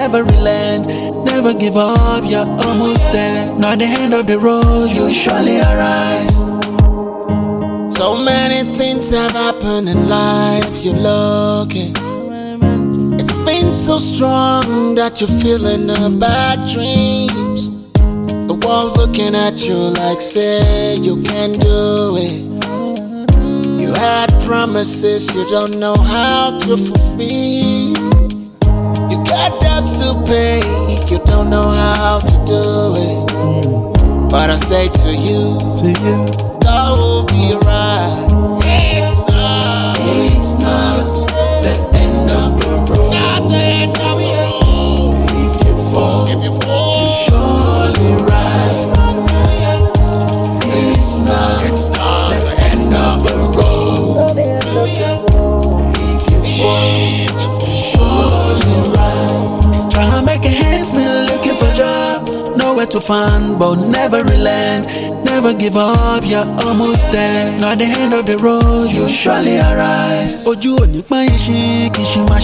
never relent, never give up, you're almost there. Not the end of the road, you surely arise. So many things have happened in life, you're lucky. It's been so strong that you're feeling bad dreams. The world's looking at you like, say, you can do it. You had promises you don't know how to fulfill. You got debts to pay, you don't know how to do it. Mm. But I say to you, to you, God will be right. to find, but never relent. Never give up, you're almost there. Not the end of the road, you surely arise. Ojú ni pọ́n iṣẹ́ kì í ṣe má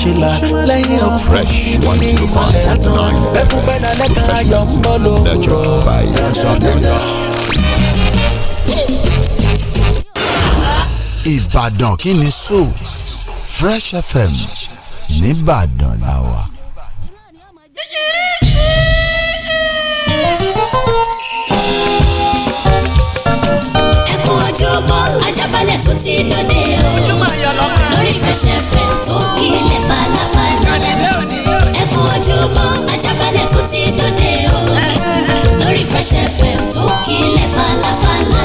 Fresh one zero five point nine. Bẹ́kún bẹ́ẹ̀dá lẹ́ka ayọ̀ ń bọ́ lówùrọ̀. Ìbàdàn kí ni so Fresh FM nìbàdàn. fẹsẹ̀fẹ̀ tó kílẹ̀ falafala. ẹ kú ojúmọ́ ajábalẹ̀ tó ti dòde o. lórí fẹsẹ̀fẹ̀ tó kílẹ̀ falafala.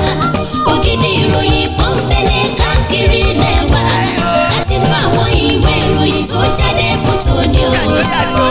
ògidì ìròyìn pọ́npẹ́lẹ́ káàkiri lẹ́wà. láti inú àwọn ìwé ìròyìn tó jáde fún tòní o.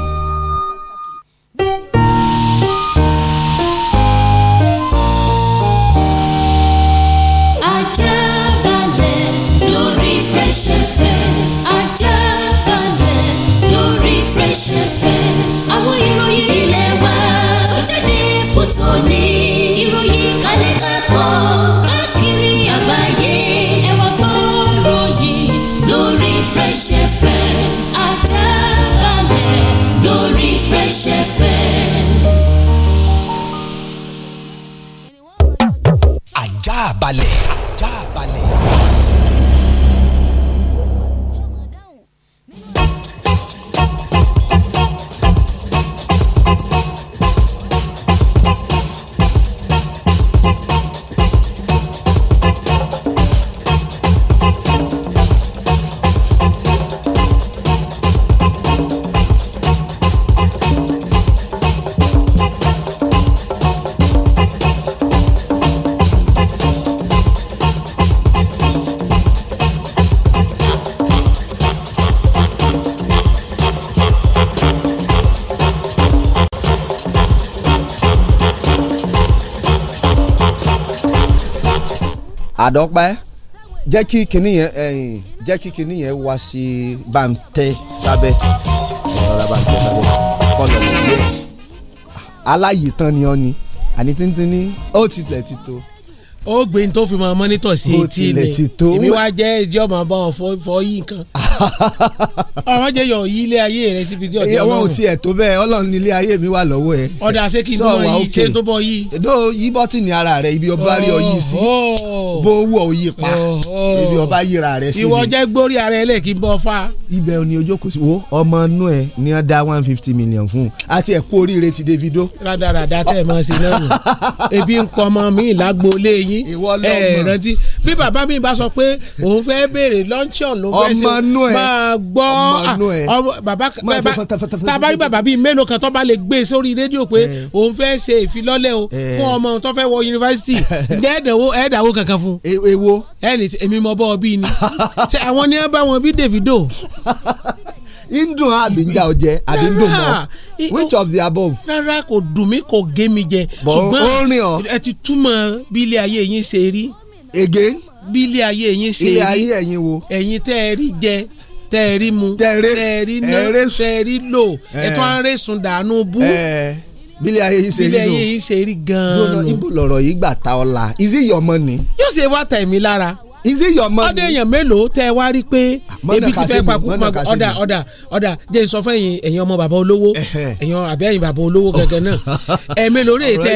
àdọ́pẹ́ jẹ́ kí kinní yẹn ẹ̀yìn jẹ́ kí kinní yẹn wá sí bàǹtẹ́ sábẹ́ ọ̀rọ̀ bàǹtẹ́ sábẹ́ kọlọ̀ lọ́wọ́ aláyè tán ni ọ́ ni àní tíntín ní ó tilẹ̀ ti tó ó gbé tó fi máa mọ́nítọ̀ sí etí mi èmi wá jẹ́ ìjọba bá ọ fọ́ yìí nǹkan. ọ̀rọ̀ jẹ́ yọ yí ilé ayé rẹ síbi tí ọ̀jẹ̀ ọlọ́run. wọn ò tiẹ̀ tó bẹ́ẹ̀ ọlọ́run ní ilé ayé mi wà lọ́wọ́ ẹ. ọ̀dà ṣé kí n bọ́ yí ṣé tó bọ́ yí. èdò yí bọ́tìnì ara rẹ ibi ọba rí ọ yí sí oh, oh. bó wù ọ yí pa oh, ibi ọba yíra rẹ sí ni. ìwọ jẹ́ gbórí ara ẹ lẹ́ẹ̀kí bọ́ fa. ibẹ̀ ni ojú kò sí wo ọmọ inú ẹ ní ọ da one fifty million fún un àti ẹ̀kú oríire ti Davido. rádaràda tẹ́ ẹ máa ṣe náà ebi ń pọ ọmọ mi lágbo lé yín ẹ rántí bí bàbá mi bá sọ pé òun fẹ́ béèrè lọ́ńṣọ̀n ló fẹ́ ṣe máa gbọ́ Ah, bàbá tàbá rí bàbá bíi mélòó kan tó bá lè gbé e sórí rédíò pé eh. òun fẹ́ ṣe ìfilọ́lẹ̀ o eh. fún ọmọ tó fẹ́ wọ yunifásitì ẹ̀ẹ́dẹ̀wó ẹ̀ẹ́dàwó kankan fún. E, èwo. ẹni èmi mọ bọ́ ọ ni àwọn ni wọ́n bá wọn bí Davido ndun ah, àbí njá ọjẹ àbí ndun mọ which of the above. rárá kò dùn mí kò gé mi jẹ. ṣùgbọ́n orin ẹ ti túmọ̀ bí ilé ayé yín ṣe rí. again. bí ilé ayé yín ṣe rí. ilé ayé ẹ̀yin wo. ẹ̀yin tẹ́ ẹ rí jẹ tẹ́ ẹ rí mu tẹ́ ẹ rí ná tẹ́ ẹ rí lò ẹ tún á rẹ̀ dànù bú bílẹ̀ ayé yìí ṣe rí lò bílẹ̀ ayé yìí ṣe rí gan-an. ibo lọ̀rọ̀ yìí gbà ta ọ̀la is it your money? yóò ṣe wá tẹ̀mí lára is it your money. ọdẹ èèyàn mélòó tẹ wá rí pé ebi ti fẹ́ pakú pakú ọ̀dà ọ̀dà ọ̀dà jẹ́ n sọ fún ẹ̀yin ẹ̀yin ọmọ bàbá olówó ẹ̀yin àbí ẹ̀yin bàbá olówó gẹ́gẹ́ náà ẹ̀mélòó rè tẹ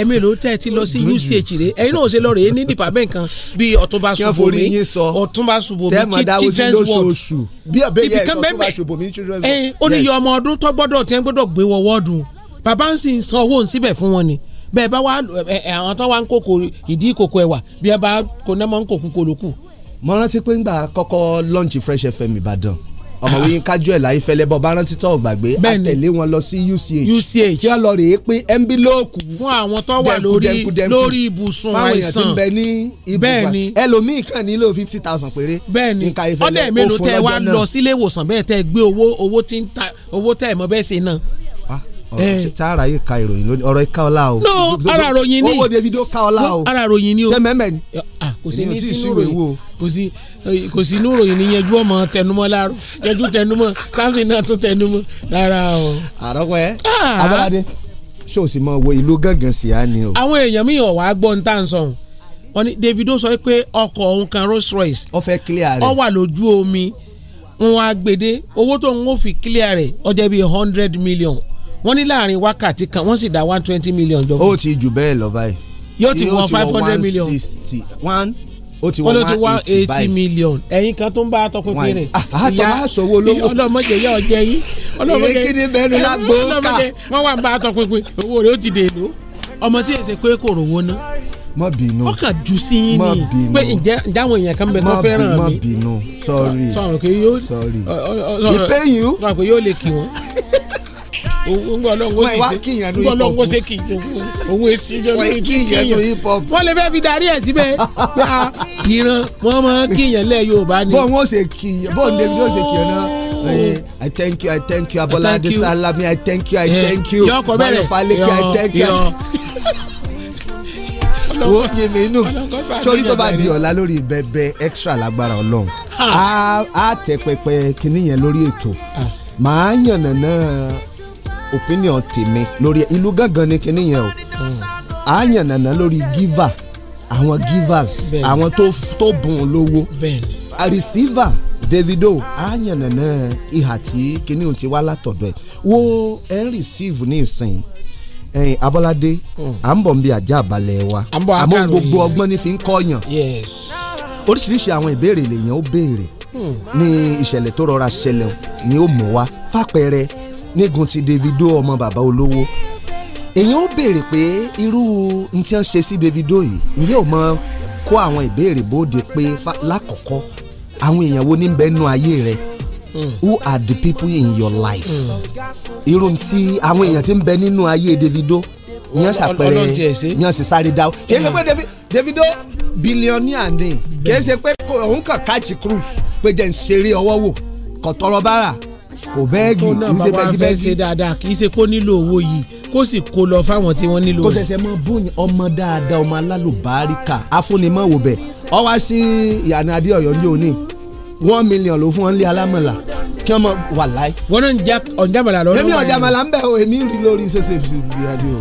ẹ̀mélòó tẹ ti lọ sí UCH rè ẹ̀yin náà ṣe lọ rè é ní department kan bíi Ọ̀túnba Ṣùbọ́mi Ọ̀túnba Ṣùbọ́mi children's ward ibi kan bẹ́ẹ̀ ó ní iye ọmọ ọdún tó gbọ́dọ̀ tẹ́ gbọ́dọ̀ gbé wọ wọ́ọ̀dù bàbá ń sì san owó ń síbẹ̀ fún wọn ni bẹ́ẹ̀ bá wà àwọn tó wà ń kókò ìdí ìkòkò ẹ̀wà bí ẹ bá kò náà mọ̀ ń kòkun kò lókù. mo rántí pé ńgbà kọ́kọ́ lọ́ọ̀nchì Fresh FM Ìbàdàn ọmọwé ah. yín kájú ẹ̀ láyé fẹlẹ́ bọ́ bá rántí tó gbàgbé àtẹ̀lé wọn lọ sí UCH UCH tí wọ́n lọ rèé pé ẹ́ńbílóòkù fún àwọn tó wà lórí lórí ibùsùn àìsàn fáwọn èèyàn ti bẹ ní ibùba ẹlòmíì kàn nílò fifty thousand péré bẹ́ẹ̀ni ọdẹ mélòó tẹ wá lọ sílé ìwòsàn bẹ́ẹ̀ tẹ gbé owó owó tẹ mọ bẹ́ẹ̀ ṣe náà sára eh. yìí ka ìròyìn lónìí ọ̀rọ̀ ìka ọlá o. no ara ròyìn ni owó Davido ka ọlá o ara ròyìn ni o ṣé mẹ́mẹ́ ni. Ah, kò sí ní sínú ròyìn kò sí eh, kò sí inú ròyìn ni yẹjú ọmọ tẹnumọ́ láàrọ yẹjú tẹnumọ́ káfíń náà tún tẹnumọ́ rárá o. àròkọ ẹ ah. abọ́ládé ṣé o sì mọ wo ìlú gángan sí á ni o. àwọn èèyàn mi ò wá gbọ́ ní tá ń sọ̀hún wọ́n ní Davido sọ pé ọkọ̀ òun kan Rolls Royce ó fẹ́ clear rẹ̀ ó wà lójú omi wọn á gbèdé owó tó ń wò fi clear rẹ̀ ó bíi hundred million wọ́n ní láàrin wákàtí kan wọ́n sì dá one twenty million jọ fún. ó ti jù bẹ́ẹ̀ lọ báyìí. yóò ti wọ five hundred million. yóò ti wọ one sixty one ó ti wọ one eighty million. ẹ̀yin kan tó ń bá tọpinpin rẹ̀. àtọ̀ ah, ah, bá sọ̀wọ́ olówó. ọlọ́mọdé yẹ ọjẹ́ yín. ọlọ́mọdé kíni bẹ́ẹ̀ ni lágbo ká. ọlọ́mọdé wọ́n wà ń bá tọpinpin owó rẹ̀ ó ti dè ló. ọmọ tí èsè pé kò rówó ná. má bínú ó kàn jù sí yín ni pé ǹjẹ́ àwọn èèyàn kan bẹ tó fẹ́ràn mi. má bínú sorry sorry. ìpéyìn. sọ̀rọ̀ pé yóò lè kí wọn. ngbọ lọ́wọ́ sì ṣe ngbọ lọ́wọ́ ṣe kì òun èsì ìjọba ìkíyàn wọ́n lè fẹ́ fi darí ẹ̀ síbẹ̀ ah, ìran wọ́n máa kíyàn lẹ́ Yorùbá ni. bọ́ọ̀ wọ́n ṣe kíyàn bọ́ọ̀ ní ebi yóò ṣe kíyàn náà. Oh. Eh, I thank you I thank you Abolade Salami I thank you I eh, thank you Mayo Faleke I thank you wo yé mi inú sórí tó bá di ọ̀la lórí bẹ́ẹ̀bẹ́ extra lágbára ọlọ́run á tẹ pẹpẹ kínní yẹn lórí ètò màá yànnàná opinion tèmi lórí ìlú gángan ni kinní yẹn o à ń yànnàná lórí giver àwọn givers àwọn tó tó bùn lówó receiver Davido à ń yànnàná ìhà tí kinní òun ti wá látọ̀dọ̀ ẹ̀ wo ẹ̀ ń receive ní ìsìn ẹyin Abọ́ládé hmm. à ń bọ̀ ń bí ajá balẹ̀ wa àmọ́ gbogbo ọgbọ́n ní fi ń kọ́yàn oríṣiríṣi àwọn ìbéèrè lèèyàn ó béèrè hmm. ní ìṣẹ̀lẹ̀ tó rọra ṣẹlẹ̀ ni ó mú wa fàpẹẹrẹ nígun ti Davido ọmọ bàbá olówó èèyàn ó béèrè pé irú n tí wọ́n ṣe sí Davido yìí ǹjẹ́ ò mọ kó àwọn ìbéèrè bóde pé lákọ̀ọ́kọ́ àwọn èèyàn wo ní bẹ́ẹ̀ nú ayé rẹ̀ hmm. who are the people in your life hmm. irun tí àwọn èèyàn ti ń bẹ nínú ayé Davido yan ṣàpẹrẹ yan sì sáré dáwọ kìí ṣe hmm. pé Davido billionaire ni kìí ṣe pé òun kàn káàkiri cruise pé jẹ́ ń ṣeré ọwọ́ wò kọ̀tọ́rọ̀ bára kò bẹ́ẹ̀gì kì í ṣe bẹ́ẹ̀gì bẹ́ẹ̀gì. ṣe dáadáa kì í ṣe kó nílò owó yìí kó sì kó lọ fáwọn tí wọ́n nílò. kó ṣẹ̀ṣẹ̀ mọ bóyá ọmọ dáadáa ọmọ alálùbáríkà afúnimọ̀ wò bẹ̀ ọ wá sí ìyànà adéọ̀yọ́ ní òní one million ló fún wọn lé alámọ̀là kí wọ́n mọ wà láì. wọ́n náà ń já ọ̀njàmàlà lọ́wọ́ èmi ọ̀njàmàlà ń bẹ̀ o èmi rí lórí sọ́sẹ̀ fìdíhàdé o.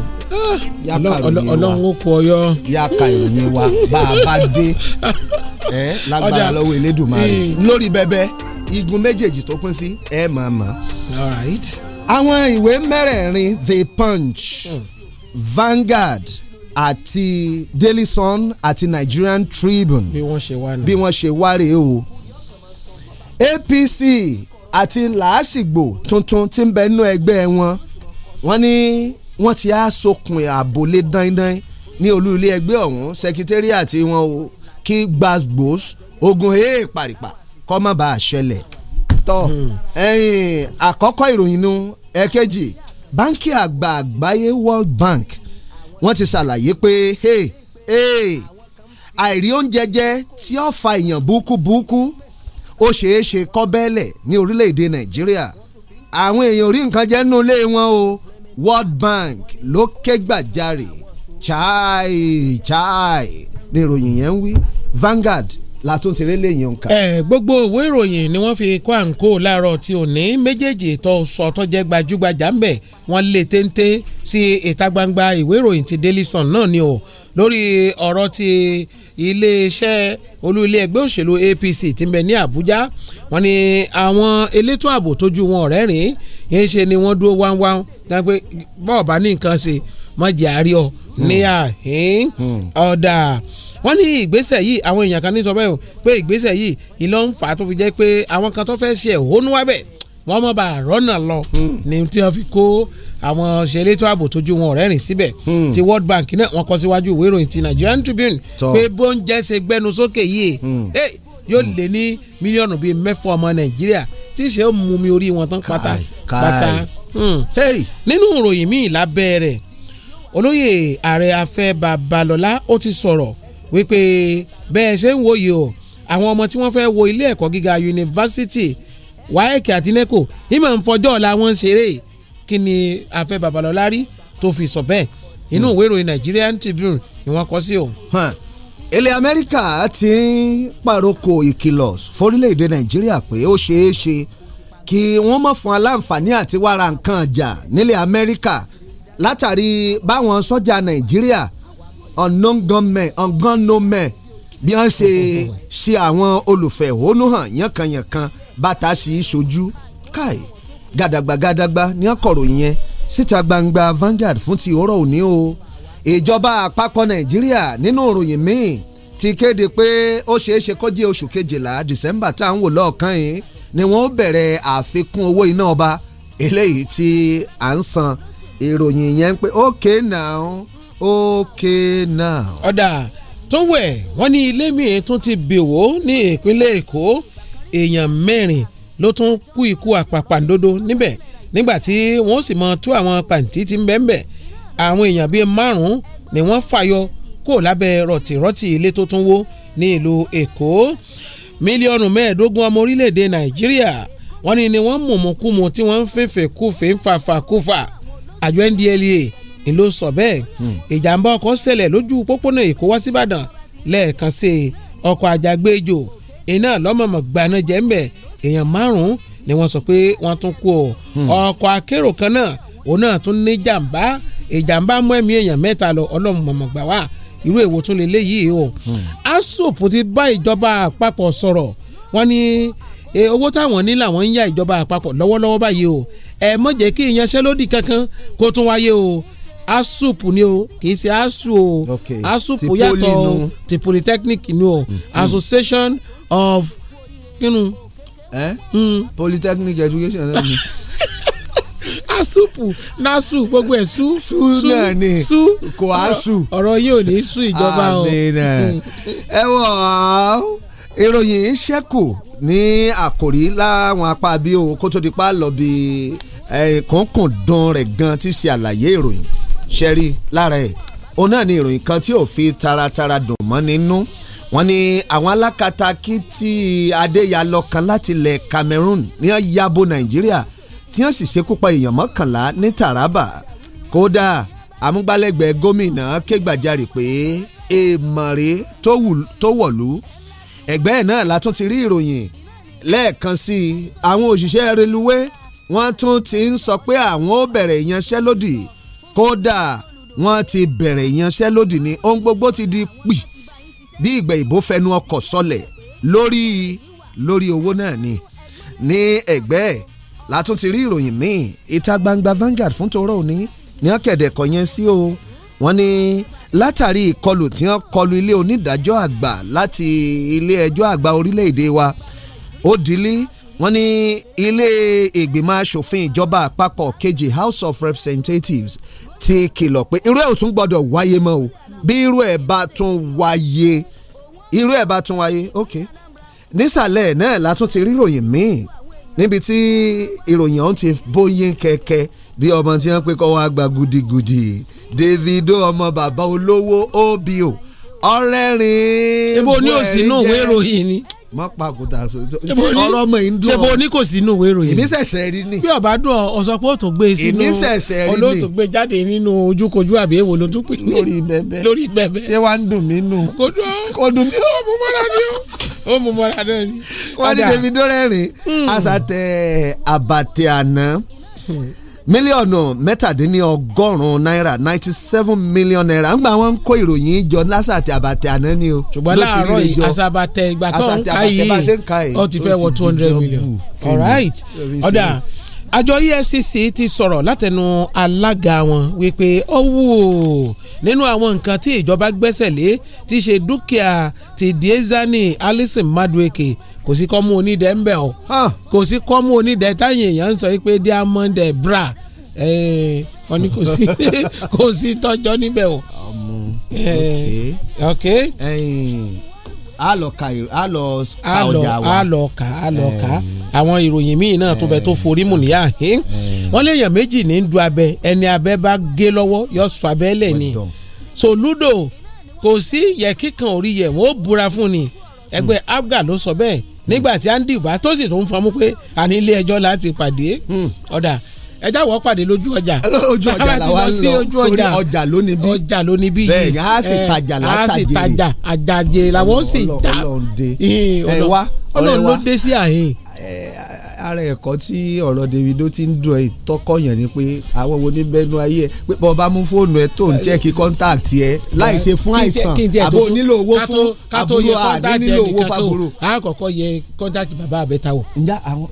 Ah, ọlọ́run ó kọ ọyọ. yàkà ìròyìn wa bá a bá dé lágbára lọ́wọ́ Elédùmarè eh. lórí bẹ́bẹ́ igun méjèèjì tó pín sí ẹ mọ̀ mọ̀. àwọn ìwé mẹ́rẹ̀ẹ̀rin The Punch mm. Vanguard àti Daily Sun àti Nigerian Tribune bí wọ́n ṣe wá rèé o APC àti làásìgbò tuntun tí ń bẹ nínú ẹgbẹ́ wọn wọ́n ní wọ́n ti á sokùn àbòlé dandan ní olú ilé ẹgbẹ́ ọ̀hún sẹkítẹ́rì àti wọn o kí gbàgbós ogun èè pàrìpà kọ́mọ̀ bá a ṣẹlẹ̀ tọ́ ẹ̀yìn àkọ́kọ́ ìròyìn nu ẹ̀kejì báńkì àgbà àgbáyé World Bank wọ́n ti ṣàlàyé pé hey hey àìrí oúnjẹ jẹ tí ó fa èèyàn búkúbúkú ó ṣeé ṣe kọ́ bẹ́ẹ̀lẹ̀ ní orílẹ̀-èdè Nàìjíríà àwọn èèyàn orí nǹkan jẹ nínú ilé wọn o World Bank ló ké gbàjarè chai chai ni ìròyìn yẹn ń wí Vanguard látún ti rélé yìí nǹkan. ẹ gbogbo òwe ìròyìn ni wọ́n fi kó à ń kó láàárọ̀ tí ò ní méjèèjì tó sọ tó jẹ́ gbajúgbajà ń bẹ wọ́n lé téńté sí ìta gbangba ìwé ìròyìn ti Daily Sun náà ni o lórí ọ̀rọ̀ ti iléeṣẹ́ olú ilé ẹgbẹ́ òṣèlú APC ti ń bẹ ní Àbújá wọ́n ní àwọn elétò ààbò tójú wọn ọ̀rẹ́ rìn yẹn ṣe ni wọ́n dúró wáńwáń dáńgbé bọ́ọ̀ bá ní nǹkan ṣe mọ̀jẹ̀ àárẹ̀ ọ hmm. ní àhín hmm. ọ̀dà. Hmm wọ́n ní ìgbésẹ̀ yìí àwọn èèyàn kan ní sọ bẹ́ẹ̀ o pé ìgbésẹ̀ yìí ìlọ ń fà á tó fi jẹ́ pé àwọn kan tó fẹ́ ṣe ẹ̀hónú wá bẹ̀ wọ́n mọ̀ bá rọ́nà lọ hmm. ní tí wọ́n fi kó àwọn ṣẹlẹ́tò ààbò tójú wọn ọ̀rẹ́ rìn síbẹ̀ hmm. ti World Bank náà wọ́n kọ síwájú ìwé ìròyìn ti Nigerian Tribune pé bóńjẹ́ ṣe gbẹnu sókè yìí hmm. yóò lé ní mílíọ̀nù bíi mẹ́fọ́ ọmọ Nàìjíríà tí ṣe é mú mi orí wọn tán pátá pátá nínú ìròyìn míì lábẹ́ rẹ̀ olóyè ààrẹ afẹ́ Babalọ́lá ó ti sọ̀rọ̀ wípé bẹ́ẹ̀ ṣe ń wòye o àwọn ọmọ tí wọ́n fẹ́ wo ilé ẹ̀kọ́ gíga yunifásitì WAEC àti NECO ìmọ̀ ń fọjọ́ ọ̀la wọn ṣeré kí ni afẹ́ babalọ́lá rí tó fi sọ bẹ́ẹ̀ inú hmm. ìwé ìròyìn Nigerian Tribune ni wọ́n kọ sí òun. ilẹ̀ Amẹ́ríkà ti ń pàrokò ìkìlọ̀ fórílẹ̀-èdè Nàìjíríà pé ó ṣeé ṣe kí wọ́n má fún aláǹfààní àti wàrà nǹkan ọjà nílẹ̀ Amẹ́ríkà látàrí báwọn sọ́jà Nàìjíríà unknown gunmen ungun no men bí wọ́n ṣe ṣe àwọn olùfẹ̀hónú hàn yànkanyànkan bàtà sí i ṣojú káì gàdàgbà gàdàgbà ní akọ̀ròyìn yẹn síta gbangba Vanguard fún ti òórọ̀ òní o ìjọba àpapọ̀ Nàìjíríà nínú ìròyìn míì ti kéde pé ó ṣeé ṣe kó jẹ́ oṣù kejìlá December tá à ń wò lọ́ọ̀kan yìí ni wọ́n bẹ̀rẹ̀ àfikún owó iná ọba eléyìí tí à ń san ìròyìn yẹn pé okay now okay now. ọ̀dà tó wẹ̀ wọ́n ní ilé mi tún ti bìwò ní ìpínlẹ̀ èkó èèyàn mẹ́rin ló tún kú ikú àpàpàǹdodo níbẹ̀ nígbà tí wọ́n sì mọ tú àwọn pàǹtí tí ń bẹ́ẹ̀ bẹ́ẹ̀ àwọn èèyàn bíi márùn-ún ni wọ́n fàyọ kó lábẹ́ rọ̀tìrọ̀tì ilé tó tún wó ní ìlú èkó mílíọ̀nù mẹ́ẹ̀ẹ́dógún ọmọ orílẹ̀-èdè nàìjíríà wọ́n ní ni wọ́n mùmùkùmù tí wọ́n ń fèfè kúfèé ń fàfà kúfà àjọ NDLEA ni ló sọ bẹ́ẹ̀ hmm. ìjàmbá ọkọ̀ ṣẹlẹ̀ lójú pópónà èkó wá síbàdàn lẹ́ẹ̀kan sí ọkọ̀ àjàgbéjò iná lọ́mọ̀mọ̀ gbaná jẹ́ ńbẹ̀ èèyàn márùn-ún ni wọ́n sọ pé wọ́n tún kú ọ hmm. ọkọ̀ akérò kan náà òun náà tún ní jàmbá ìjàmbá mú ẹ̀mí èèyàn mẹ́ta lọ ọlọ́run mọ̀mọ̀ gbà wá irú èwo tún lè léyìí o hmm. asop ti bá ìjọba àpapọ̀ sọ̀rọ̀ wọ́n ní owó táwọn ní làwọn ń yá ìjọba àpapọ̀ lọ́wọ́lọ́wọ́ báyìí o ẹ mọ̀ jẹ́ kí ìyanṣẹ́lódì kankan kó tún wáyé o asup ni o kì í ṣe asu o asup yàtọ̀ ti polytechnic ni o mm-hmm. association of kinu. Eh? Mm. polytechnic education náà ni. asupu su, gbogbo ẹ su su náà ni su kò asu ọ̀rọ̀ yìí ò ní sú ìjọba o. Mm. ẹ wọ ìròyìn ṣẹ́kù ní àkòrí láwọn apá bí o kó tó di pa lọ bí kọ̀ọ̀kan dán rẹ̀ gan ti ṣe àlàyé ìròyìn ṣẹ́rí lára ẹ̀ òun náà ni ìròyìn kan tí ò fi taratara dùn mọ́ nínú wọ́n ní àwọn alákatakí tí adéyalọ kan láti ilẹ̀ Cameroon ní wọ́n ya bo Nàìjíríà tí wọ́n sì ṣekú pa èèyàn mọ́kànlá ní Taraba kódà amúgbálẹ́gbẹ̀ẹ́ gómìnà ké gbàjarè pé èèmọ̀ rèé tó wọ̀lú ẹgbẹ́ ẹ̀ náà la ti rí ìròyìn lẹ́ẹ̀kan sí i àwọn òṣìṣẹ́ reluwé wọ́n tún ti ń sọ pé àwọn ó bẹ̀rẹ̀ ìyanṣẹ́lódì kódà wọ́n ti bẹ̀rẹ̀ ìyanṣẹ́lódì ní ohun gbogbo ti di pì bí ìgbà ìbò fẹnu ọkọ̀ sọlẹ̀ lórí lórí owó náà ni ní ẹ̀gbẹ́ ẹ̀ látún ti rí ìròyìn míì ìta gbangba Vanguard fún tòró òní ní ọ̀kẹ́dẹ̀kọ̀ yẹn sí o wọ́n ní látàrí ìkọlù tí wọ́n kọlu ilé onídàájọ́ àgbà láti ilé ẹjọ́ àgbà orílẹ̀-èdè wa ó dilí wọ́n ní ilé ìgbìmọ̀ asòfin ìjọba àpapọ̀ kejì House of Representatives ti kìlọ̀ pé irú ẹ̀ ò tún gbọ́dọ̀ wáyé mọ́ o bí irú ẹ̀ bá tún wáyé irú ẹ̀ bá tún wáyé ok nísàlẹ̀ náà la tún ti rí ìròyìn míì níbi tí ìròyìn ọ̀hún ti bóyin kẹ̀kẹ́ bí ọmọ tí wọ́n pé kọ́ wá gba gudigudi Davido ọmọ bàbá olówó obio ọrẹ́rìn. ebo ní òsì inú ìwé ìròyìn ni. má pa àkúta mọ yìí ń dùn. sebo ní kò sí inú ìwé ìròyìn. ìmísẹ̀sẹ̀ rí ni. bí ọba dùn ọ sọ pé ó tún gbé e sínú olóòtú gbé e jáde nínú ojúkojú àbí èwo ló tún pè ní. lórí bẹbẹ ṣé wàá ń dùn mí nù. kò dùn mí ó mú mọ́ra ni ó mú mọ́ra náà ni. wọ́n ní Davido rẹ́rìn-ín hmm. àṣà àná. Hmm mílíọ̀nù mẹ́tàdínlọ́gọ́rùn-ún náírà ninety seven million naira ń gba àwọn ń kó ìròyìn jọ lásà àti àbàtẹ àná ni o. ṣùgbọ́n láàárọ̀ yìí àṣàbàtẹ ìgbà tó ń ka yìí ó ti fẹ́ wọ two hundred million. all right ọ̀dà àjọ EFCC ti sọ̀rọ̀ látẹnu alága wọn wípé ó wù ó nínú àwọn nǹkan tí ìjọba gbẹ́sẹ̀ lé ti ṣe dúkìá ti diezani Alison Madueke kò sí kọ́mú onídẹ̀ẹ́ ń bẹ̀ ọ́ kò sí kọ́mú onídẹ̀ẹ́ táyìn èèyàn ń sọ pé diamond bra wọ́n ní kò sí kò sí tọ́jọ́ níbẹ̀ o. ok. okay. okay a lọ ka a lọ ka ọjà wa a lọ ka a lọ ka àwọn ìròyìn míì náà tó fẹ́ tó forí mù níyà hín wọ́n léèyàn méjì ní du abẹ ẹni abẹ bá gé lọ́wọ́ yọ sọ abẹ́ lẹ̀ ni so ludo kò sí yẹ kíkan orí yẹ wọ́n ó búra fún ni ẹgbẹ́ hmm. abga ló sọ bẹ́ẹ̀ nígbà tí andy bá tó sì tó ń fọmú pé àní ilé ẹjọ́ láti pàdé hmm. ọ̀dà. Hmm ẹ jáwọ́ pàdé lójú ọjà ojú ọjà la wa ń lọ torí ọjà lónìí bí ọjà lónìí bí bẹ́ẹ̀ ni a sì tajà látàjèrè a sì tajà àjàjèrè làwọn sì ta ọlọ́run dé ẹ wá ọlọ́run ló dé sí àyè ara ẹ̀kọ́ tí ọ̀rọ̀ Davido ti ń dùn ẹ̀ tọkọ̀yàn ni pé àwọn wo ní bẹ́nu ayé ẹ̀ pé bá mú fóònù ẹ̀ tó ń chẹ́ẹ̀kì kọ́ńtàkì ẹ̀ láì ṣe fún àìsàn àbò nílò owó fún àbúrò àdé nílò owó fábúrò. àkọ́kọ́ yẹ kọ́ńtàkì bàbá bẹ́ta wò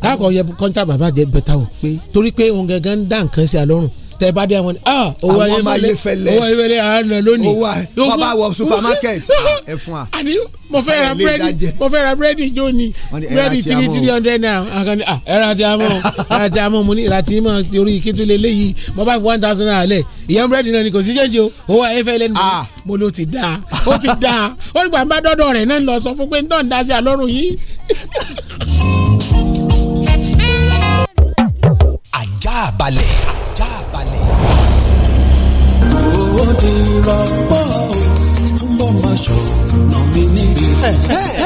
àkọ́kọ́ yẹ kọ́ńtàkì bàbá bẹ́ta wò torí pé òun gangan ń dá nǹkan sí alọ́rùn tẹ bá dé wọn ah owó ayéfẹlẹ owó ayéfẹlẹ àánà lónìí owó wọn bá wọ supermarket ah, ẹ fún wa. àní mo fẹ́ ra búrẹ́dì mo fẹ́ ra búrẹ́dì jó ni búrẹ́dì three three hundred naira àkànní ah ẹ̀rọ ti amọ̀ ẹ̀rọ ti amọ̀ mo ní ìrà tí mọ̀ orí kíntúlẹ̀ léyìí mo bá one thousand naira lẹ̀ ìyẹn búrẹ́dì náà ni kò sí jẹ́jẹ́ o owó ayéfẹlẹ ni ah. mo ló ti dáa ó ti dáa ó ní gbàgbá dọ́dọ̀ rẹ̀ náà lọ sọ fún pé ń ajá balẹ̀. rastpola ou.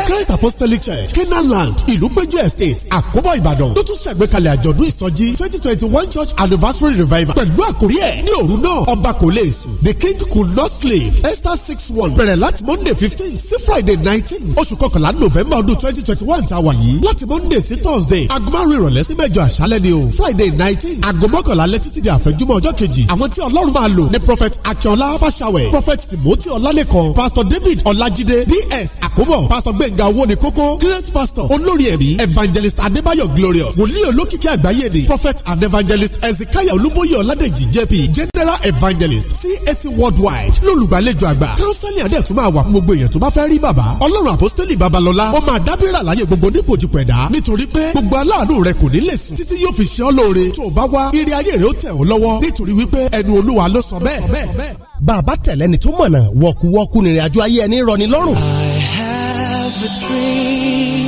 Christ Apostolic Church Canaan Land Ìlúpéjú Estate Àkóbọ̀ Ìbàdàn ló tún ṣàgbékalẹ̀ àjọ̀dún ìsọjí twenty twenty one church anniversary revival pẹ̀lú àkórí ẹ̀ ní òru náà ọba kò lè sùn the king could not sleep Esther six one bẹ̀rẹ̀ láti Monday fifteen sí Friday nineteen oṣù kọkànlá November ọdún twenty twenty one tá yìí láti Monday sí Thursday aago márùn ìrọ̀lẹ́ sí mẹ́jọ àṣálẹ́ ni o Friday nineteen aago mọ́kànlá alẹ́ títí di àfẹ́júmọ́ ọjọ́ kejì àwọn tí Ọlọ́run máa lò ní prophet Akínọlá Fáṣàwẹ̀ prophet Timothy Ọlálẹ́kan pastor David Ọlájídé DS àkómọ́ bọ̀ pásítọ̀ gbẹ̀ngà owó ni kókó great pastor olórí ẹ̀mí evangelist adébáyọ̀ glorious wòlíì olókìkí àgbáyé ni prophet and evangelist ezekiah olúbóyè ọ̀ládẹ́jì jp general evangelist cac worldwide lólùgbàlejò àgbà kánsẹ́lì adé tún máa wà fún gbogbo èèyàn tó bá fẹ́ rí bàbá ọlọ́run àpọ́sítélì babalọ́lá ó máa dábìrà láyé gbogbo nípò jìpẹ̀dá nítorí pé gbogbo aláàánú rẹ kò ní lè sùn títí yóò fi ṣe ọ́ lóore tó o bá wá ire ayé rẹ ó tẹ̀ ọ́ lọ́wọ́ nítorí wípé ẹnu olúwa ló sọ bẹ́ẹ̀ bàbá tẹ̀lẹ́ni tó mọ̀nà wọ̀kúwọ́kú nìrìnàjò ayé ẹni rọ̀ ní lọ́rùn. I have The dream.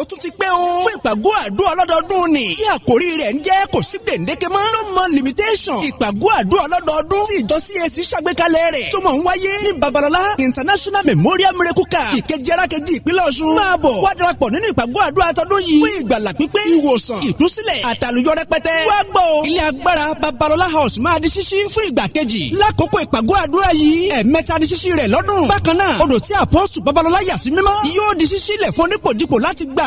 ó tún ti pé o. fún ìpàgọ́ àdúrà ọlọ́dọọdún ni. tí àkórí rẹ̀ ń jẹ́ kò sí gbèǹdéke mọ́. no more limitation. ìpàgọ́ àdúrà ọlọ́dọọdún. tí ìjọ CAC ṣàgbékalẹ̀ rẹ̀. tó mọ̀ ń wáyé ní Babalọlá International Memorial Miracle Camp. ìkejì-arakejì ìpínlẹ̀ Ọ̀ṣun. máa bọ̀ wá darapọ̀ nínú ìpàgọ́ àdúrà tọdún yìí. fún ìgbàlà pípé ìwòsàn ìtúsílẹ̀ àtàlùyọ rẹpẹtẹ. wá gbọ́ house máa di ṣíṣí fún ìgbà kejì. lákòókò ìpàgọ́ àdúrà yìí ẹ̀ẹ̀mẹta di ṣíṣí rẹ̀ lọ́dún. bákan náà odò tí àpọ́sù Babalọlá yà di ṣíṣí lẹ̀ fún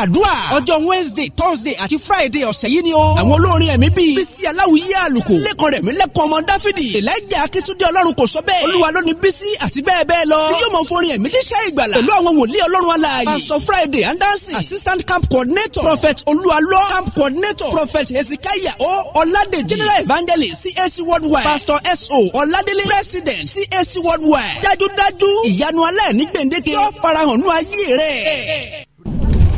àdúrà ọjọ́ wednesday thursday àti friday ọ̀sẹ̀ yìí ni o. àwọn olórin ẹ̀mí bíi bísí aláwìyé àlùkò lẹ́kọ̀ọ́ rẹ̀ mí lẹ́kọ̀ọ́ ọmọ dáfídì elijah akíntúndé ọlọ́run kò sọ bẹ́ẹ̀ olúwa ló ní bísí àti bẹ́ẹ̀ bẹ́ẹ̀ lọ. yóò mọ forin ẹ̀mí jíṣẹ́ ìgbàlà pẹ̀lú àwọn wòlíì ọlọ́run alààyè pastor friday andansi assistant camp coordinator prophet olúwalọ camp coordinator prophet hezekiah o ọládèjì general evangelist cac worldwide pastor so ọládélé president cac worldwide dájúdájú ìyanu alẹ́ ní gbèǹdéke yóò farahàn nú ayé rẹ̀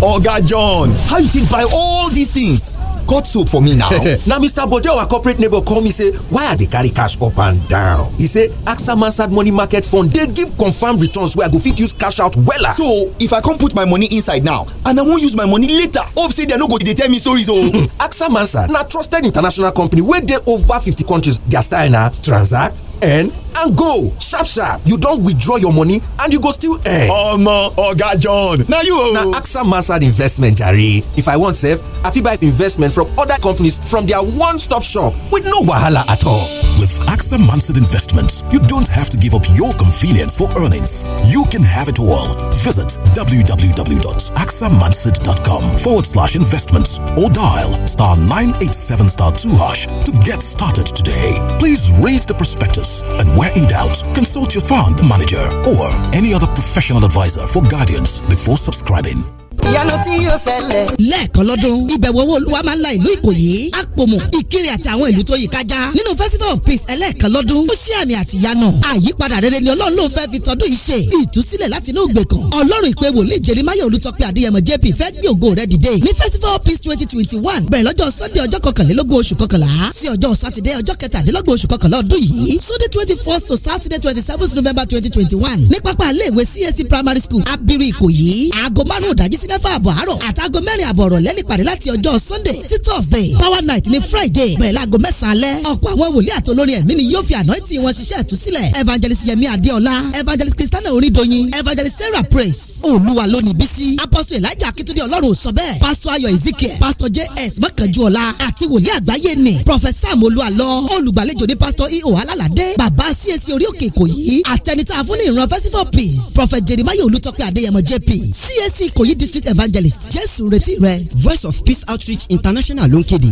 oga john how you think buy all these things cut soap for me now Now, mr bode our corporate neighbor call me say why i dey carry cash up and down He say axa mansard money market fund they give confirmed returns where i go fit use cash out wella so if i can't put my money inside now and i won't use my money later hope say dem no go dey tell me stories o. Oh. axa mansard now trusted international company where they over fifty countries their style na transact and and go sharp sharp you don withdraw your money and you go still earn. omo oga john na you o. na axa mansard investment jare if i wan save i fit buy investment from other companies from their one-stop shop with no wahala at all. with axa mansard investments you don't have to give up your convenience for earnings you can have it all visit www.axamansard.com forward slash investments or dial star 987 star 2 hash to get started today please read the prospectus and when in doubt, consult your fund manager or any other professional advisor for guidance before subscribing. ìyanu tí yóò ṣẹlẹ̀. lẹ́ẹ̀kan lọ́dún ìbẹ̀wò owó olúwa máa ń la ìlú ìkòyí àpòmù ìkirè àti àwọn ìlú tó yí kájá nínú festival of peace ẹlẹ́ẹ̀kan lọ́dún ó ṣí àmì àti ìyanu àyípadà rere ni ọlọ́run ló fẹ́ fi tọdún yìí ṣe ìtúsílẹ̀ láti inú ìgbèkùn ọlọ́run ìpè wòlíì jerimáyọ̀ olùtọ́pẹ́ adéyẹmọ jp fẹ́ gbé ògo rẹ̀ dìde ní festival of peace twenty twenty one bẹ̀rẹ̀ lọ́jọ́ sunday ọjọ́ kọkànlélógún oṣù kọkànlá sí ọjọ́ sátidé ọjọ́ kẹtàdínlógún oṣù kọkànlá ọdún yìí sunday twenty first to saturday twenty seventh november twenty twenty one ní pápá csc primary school abiri ìkòyí aago márùn mẹ́fà àbọ̀ àárọ̀ àtàgọ́ mẹ́rin àbọ̀ ọ̀rọ̀ lẹ́ni pàdé láti ọjọ́ sunday sí thursday power night ní friday bẹ̀rẹ̀ láago mẹ́sàn-án alẹ́ ọ̀pọ̀ àwọn wòlíì àtolórin ẹ̀mí ni yóò fi ànáìtì wọn ṣiṣẹ́ ìtúsílẹ̀ evangelist yemi adeola evangelist christiana orindoyin evangelist sarah praise olúwa lónìí bísí apostle elijah akitunde ọlọ́run ò sọ bẹ́ẹ̀ pastor ayọ̀ ezekiel pastor js mọ́kànjúọlá àti wòlíì àgbáyé ni professor amolúwa lọ olùgbàlejò ní pastor iho e alalade bàbá csc orí òkè ìkòyí àtẹnitá fún ní ìran festival peace prophet jeremiah olùtọ́pẹ́ adéyẹmọ jp csc ìkòyí dis street evangelist jésù retí rẹ voice of peace outreach international ló ń kéde.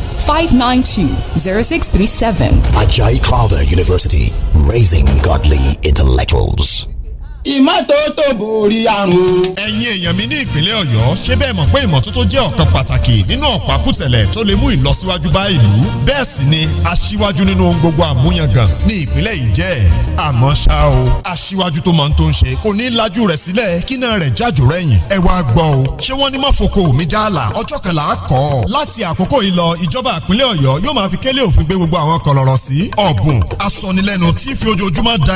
592-0637. Ajay Crowther University, raising godly intellectuals. ìmọ́tótó borí àrùn. ẹ̀yin èèyàn mi ní ìpínlẹ̀ ọ̀yọ́ ṣé bẹ́ẹ̀ mọ̀ pé ìmọ́tótó jẹ́ ọ̀kan pàtàkì nínú ọ̀pákùtẹ̀lẹ̀ tó lè mú ìlọsíwájú bá ìlú bẹ́ẹ̀ sì ni aṣíwájú nínú ohun gbogbo àmúyangàn ní ìpínlẹ̀ yìí jẹ́ àmọ́ ṣá o aṣíwájú tó máa ń tó ń ṣe kò ní lajú rẹ̀ sílẹ̀ kí náà rẹ̀ jájò rẹ̀yìn ẹ wá gbọ́ o ṣé wọ́n ní má foko mi jàlá ọjọ́ kẹlà á kọ́ ọ láti àkókò yìí lọ ìjọba ìpínlẹ̀ ọ̀yọ́ yóò máa fi kélé òfin gbé gbogbo àwọn kọlọ̀rọ̀ sí ọ̀bùn asọnilẹ́nu tí fi ojoojúmọ́ da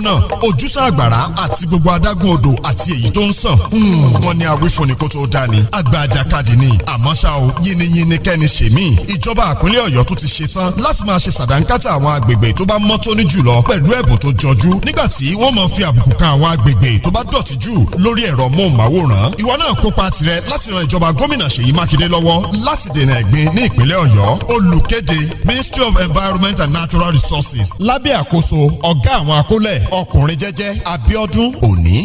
òpópónà ojúṣà àgbàrá àti gbogbo adágún odò àti èyí tó ń sàn. Hmm, wọ́n ní awífúnni kó tó dání àgbà àjàkadì ni àmọ́ ṣá o yínníyínní kẹ́ni ṣèmí ìjọba àpínlẹ̀ ọ̀yọ́ tó ti ṣe tán láti máa ṣe sàdánkátà àwọn agbègbè tó bá mọ́ tóní jùlọ pẹ̀lú ẹ̀bùn tó jọjú nígbà tí wọ́n máa fi àbùkù kan àwọn agbègbè tó bá dọ̀tí jù lórí ẹ̀rọ móhùnmáwòrán ìwọ náà kópa tirẹ̀ láti ran ìjọba gómìnà Ṣèyí Mákindé lọ́wọ́ láti dènà ẹ̀gbin ní ìpínlẹ̀ Ọ̀yọ́ olùkéde Ministry of Environment and Natural Resources lábẹ́ àkóso ọ̀gá àwọn akólẹ̀ ọkùnrin jẹ́jẹ́ Abíọ́dún Òní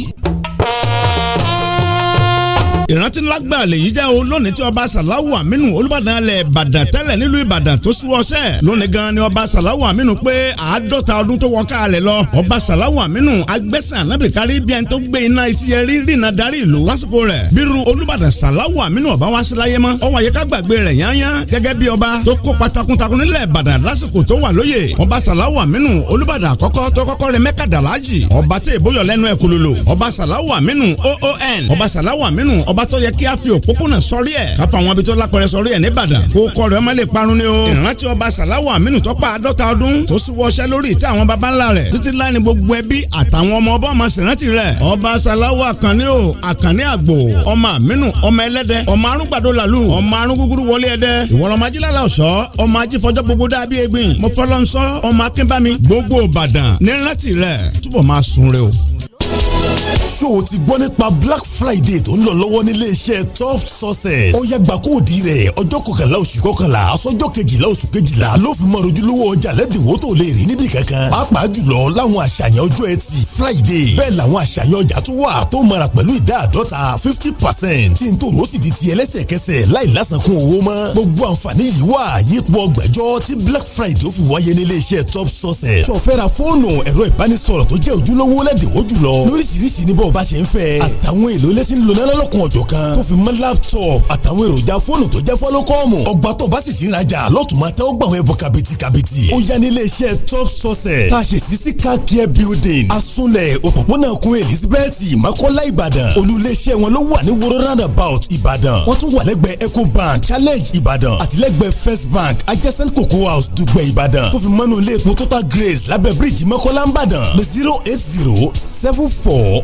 ìrántí lágbà lèyí jẹ́ o lónìí tí ọba sàláwù àmínú olùbàdàn alẹ̀ ìbàdàn tẹ́lẹ̀ nílùú ìbàdàn tó sú ọṣẹ́ lónìí gan ni ọba sàláwù àmínú pé àádọ́ta ọdún tó wọ́n káàlẹ̀ lọ ọba sàláwù àmínú agbẹ́sẹ̀ ànábì kárí bí ẹni tó gbé iná etí yẹn rí rìnnà darí ìlú lásìkò rẹ̀ bírú olùbàdàn sàláwù àmínú ọba wá sí láyé mọ́ ọwọ́ àyíká gbàgbé rẹ̀ yányá gẹ́gẹ́ bí ọba tó kópa takuntakun nílẹ̀ ọ ọba tó yẹ kí a fi òpópónà sọrí ẹ̀ káfa àwọn abitọ́ lápẹrẹ sọrí ẹ̀ nìbàdàn kó kọ́ rẹ̀ ọmọ lè parun ni o ìrántí ọba sàláwọ̀ àmínú tọ́pọ̀ àádọ́ta ọdún tó sì wọṣẹ́ lórí ìtẹ́ àwọn baba ńlá rẹ̀ títí láàrin gbogbo ẹbí àtàwọn ọmọ ọba ọmọ sèrántì rẹ̀ ọba sàláwọ̀ àkànní o àkànní àgbò ọmọ àmínú ọmọ ẹlẹ́dẹ ọmọ arúgbàdo làlú ọmọ arúgbúgbúrú wọlé ẹdẹ ìwọlọmọ ajílálà ọ̀ṣọ́ ọmọ ajífọjọ́ gbogbo dábí ṣó o ti gbọ́ nípa black friday tó ń lọ lọ́wọ́ nílé iṣẹ́ top success. ó yá gbà kó di rẹ̀ ọjọ́ kọkànlá oṣù kọkànlá aṣọ́jọ́ kejìlá oṣù kejìlá ló fi mọ ojúlówó ọjà lẹ́dínwó tó lè rí nídìí kankan. pàápàá jùlọ láwọn àṣàyàn ọjọ́ ẹtì friday bẹ́ẹ̀ làwọn àṣàyàn ọjà tó wà tó mara pẹ̀lú ìdá àdọ́ta fifty percent tí n tó rò sì di ti ẹlẹ́sẹ̀kẹsẹ̀ láì lásàkún owó mọ́. gbogbo àǹfààní yìí wà yípo ọgbẹ̀jọ́ tí black friday ó fi wáyé nílé iṣẹ́ top success. sọfẹ́ra fóònù ẹ̀rọ ìbánisọ̀rọ̀ tó jẹ́ ojúlówó lẹ́dínwó jùlọ lóríṣiríṣi níbọ̀ bá ṣe ń fẹ́. àtàwọn èlò ilé tí ń ọ̀jọ̀ kan tó fi mọ́ laptop àtàwọn èròjà fóònù tó jẹ́ fọ́lọ́kọ́ọ̀mù ọgbà tó bá sì sí ìrajà lọ́tún máa tẹ́wọ́ gbà wọn ẹ̀bùn kàbìtì kàbìtì. ó yá ní iléeṣẹ́ top sources tá a ṣe sí sí car care building asunlẹ̀ òpópónà kun elizabeth makola ìbàdàn olùléeṣẹ́ wọn ló wà ní woro roundabout ìbàdàn wọ́n tún wà lẹ́gbẹ̀ẹ́ ecobank challenge first bank adjacent cocoa house dùgbẹ̀ ìbàdàn tó fi mọ́nú ilé epo total grace lábẹ́ bíríìjì makola zero eight zero seven four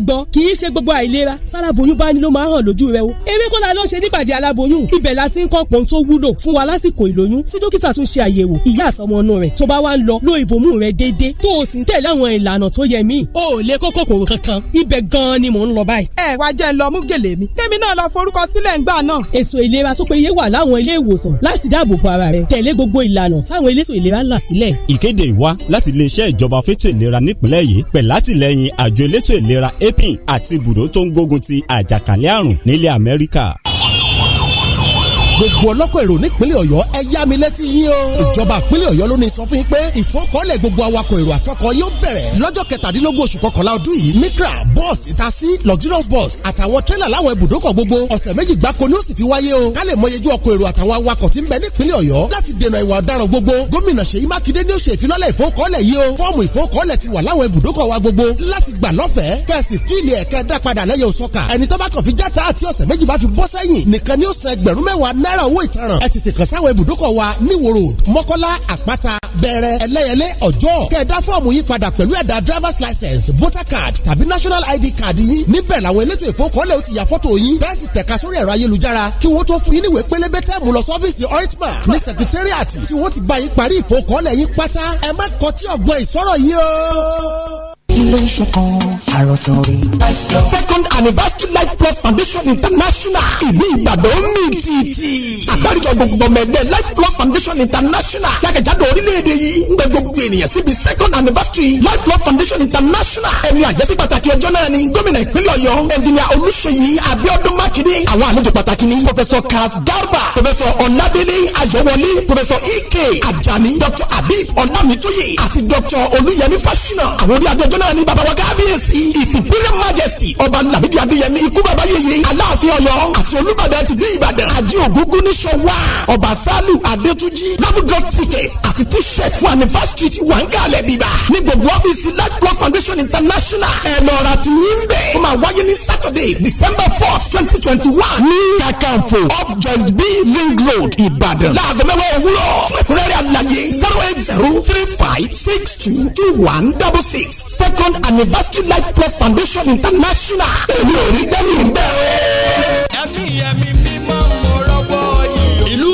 gbọ́ kì í ṣe gbogbo àìlera táláboyún bá ní ló máa hàn lójú rẹ o eré kọ́lá ló ṣe nípàdé aláboyún ibẹ̀ la ti ń kọ́ pọ̀n tó wúlò fún wa lásìkò ìlóyún tí dókítà tún ṣe àyẹ̀wò ìyá àsọmọ ọ̀nà rẹ̀ tó bá wá ń lọ lo ìbomú rẹ̀ déédéé tó o sì ń tẹ̀lé àwọn ìlànà tó yẹ mí o ò lè kó kòkòrò kankan ibẹ̀ gan-an ni mò ń lọ báyìí. ẹ wá jẹ́ ń lọ mú gèlè mi tèmi náà lọ forúkọ sílẹ̀ ń gbà náà. ètò ìlera tó péye wà láwọn ilé ìwòsàn láti dáàbò bo ara rẹ tẹ̀lé gbogbo ìlànà táwọn elétò ìlera là sílẹ̀. ìkéde wa láti vaping àti ibùdó tó ń gbógun ti àjàkálẹ̀ àrùn nílẹ̀ Amẹ́ríkà gbogbo ọlọ́kọ̀ èrò nípínlẹ̀ ọ̀yọ́ ẹ yá mi létí yín o. ìjọba ìpínlẹ̀ ọ̀yọ́ ló ní sọ fún yín pé ìfọkànlẹ̀ gbogbo awakọ̀ èrò àtọkọ̀ yóò bẹ̀rẹ̀ lọ́jọ́ kẹtàdínlógún oṣù kọkànlá ọdún yìí micra bus itasi luxurious bus àtàwọn tírélà láwọn ibùdókọ̀ gbogbo ọ̀sẹ̀ méjì gbáko ni ó sì fi wáyé o ká lè mọ iyejú ọkọ̀ èrò àtàwọn awakọ̀ tí ń bẹ nípínlẹ̀ ọ̀yọ́ láti dènà ìwà ọ̀daràn gbogbo gómìnà ṣèyí mákindé ni ó ṣe ìfilọ́lẹ̀ ìfowókọ́lẹ̀ yìí o fọ́ọ̀mù ìfowókọ́lẹ̀ ti wà láwọn ibùdókọ̀ wa gbogbo láti gbà lọ́fẹ̀ẹ́ kẹ́sì fíìlì ẹ̀kẹ́ náírà owó ìtanràn ẹ tètè kàn sáwọn ibùdókọ̀ wa ní Ìwó Road Mọ́kọ́lá Àpáta Bẹ̀rẹ̀ Ẹlẹ́yẹlé Ọ̀jọ́ kẹ̀ẹ́dá fọ́ọ̀mù yí padà pẹ̀lú ẹ̀dà driver's license voter card tàbí national ID card yín níbẹ̀ làwọn elétò ìfowópamọ́lẹ̀ ó ti yà fọ́tò yín bẹ́ẹ̀ sì tẹ̀ka sórí ẹ̀rọ ayélujára kí wọ́n tó fún yín níwèé pélébé tẹ́ẹ̀mù lọ sọ́fíìsì oritma ní secretariat tí wọ́n ti bá yín parí ìfowópamọ́lẹ̀ yín pátá ẹ má kọtí ọ̀gbọ́n ìsọ̀rọ̀ yìí o ilé kan àròtún rí. second anniversary life plus foundation international ìlú ìbàdàn mi tìtì. àgbáríjọ gbogbo mẹ́gbẹ́ life plus foundation international jákèjádò orílẹ̀-èdè yìí ń gbẹ gbogbo ènìyàn síbi second anniversary life plus foundation international ẹni àjẹsí pàtàkì ọjọ́ náà ni gómìnà ìpínlẹ̀ ọ̀yọ́ ẹnjìnìà olùṣeyí abiodun makinde àwọn àlejò pàtàkì ni professor kaz garba professor ọ̀nàdélé ayọ̀wọlé professor ike ajani Doctor abib ọ̀nàmítóyè àti Doctor olùyẹmí fásinà àwọn orí adé ọjọ́ náà náà ni bàbá wa kábíyèsí his imperial majesty ọba nàbídì adéyẹmí ikú bàbá yèyé aláàfin ọ̀yọ́ àti olúbàdàn ti ní ìbàdàn àjẹ ògúngún ní sọwá ọba sálù adétúnjì labudọ ticket àti t-shirt fún anniversary ti wà ń kalẹ̀ bíbá ní gbogbo ọ́fíìsì life blood foundation international ẹ̀ lọ́ra ti yín bẹ́ẹ̀ ó máa wáyé ní saturday december fourth twenty twenty one ní kakanfo up just be ring road ìbàdàn láàgọ́ mẹ́wàá òwúrọ̀ fún ẹ̀kúnrẹ́rẹ́ àlàyé zero eight zero three five six two two one double six seven second anniversary life plus foundation international èmi ò rí gbẹ́yìn bẹ́ẹ̀. ẹ̀mí ẹ̀mí mímọ́ mọ́.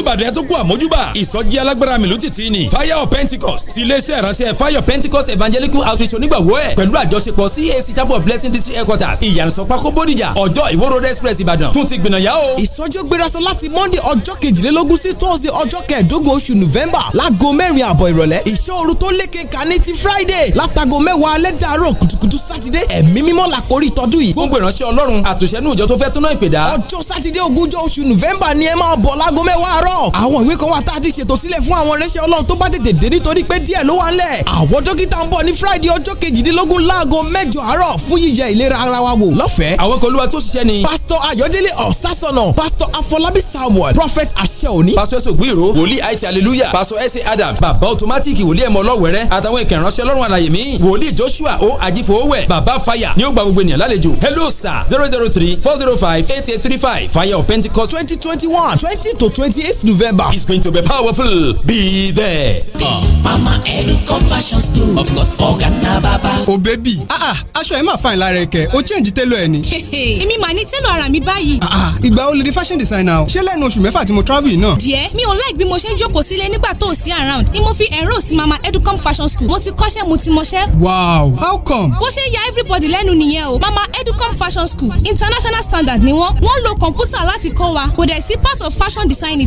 Ìbàdàn tó kú àmójúbà ìsọjí alágbára mi ló ti ti ni fire of Pentecost ti iléeṣẹ́ ìránṣẹ́ fire Pentecost evangelical outreach onígbàwọ́ ẹ̀ pẹ̀lú àjọṣepọ̀ CAC chapel of blessing district headquarters ìyànsọ́pákó bódìjà ọjọ́ ìwórodé express Ìbàdàn tún ti gbìnàyà o. ìsọjí gbéraṣọ láti Monday ọjọ́ kejìlélógún sí Thursday ọjọ́ kẹẹ̀ẹ́dógún oṣù November láago mẹ́rin àbọ̀ ìrọ̀lẹ́ ìṣòro tó lékeka ní ti Friday látago mẹ́wàá alẹ́ dàárọ̀ kùtùkùtù sátidé ẹ̀mí mímọ́ làkórí tọdún yìí. gbogbo ìránṣẹ́ Ọlọ́run àtòṣẹ́nu ìjọ tó fẹ́ tún náà ìpèdà. ọjọ́ sátidé ogúnjọ́ oṣù November ni ẹ máa bọ̀ láago mẹ́wàá lọ. àwọn ìwé kan wà tá a ti ṣètò sílẹ̀ fún àwọn irinṣẹ́ ọlọ́run tó bá tètè dé nítorí pé díẹ̀ ló wà ńlẹ̀. àwọn dókítà ń bọ̀ ní friday ọjọ́ kejìdínlógún láago mẹ́jọ àárọ̀ fún yíyẹ ìlera ara wa wò lọ́fẹ̀ẹ́. àwọn kan olúwa tó ṣiṣẹ́ ni. pásítọ̀ ayọ̀délé ọ̀sásọ̀nà pásítọ̀ afọlábí samuel prophet àṣẹòní. pásítọ̀ ẹ̀sọ̀ gbìrò wòlíì àìtí hallelujah pásítọ̀ ẹ̀sẹ̀ adam bàbá automatic wòlíì ẹ̀mọ ọlọ́wẹ̀rẹ́ àtàwọn ìkẹrànṣẹ́ ọlọ́run àlàyé mi wòlíì joshua o àjífowówẹ̀ bàbá fire ní ó gba gbogbo ènìyàn hello sir zero zero three four zero five eight eight three five fire of pentecost twenty twenty one twenty to twenty eight this November is going to be powerful. Be there. Uh. Mama Educom Fashion School. Of course. Ọ̀gá ná Baba. O oh, baby. Ah ah aṣọ ẹ̀ máa fa ìlara ẹ̀kẹ́ o change télò ẹ̀ ni. Èmi màá ní télò ara mi báyìí. Ah ah ìgbà o lè di fashion designer o. Ṣé lẹ́nu oṣù mẹ́fà tí mo travel yìí náà? Díẹ̀ mi ò like bí mo ṣe ń jókòó sílé nígbà tó o sí around ni mo fi enroll sí Mama Educom Fashion School. Mo ti kọ́ṣẹ́ mo ti mọṣẹ́. Wow how come? Bó ṣe ń ya everybody lẹ́nu nìyẹn o. Mama Educom Fashion School international standard ni wọ́n. Wọ́n lo kọ̀ǹpútà láti kọ́ wa. Kò dẹ̀ sí part of fashion design tí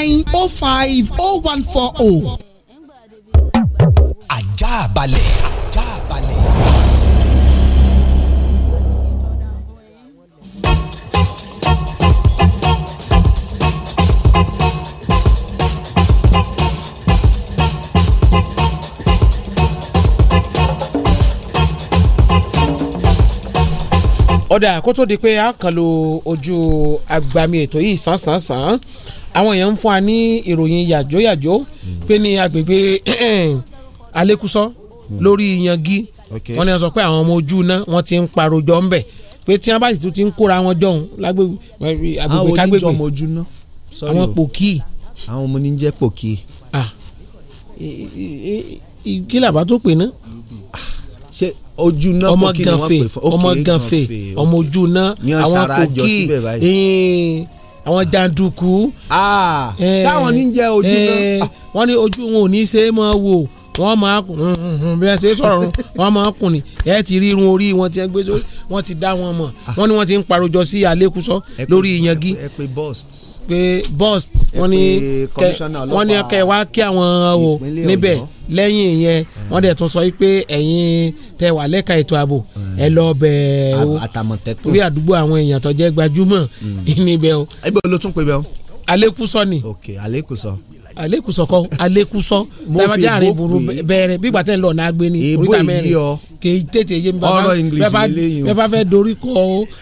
nine oh five oh one four oh. ajá balẹ̀ ajá balẹ̀. ọ̀dà kó tó di pé a kàn lo ojú agbami ètò yìí sánsánsán àwọn èèyàn ń fún wa ní ìròyìn yàjóyàjó hmm. pé ní agbègbè alẹ́kùsọ hmm. lórí yangi wọ́n ní wọ́n sọ pé àwọn ọmọ ojú náà wọ́n ti ń parojọ ńbẹ pé tí wọ́n bá sì tún ti ń kóra wọn jọhún lágbègbè agbègbè kágbègbè àwọn pòkì. àwọn ọmọ oníjẹ pòkì. Ah. kí làbá tó pè náà. ṣé ojú náà pòkì ni wọ́n pè fún ọmọ ganfe ọmọ ojú náà àwọn pòkì àwọn jàǹdùkú. Ah, eh, táwọn ní jẹ ojú eh, náà. Ah. wọ́n ní ojú wọn ò ní ṣe é mọ́ wò wọ́n máa kùn mm, mm, mm, bí wọ́n ṣe sọ̀rọ̀ wọ́n máa kùn ni ẹ ti rí irun orí wọn ti gbé sórí wọ́n ti dá wọn mọ̀ ah. wọ́n ní wọ́n ti ń parojọ sí àlékúsọ lórí ìyànjú. ẹ pé bọ́ọ̀sì pé bọ́s wọ́n ní wọ́n ní ọkẹ́ wá kí àwọn o níbẹ̀ lẹ́yìn yẹn wọ́n dẹ̀ tún sọ pé ẹ̀yin tẹ wà lẹ́ka ètò ààbò ẹ lọ bẹ̀ o orí àdúgbò àwọn èèyàn tó jẹ́ gbajúmọ̀ hmm. níbẹ̀ o. ibo ló tún pe bẹ́ẹ̀ o. alekuso ni. ok alekuso alekuso kọ alekuso tẹmẹjẹ àárín buru bẹ̀rẹ̀ bí gbàtẹ lọ náà gbé ni oríta mẹ́rin kì í tètè yé mi bàbá bẹ́ẹ̀ bá fẹ́ dorí kọ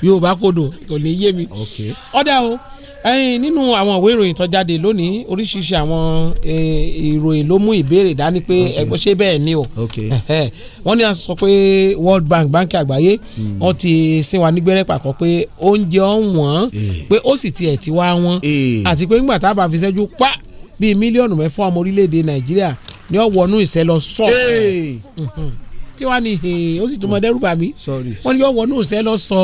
yorùbá kodo kò ní yé mi. ọ̀dà o. Okay ẹyin nínú àwọn ìwé ìròyìn tó jáde lónìí oríṣiríṣi àwọn e, ìròyìn ló mú ìbéèrè dání pé ẹgbẹ́ ṣé bẹ́ẹ̀ ni o wọ́n ní a sọ pé World Bank báńkì àgbáyé hmm. wọ́n ti sin wa nígbẹ́rẹ́ pàkọ́ pé oúnjẹ ọ̀wọ́n eh. pé ó sì tiẹ̀ ti wá wọn eh. àti pé nígbà tá a bá fi ṣẹ́jú pa bíi mílíọ̀nù mẹ́fọ́ ọmọ orílẹ̀-èdè Nàìjíríà ni ó wọnú ìṣẹ́lọ sọ́ọ̀ eh. kí wàá ní ó sì tún mọ dẹ́rù bà mí wọ́n yóò wọnú ìṣẹ́ lọ sọ.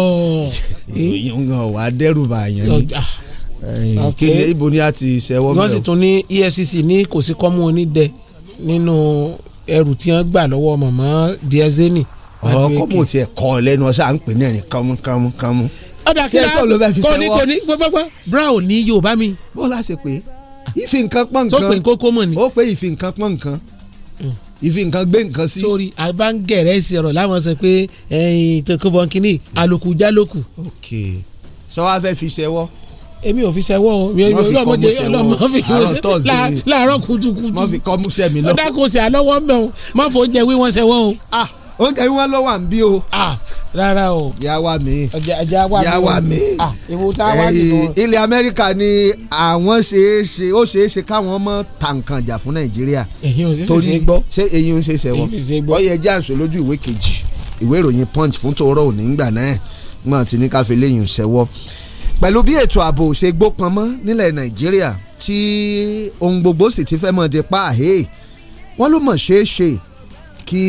ìyọ̀ngàn wà á dẹ́rù yẹn ni ah, kí ni ibo ni a ti ṣẹwọ́ mi o. wọ́n sì tún ní EFCC ní kò sí kọ́mú onídẹ nínú ẹrù tí wọ́n gbà lọ́wọ́ mọ̀mọ́ diazeni. ọ̀rọ̀ kọ́mú tiẹ̀ kọ́ lẹ́nu ọ̀sán à ń pè ní ẹ̀rín kánmúkánmú. ọ̀dà kíá kò ní gbọ́gbọ́gbọ́ brown ní Yorùbá mi. bọ́lá ṣe pé ìfi nǹkan pọ̀ nǹkan tó pè kókó mọ̀ ni. ó pé ìfi nǹkan pọ̀ nǹkan mm. ìfi nǹkan gbé nǹkan sí. sórí àbángẹ̀rẹ́ ìṣẹ̀rọ̀ láwọn sọ pé ẹ̀yìn tó kó bọ́ńkì ní àlòkù jálòkù. ok sọ wá fẹ́ fi ṣẹwọ́ èmi ò fi sẹ́wọ́ o ọlọ́mọdé ọlọ́mọdé láàárọ̀ kùtùkùtù mọ́ fi kọ́ múṣẹ́ mi lọ. ó sí àlọ́wọ́ mbẹ́ o mọ́ fò oúnjẹ wíwọ́n sẹ́wọ́ o. oúnjẹ wíwọ́n ló wà ń bí o. rárá o. yà wá mi. yà wá mi. ìwò tá a wá ilẹ̀ Amẹ́ríkà ni àwọn ṣeé ṣe ó ṣeé ṣe káwọn mọ tàǹkànjà fún Nàìjíríà. èyí ò sì ṣe gbọ́. ṣé èyí ò sì ṣe wọ́n. ọyẹ jáàsó lójú ìwé pẹ̀lú bí ètò ààbò ṣe gbópọn mọ́ nílẹ̀ nàìjíríà tí ohun gbogbo sì ti fẹ́ mọ̀ di pa àhẹ́ wọ́n ló mọ̀ ṣeé ṣe kí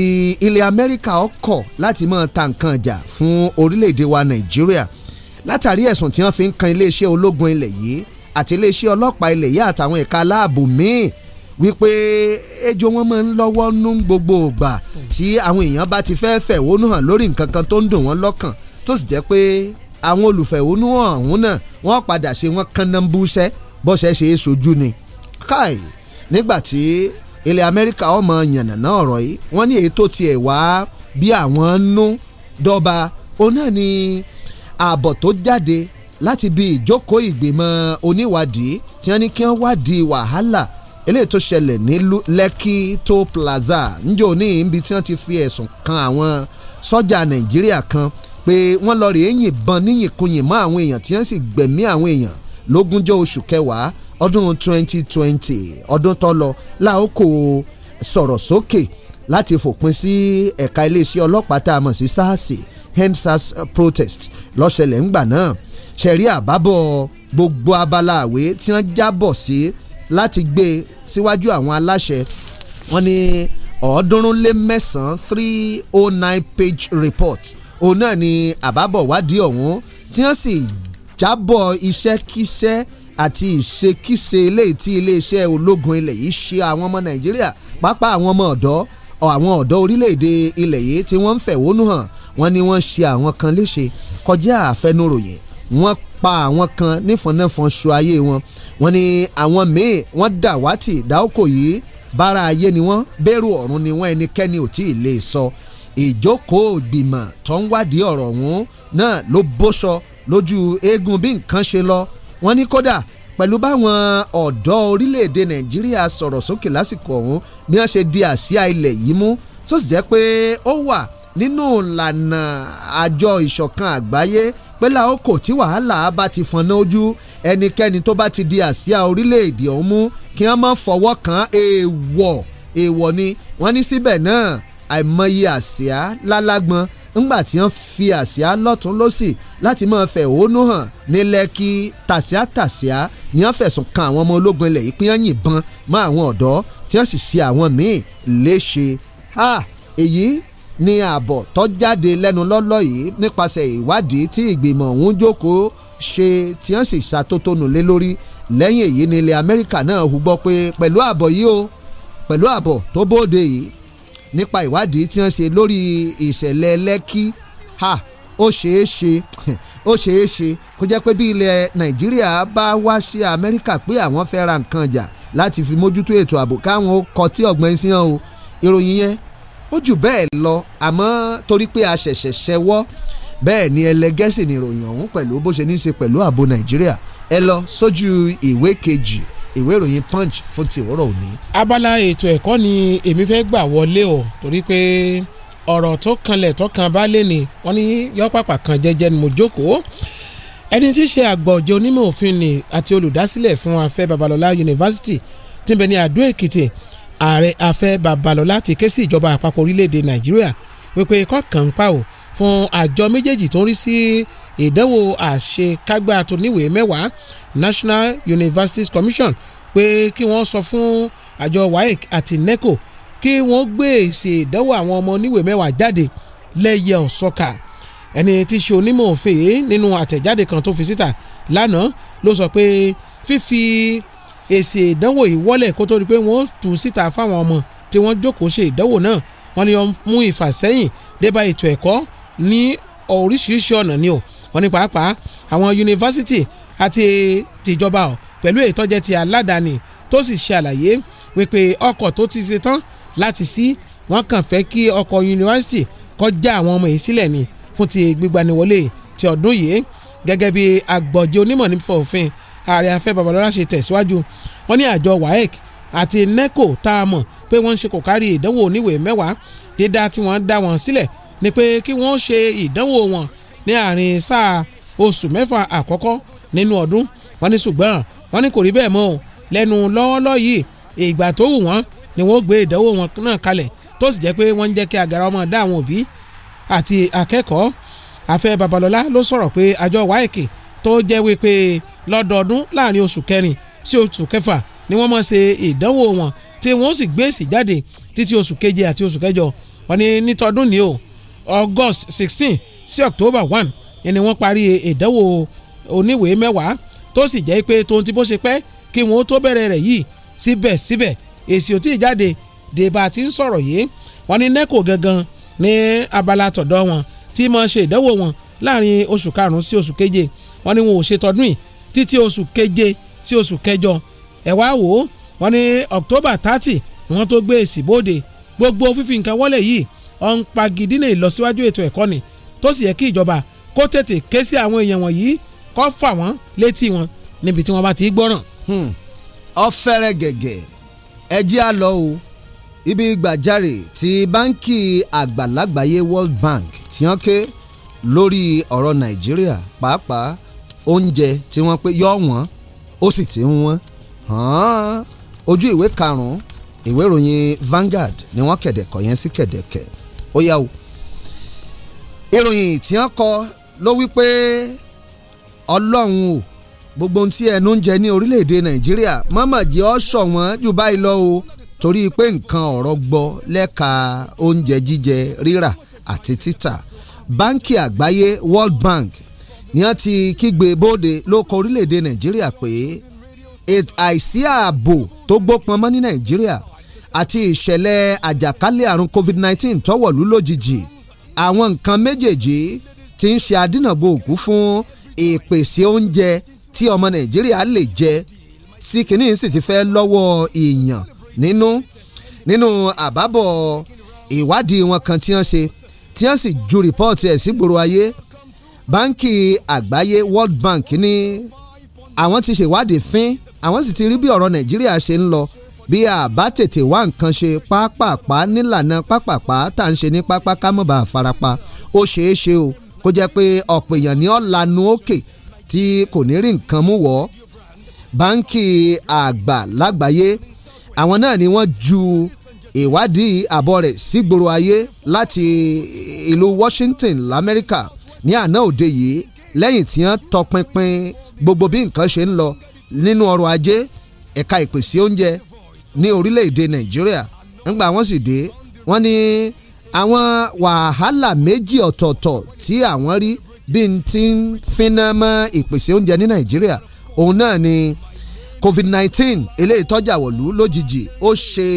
ilẹ̀ amẹ́ríkà ọkọ̀ láti máa ta nǹkan ọjà fún orílẹ̀-èdè wa nàìjíríà látàrí ẹ̀sùn tí wọ́n fi ń kan iléeṣẹ́ ológun ilẹ̀ yìí àti iléeṣẹ́ ọlọ́pàá ilẹ̀ yìí àtàwọn ẹ̀ka aláàbò míì wípé ejò wọn máa ń lọ́wọ́ nú gbogbo ògbà tí àwọn èèyàn bá ti fẹ́ fẹ̀hónú hàn lórí nǹkan kan tó ń dùn wọ́n lọ́kàn tó sì jẹ́ pé àwọn olùfẹ̀hónúhàn ọ̀hún náà wọ́n padà ṣe wọ́n kànnàbùsẹ́ bọ́sẹ̀ ṣe é sojú ni káì nígbà tí ilẹ̀ amẹ́ríkà ọmọ yànnàná ọ̀rọ̀ yìí wọ́n ní èyí tó tiẹ̀ wá bí àwọn nú dọ́ba òun náà ni ààbọ̀ tó jáde láti bí ìjókòó ìgbìmọ̀ oníwádìí tí wọ́n ní kí wọ́n wádìí wàhálà eléyìí tó ṣẹlẹ̀ ní lẹ́kì tó plaza níjọ́ ní ibi tí wọ́n ti fi ẹ̀sùn kan àwọn sọ́jà nàìjíríà kan pé wọ́n lọ rèé yìnbọn níyìnkuyìn mọ́ àwọn èèyàn tí wọ́n sì gbẹ̀mí àwọn èèyàn lógúnjọ́ oṣù kẹwàá ọdún 2020 ọdún tó lọ láòkó sọ̀rọ̀ sókè láti fòpin sí ẹ̀ka iléeṣẹ́ ọlọ́pàá tá a mọ̀ sí SARS endsars protest lọ́sẹ̀lẹ̀ ńgbà náà ṣẹ̀rí àbábọ̀ gbogbo abala àwé tí wọ́n jábọ̀ sí láti gbé síwájú àwọn aláṣẹ wọn ni ọ̀ọ́dúnrún lé mẹ́sàn-án three oh nine page report òun náà ni àbábọ̀ wádìí ọ̀hún tí wọ́n sì jábọ̀ iṣẹ́kíṣẹ́ àti ìṣekíṣe eléyìí tí iléeṣẹ́ ológun ilẹ̀ yìí ṣe àwọn ọmọ nàìjíríà pápá àwọn ọmọ ọ̀dọ́ àwọn ọ̀dọ́ orílẹ̀-èdè ilẹ̀ yìí tí wọ́n ń fẹ̀hónú hàn wọ́n ní wọ́n ṣe àwọn kan léṣe kọjá àfẹnuròyìn wọ́n pa àwọn kan nífọ̀nàfọ̀nṣọ ayé wọn wọ́n ní àwọn míì wọ́n dàwátì dáókò yìí bára ayé ni wọ́n bẹ́rù ọ̀run ni wọ́n ẹnikẹ́ni ò tí lè sọ so ìjókòó ìgbìmọ̀ tó ń wádìí ọ̀rọ̀ ọ̀hún náà ló bóṣọ lójú eégún bí nǹkan ṣe lọ wọ́n ní kódà pẹ̀lú báwọn ọ̀dọ́ orílẹ̀-èdè nàìjíríà sọ̀rọ̀ sókè lásìkò ọ̀hún bí wọ́n ṣe di àsíá ilẹ̀ yìí mú tó sì jẹ́ pé ó wà nínú ìlànà àjọ ìṣọ̀kan àgbáyé pé láòkò tí wàhálà bá ti fọnná ojú ẹnikẹ́ni tó bá ti di àsíá orílẹ̀-èdè ọ̀hún mú kí wọ́n má fọwọ́ kan èèwọ̀ èèwọ̀ ni wọ́n ní síbẹ̀ náà àìmọye àsíá lálágbọn ńgbà tí wọ́n fi àsíá lọ́tún lọ́sì láti máa fẹ̀hónú hàn ní lẹ́kì tàsíátàsíá ni wọ́n fẹ̀sùn kan àwọn ọmọ ológun ilẹ̀ yìí pé wọ́n yìnbọn mọ́ àwọn ọ̀dọ́ tí wọ́n sì ṣe àwọn míì léṣe. èyí ni ààbọ̀ tó jáde lẹ́nu lọ́lọ́ yìí nípasẹ̀ ìwádìí tí ìgbìmọ̀ ọ̀hún jókòó ṣe tí wọ́n sì ṣàtótónu lé lórí lẹ́yìn èyí ni ilẹ̀ Amẹ́ríkà náà hùgbọ́ pé pẹ̀lú ààbọ̀ yìí o pẹ̀lú ààbọ̀ tó bóde yìí nípa ìwádìí tí wọ́n ṣe lórí ìṣẹ̀lẹ̀ lẹ́kí ha ó ṣeé ṣe ó ṣeé ṣe kó jẹ́ pé bí ilẹ̀ nàìjíríà bá wá sí amẹ́ríkà pé àwọn fẹ́ ra nǹkan ọjà láti fi mójútó ètò ààbò káwọn ó kọ tí ọ̀gbọ́n sí hàn o ìròyìn yẹn ó jù bẹ́ẹ̀ lọ àmọ́ torí pé a ṣẹ̀ṣẹ̀ ṣẹwọ́ bẹ́ẹ̀ ni ẹlẹgẹ́sì ni ìròyìn ọ̀hún pẹ̀lú bó ṣe ní í ṣe pẹ̀lú ààbò nàìjíríà ẹ lọ sójú ìwé kejì ìwé ìròyìn punch fún ti òwúrọ̀ òní. abala ètò ẹ̀kọ́ ni èmi fẹ́ gbà wọlé o torí pé ọ̀rọ̀ tó kanlẹ̀ tó kan bá lé ni wọ́n ní yọ́pàpà kan jẹ́jẹ́ ni mo jókòó ẹni tí í ṣe àgbà ọ̀jẹ̀ onímọ̀ òfin ni àti olùdásílẹ̀ fún afẹ́ babalọ́lá yunifásitì tí ń bẹ ní àdó èkìtì ààrẹ afẹ́ babalọ́lá ti ké sí ìjọba àpapọ̀ orílẹ̀-èdè nàìjíríà wípé kọ́kànpá o fún àjọ méjèèjì tó ń rí sí ìdánwò àṣekágbá tó níwèé mẹ́wàá National Universities Commission pé kí wọ́n sọ fún àjọ WAEC àti NECO kí wọ́n gbé èsì ìdánwò àwọn ọmọ oníwèé mẹ́wàá jáde lẹ́yẹ ọ̀sọ́ka ẹni tí í ṣe onímọ̀ òfin nínú àtẹ̀jáde kan tó fi síta lánàá ló sọ pé fífi èsì ìdánwò yìí wọ́lẹ̀ kó tó di pé wọ́n tú síta fáwọn ọmọ tí wọ́n jókòó ṣe ìdánwò náà wọ́n ní mú ìfàsẹ́yìn débá ètò ẹ̀kọ́ ní oríṣiríṣi ọ̀nà ni o wọ́n ní pàápàá àwọn yunifásitì àti tìjọba ọ̀ pẹ̀lú ìtọ́jẹ́ ti aládàáni tó sì ṣe àlàyé wípé ọkọ̀ tó ti ṣe tán láti sí wọ́n kàn fẹ́ kí ọkọ̀ yunifásitì kọjá àwọn ọmọ yìí sílẹ̀ ni fún ti gbígbaniwọlé ti ọdún yìí gẹ́gẹ́ bí agbọ̀jẹ́ onímọ̀ nípa òfin ààrẹ afẹ́ babalọ́lá ṣe tẹ̀síwájú wọ́n ní àjọ waec àti neco tá a mọ̀ pé wọ́n ń ṣe kò kárí ìdánwò oníwèé mẹ́wàá dídá tí wọ́n dá wọn sílẹ̀ ni pé kí wọ́n ṣe ìdánwò wọn ní àárín sáà oṣù mẹ́fà àkọ́kọ́ nínú ọdún wọ́n ní ṣùgbọ́n wọ́n ní kò rí bẹ́ẹ̀ mọ́ o lẹ́nu lọ́wọ́lọ́ yìí ìgbà tó wù wọ́n ni wọ́n gbé ìdánwò wọn náà kalẹ̀ tó sì jẹ́ pé wọ́n ń jẹ́ kí agara ọmọ dá àwọn òbí àti akẹ́kọ̀ọ́ Afẹ́ Babalọ́lá ló sọ̀rọ̀ pé àjọ WAEC tó jẹ́ wípé lọ́dọọdún láàrin oṣù kẹrin sí oṣù kẹfà ni wọ́n máa ṣe ìdánwò wọn tí wọ́n sì gbé èsì jáde títí oṣù keje àti oṣù kẹjọ wọ́n ní nítọdún ni o August sixteen sí October one ni wọ́n parí ìdánwò oníwèé mẹ́wàá tó sì jẹ́ pé tóun ti bó ṣe pẹ́ kí wọ́n tó bẹ̀rẹ̀ rẹ̀ yìí síbẹ̀síbẹ̀ èsì ò tí ì jáde dèbà tí ń sọ̀rọ̀ yìí wọ́n ní NECO gangan ní abala tọ̀dọ̀ wọn tí mo ṣe ìdánwò wọn láàrin oṣù karùn-ún sí oṣù keje wọ́n ní wọn ò ṣe tọdún yìí títí oṣù keje sí oṣù kẹjọ ẹ̀ wá wò ó wọ́n ní October thirty wọ́n tó gbé èsì bóde gbogbo fífi nǹkan wọlé yìí ọ̀ ń pa gidi ní ìlọsíwájú ètò ẹ̀kọ́ ni tó sì yẹ kí ìjọba kó tètè ké sí àwọn èèyàn wọ̀nyí kó fà wọ́n létí wọn níbi tí wọ́n bá ti gbọ́ràn. Hmm. ọ̀fẹ́rẹ́ gẹ̀gẹ̀ ẹjẹ́ á lọ o ibi gbàjarè tí báńkì àgbàlagbàyé World Bank ti hàn ké lórí ọ̀rọ̀ Nàìjíríà pàápàá oúnjẹ tí wọ́n pé yọ̀ wọ́n ó sì ti ń wọ́n ojú ìwé karùn-ún ìwé ìròyìn Vanguard ni wọ́n kẹ̀dẹ̀kọ̀ yẹn sí kẹ̀dẹ̀kẹ̀ ó yá o. Yaw ìròyìn tí wọ́n kọ ló wí pé ọlọ́run o gbogbo ohun tí ẹnu ń jẹ ní orílẹ̀-èdè nàìjíríà mọ́mọ́ jẹ́ ọ́ ṣọ̀wọ́n jù báyìí lọ o torí pé nǹkan ọ̀rọ̀ gbọ́ lẹ́ka oúnjẹ jíjẹ rírà àti títà báńkì àgbáyé World Bank ni wọ́n ti kígbe bóde ló kọ orílẹ̀-èdè nàìjíríà pé àìsí ààbò tó gbópọn mọ́ ní nàìjíríà àti ìṣẹ̀lẹ̀ àjàkálẹ̀ àrùn COVID-19 tọ́wọ̀lú lójijì àwọn nǹkan méjèèjì ti ń ṣe adínàbò òkú fún ìpèsè oúnjẹ tí ọmọ nàìjíríà lè jẹ tí kìíní sì ti fẹ́ lọ́wọ́ èèyàn nínú nínú àbábọ̀ ìwádìí wọn kan tí wọ́n ṣe tí wọ́n sì ju rìpọ́ọ̀tì ẹ̀ sígboro ayé báńkì àgbáyé World Bank ní àwọn ti ṣèwádìí fín àwọn sì ti rí bí ọ̀rọ̀ nàìjíríà ṣe ń lọ bí àbá tètè wá nǹkan ṣe pápápá nílànà pápápá tá à ń ṣe ní pápá ká mọ̀ bá farapa ó ṣeé ṣe o kó jẹ́ pé ọ̀pọ̀ èèyàn ní ọ̀lànà òkè tí kò ní rí nǹkan mú wọ́ báńkì àgbà lágbàáyé àwọn náà ni wọ́n ju ìwádìí àbọ̀ rẹ̀ sígboro ayé láti ìlú Washington lamẹ́ríkà ní àná òde yìí lẹ́yìn tí wọ́n tọpinpin gbogbo bí nǹkan ṣe ń lọ nínú ọrọ̀ ajé ẹ̀ka ìpèsè oúnjẹ ní orílẹ̀-èdè nàìjíríà ńgbà wọ́n sì dé wọ́n ní àwọn wàhálà méjì ọ̀tọ̀ọ̀tọ̀ tí àwọn rí bí n ti ń finá mọ́ ìpèsè oúnjẹ ní nàìjíríà òun náà ni covid-19 eléyìí tọ́jà wọ̀lú lójijì ó ṣe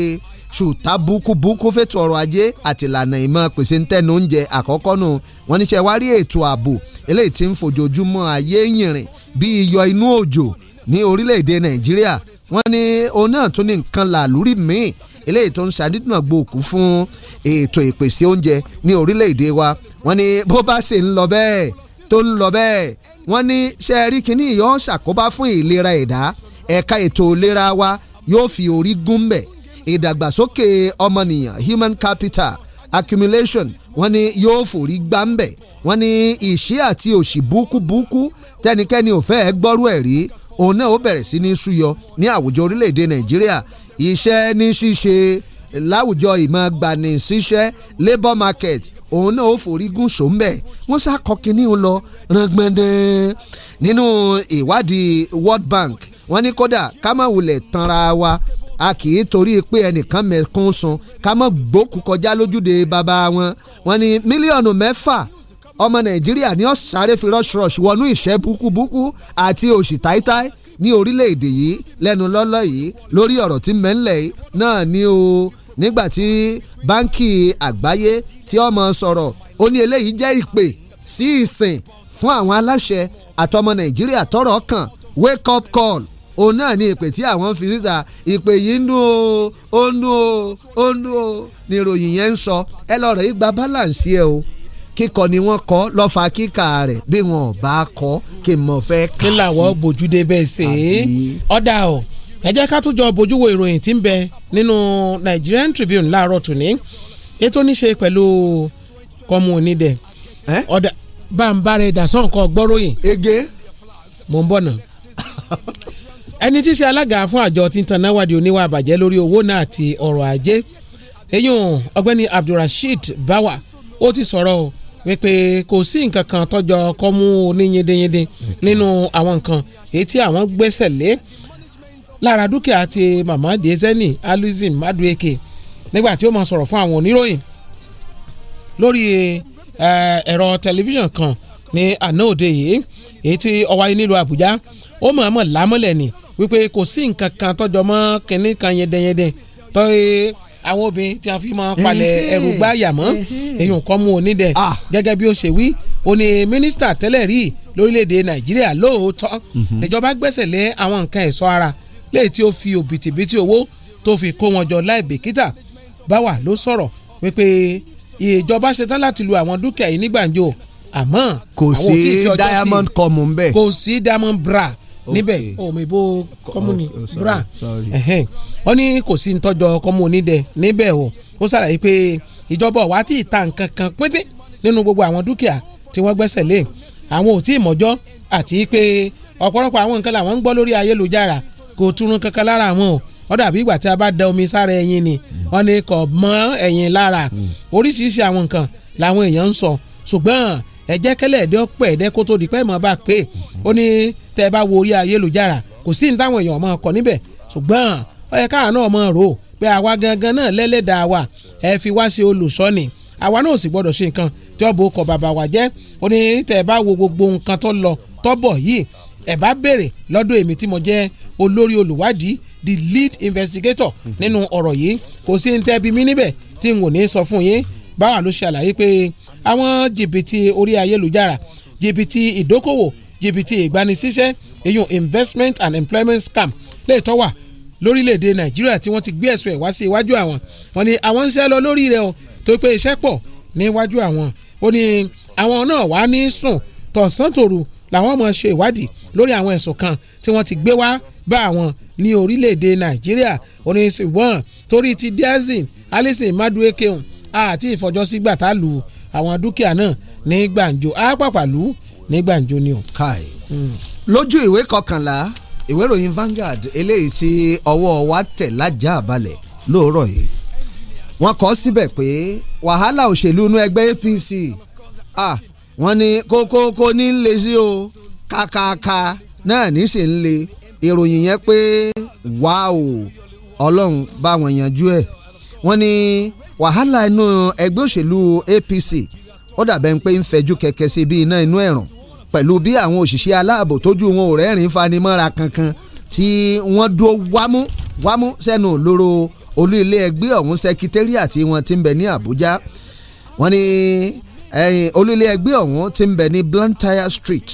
ṣùtá búkúbúkú fètò ọrọ̀ ajé àti ìlànà ìmọ̀ pèsè ń tẹnu oúnjẹ àkọ́kọ́ nù wọ́n ní ṣe wá rí ètò ààbò eléyìí tí ń fojoojúmọ́ ayé yìnrìn bí iyọ̀ inú òjò ní orílẹ̀-èdè nàìjíríà wọ́n ní òun náà tún ní nǹkan làlúrí míì eléyìí tó ń ṣàdídùn àgbòkú fún ètò ìpèsè oúnjẹ ní orílẹ̀-èdè wa wọ́n ní bó bá ṣe ń lọ bẹ́ẹ̀ tó ń lọ bẹ́ẹ̀ wọ́n ní ṣe rí kínní yóò ṣàkóbá fún ìlera ẹ̀dá ẹ̀ka ètò ìlera wa yóò fi orí gún bẹ̀ ìdàgbàsókè ọmọnìyàn human capital accumulation wọ́n ní yóò forí gbá ń bẹ̀ wọ́n ní ìṣí àti òṣì búkúbúkú tẹ́nikẹ́ni ò gbọ́rú ẹ̀ rí òun náà ó bẹ̀rẹ̀ sí ní súyọ ní àwùjọ orílẹ̀-èdè nàìjíríà iṣẹ́ ní ṣíṣe láwùjọ ìmọ̀ gbanisíṣẹ́ labour market òun náà ó forígun sòmbẹ̀ wọ́n ṣàkọ́ kínní ń lọ rangbọ̀ndẹ̀ nínú ìwádìí World Bank wọ́n ní kódà ká má wulẹ̀ tanra wa a kì í torí pé ẹnìkan mẹ̀kún sun ká má gbókù kọjá lójúde bàbá wọn wọ́n ní mílíọ̀nù mẹ́fà ọmọ nàìjíríà ní ọ̀sáré fi rush rush wọnú ìṣẹ́ búkúbúkú àti òṣì táítáí ní orílẹ̀-èdè yìí lẹ́nu lọ́lọ́ yìí lórí ọ̀rọ̀ tí mẹ́ńlẹ̀ yìí náà ni o nígbà tí báńkì àgbáyé tí ọmọ sọ̀rọ̀ ó ní eléyìí jẹ́ ìpè sí ìsìn fún àwọn aláṣẹ àtọmọ nàìjíríà tọ́rọ̀ kàn wake up call òun náà ni ìpè tí àwọn fi síta ìpè yìí ń dún o ó ń dún o ó ń dún o ni ìròyìn yẹn ń sọ ẹ lọ rẹ̀ yìí gba balance yẹ o kíkọ ni wọ́n kọ lọ́fà kíkà rẹ̀ bí wọn ò bá kọ kí n mọ̀ fẹ́ kà sí. kí làwọn bójú dé bẹ́ẹ̀ ṣe é ọ̀dà o ẹ jẹ́ ká tún jọ bójú wo ìròyìn tí ń bẹ nínú Nigerian Tribune láàárọ̀ tòní ètò níṣe pẹ̀lú kọ́mú onídẹ̀ ọ̀dà bá ń bá rẹ̀ dà sọ́ǹkọ́ gbọ́ròyìn. ege. mo ń bọ̀ náà ẹni tí í ṣe alága fún àjọ tí ń tan náwádìí oníwà àbàjẹ́ lórí owó náà àti ọrọ̀ ajé eyín ọ̀gbẹ́ni Abdulrasheed Báwa ó ti sọ̀rọ̀ wípé kò sí nǹkan kan tọ́jọ kọ́mú oníyindeyinde nínú àwọn nǹkan èyí tí àwọn gbẹ́sẹ̀ lé lára dúkìá ti mama diezeni alizim madueke nígbà tí ó máa sọ̀rọ̀ fún àwọn oníròyìn lórí ẹ̀rọ tẹlifíṣàn kan ní àná òde yìí èyí tí ó wáyé nílùú àbújá ó mọ̀ọ́mọ̀ lámọ́lẹ̀ ni wípé kò sí nǹkan kan tọ́jọ mọ́ kínní kan yẹdẹyẹdẹ tọ́ àwọn obìnrin tí a fi máa palẹ̀ ẹrù gbá yàmọ́ èyàn kan mú òní dẹ̀ ah. gẹ́gẹ́ bí ó ṣe wí ó ní mínísítà tẹ́lẹ̀ rí lórílẹ̀‐èdè nàìjíríà lóòótọ́ mhm. ìjọba gbẹ́sẹ̀ lé àwọn nǹkan ẹ̀ṣọ́ ara léyìí tí ó fi òbítíbitì owó tó fi kó wọn jọ láì bìkítà báwa ló sọ̀rọ̀ wípé ìjọba ṣetán láti lu àwọn dúkìá yìí ní gbàǹjo àmọ́ kò sí diamond kọ́mù ń bẹ̀ kò sí diamond bra Oh. níbẹ̀ ọmọ ìbò kọ́múnì bra wọ́n ní kò sí ntọ́jọ kọ́múnì dẹ̀ níbẹ̀ o ó ṣàlàyé pé ìjọba ọ̀wá tí ì ta nǹkan kan pínpín nínú gbogbo àwọn dúkìá tí wọ́n gbẹ́sẹ̀ lé àwọn ò tí ì mọ̀jọ́ àti pé ọ̀pọ̀lọpọ̀ àwọn nǹkan làwọn ń gbọ́ lórí ayélujára kò túrun kankan lára àwọn o ó dàbí ìgbà tí a bá da omi sára ẹyin ni hmm. wọ́n ní kò mọ́ ẹyin lára hmm. oríṣiríṣi àwọn nǹkan làwọn èèyàn ń sọ ṣùgbọ́n ẹ̀jẹ̀ kẹlẹ̀ ẹ̀dẹ́ ọ̀pẹ̀ ẹ̀dẹ́ kó tó mọ́ bá pé hmm. ó ní tẹ́ ẹ bá wo orí ayélujára kò sí ní táwọn èèyàn máa kọ níbẹ̀ ṣùgbọ́n ó yẹ káà náà máa rò ó pé àwa gangan náà lẹ́lẹ́dàá wa ẹ fi wá sí olùsọ́ni àwa náà sì gbọ́dọ̀ ṣe nǹkan tí ọ̀bọ̀ ọkọ̀ bàbá wa jẹ́ ó ní tẹ́ ẹ bá wo gbogbo nǹkan tó lọ tọ́bọ̀ yìí ẹ bá béèrè lọ́dọ̀ èmi tí mo jẹ́ olórí olùwádìí the lead investigator nínú ọ̀rọ̀ yìí kò sí ní tẹ́bi mí níbẹ̀ tí n ò ní sọ fún yín báwa ló ṣàlàyé pé àwọn jìbìtì orí ayélujára jìbìtì ìdókòwò jìbìtì ìgbanisíṣẹ́ èyun investment and employment scam lè tọ́ wà lórílẹ̀‐èdè nàìjíríà tí wọ́n ti gbé ẹ̀sùn ẹ̀ wá sí iwájú àwọn wọ́n ní àwọn ń ṣẹ́ lọ lórí rẹ̀ o tó pé iṣẹ́ pọ̀ níwájú àwọn ó ní àwọn náà wá ní sùn tọ̀sán tòru làwọn máa ṣe ìwádìí lórí àwọn ẹ̀sùn kan tí wọ́n ti gbé wá bá àwọn ní orílẹ̀‐èdè nàìjíríà ó ní ṣùgbọ́n torí ti diazin alison madueke àti ìfọjọ́sígbà tá lu àwọn dúkìá náà ní gbàǹjo àpàpàlú ní gbàǹjo ni o. kai lójú ìwé kọkànlá ìwé ìròyìn Vanguard eléyìí tí ọwọ́ wa tẹ̀ lájà àbálẹ̀ lóòrọ̀ yìí wọ́n kọ síbẹ̀ pé wàhálà òṣèlú inú ẹgbẹ́ APC ah wọ́n ní kókókó ní ń le sí o kàkàkà náà ní sì ń le ìròyìn yẹn pé wá o ọlọ́run bá wọn yanjú ẹ̀ wọ́n ní wàhálà inú ẹgbẹ́ òṣèlú APC ó dàbẹ̀ ń pé ń fẹjú kẹ̀kẹ́ sí bí iná inú ẹ̀rùn pẹ̀lú bí àwọn òṣìṣẹ́ aláàbò tójú wọn ò rẹ́rìn fanimọ́ra kankan tí wọ́n dúró wámú wámú sẹ́nu lóró olú ilé ẹgbẹ́ ọ̀hún sẹkítẹ́rìà tí wọ́n ti ń bẹ ní Àbújá wọ́n ní olú ilé ẹgbẹ́ ọ̀hún ti ń bẹ ní Blantyre Street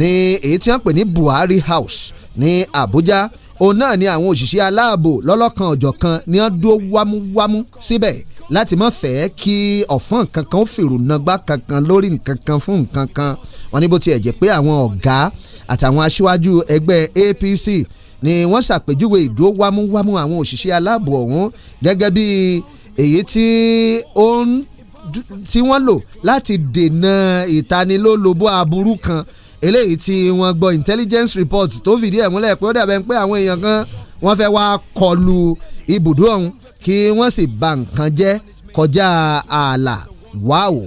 ní èyí tí wọ́n pè ní Buhari House ní Àbújá òun náà ni àwọn òṣìṣẹ́ aláàbò lọ́lọ́kan ọ̀jọ̀kan ni wọ́n dúró wámúwámú síbẹ̀ láti má fẹ́ kí ọ̀fọ́n kankan ó fèrò nàgbà kankan lórí nǹkan kan fún nǹkan kan wọ́n ní bó tiẹ̀ jẹ́ pé àwọn ọ̀gá àtàwọn aṣíwájú ẹgbẹ́ APC ni wọ́n ṣàpèjúwe ìdúró wámúwámú àwọn òṣìṣẹ́ aláàbò ọ̀hún gẹ́gẹ́ bí èyí tí ó ń tí wọ́n lò láti dènà ìtanilólobó aburú kan eléyìí tí wọ́n gbọ́ intelligence report tó fìdí ẹ̀ múlẹ̀ pé ó dàbẹ̀ pé àwọn èèyàn kan wọ́n fẹ́ wá kọlu ibùdó ọ̀hún kí wọ́n sì ba nǹkan jẹ́ kọjá ààlà wáò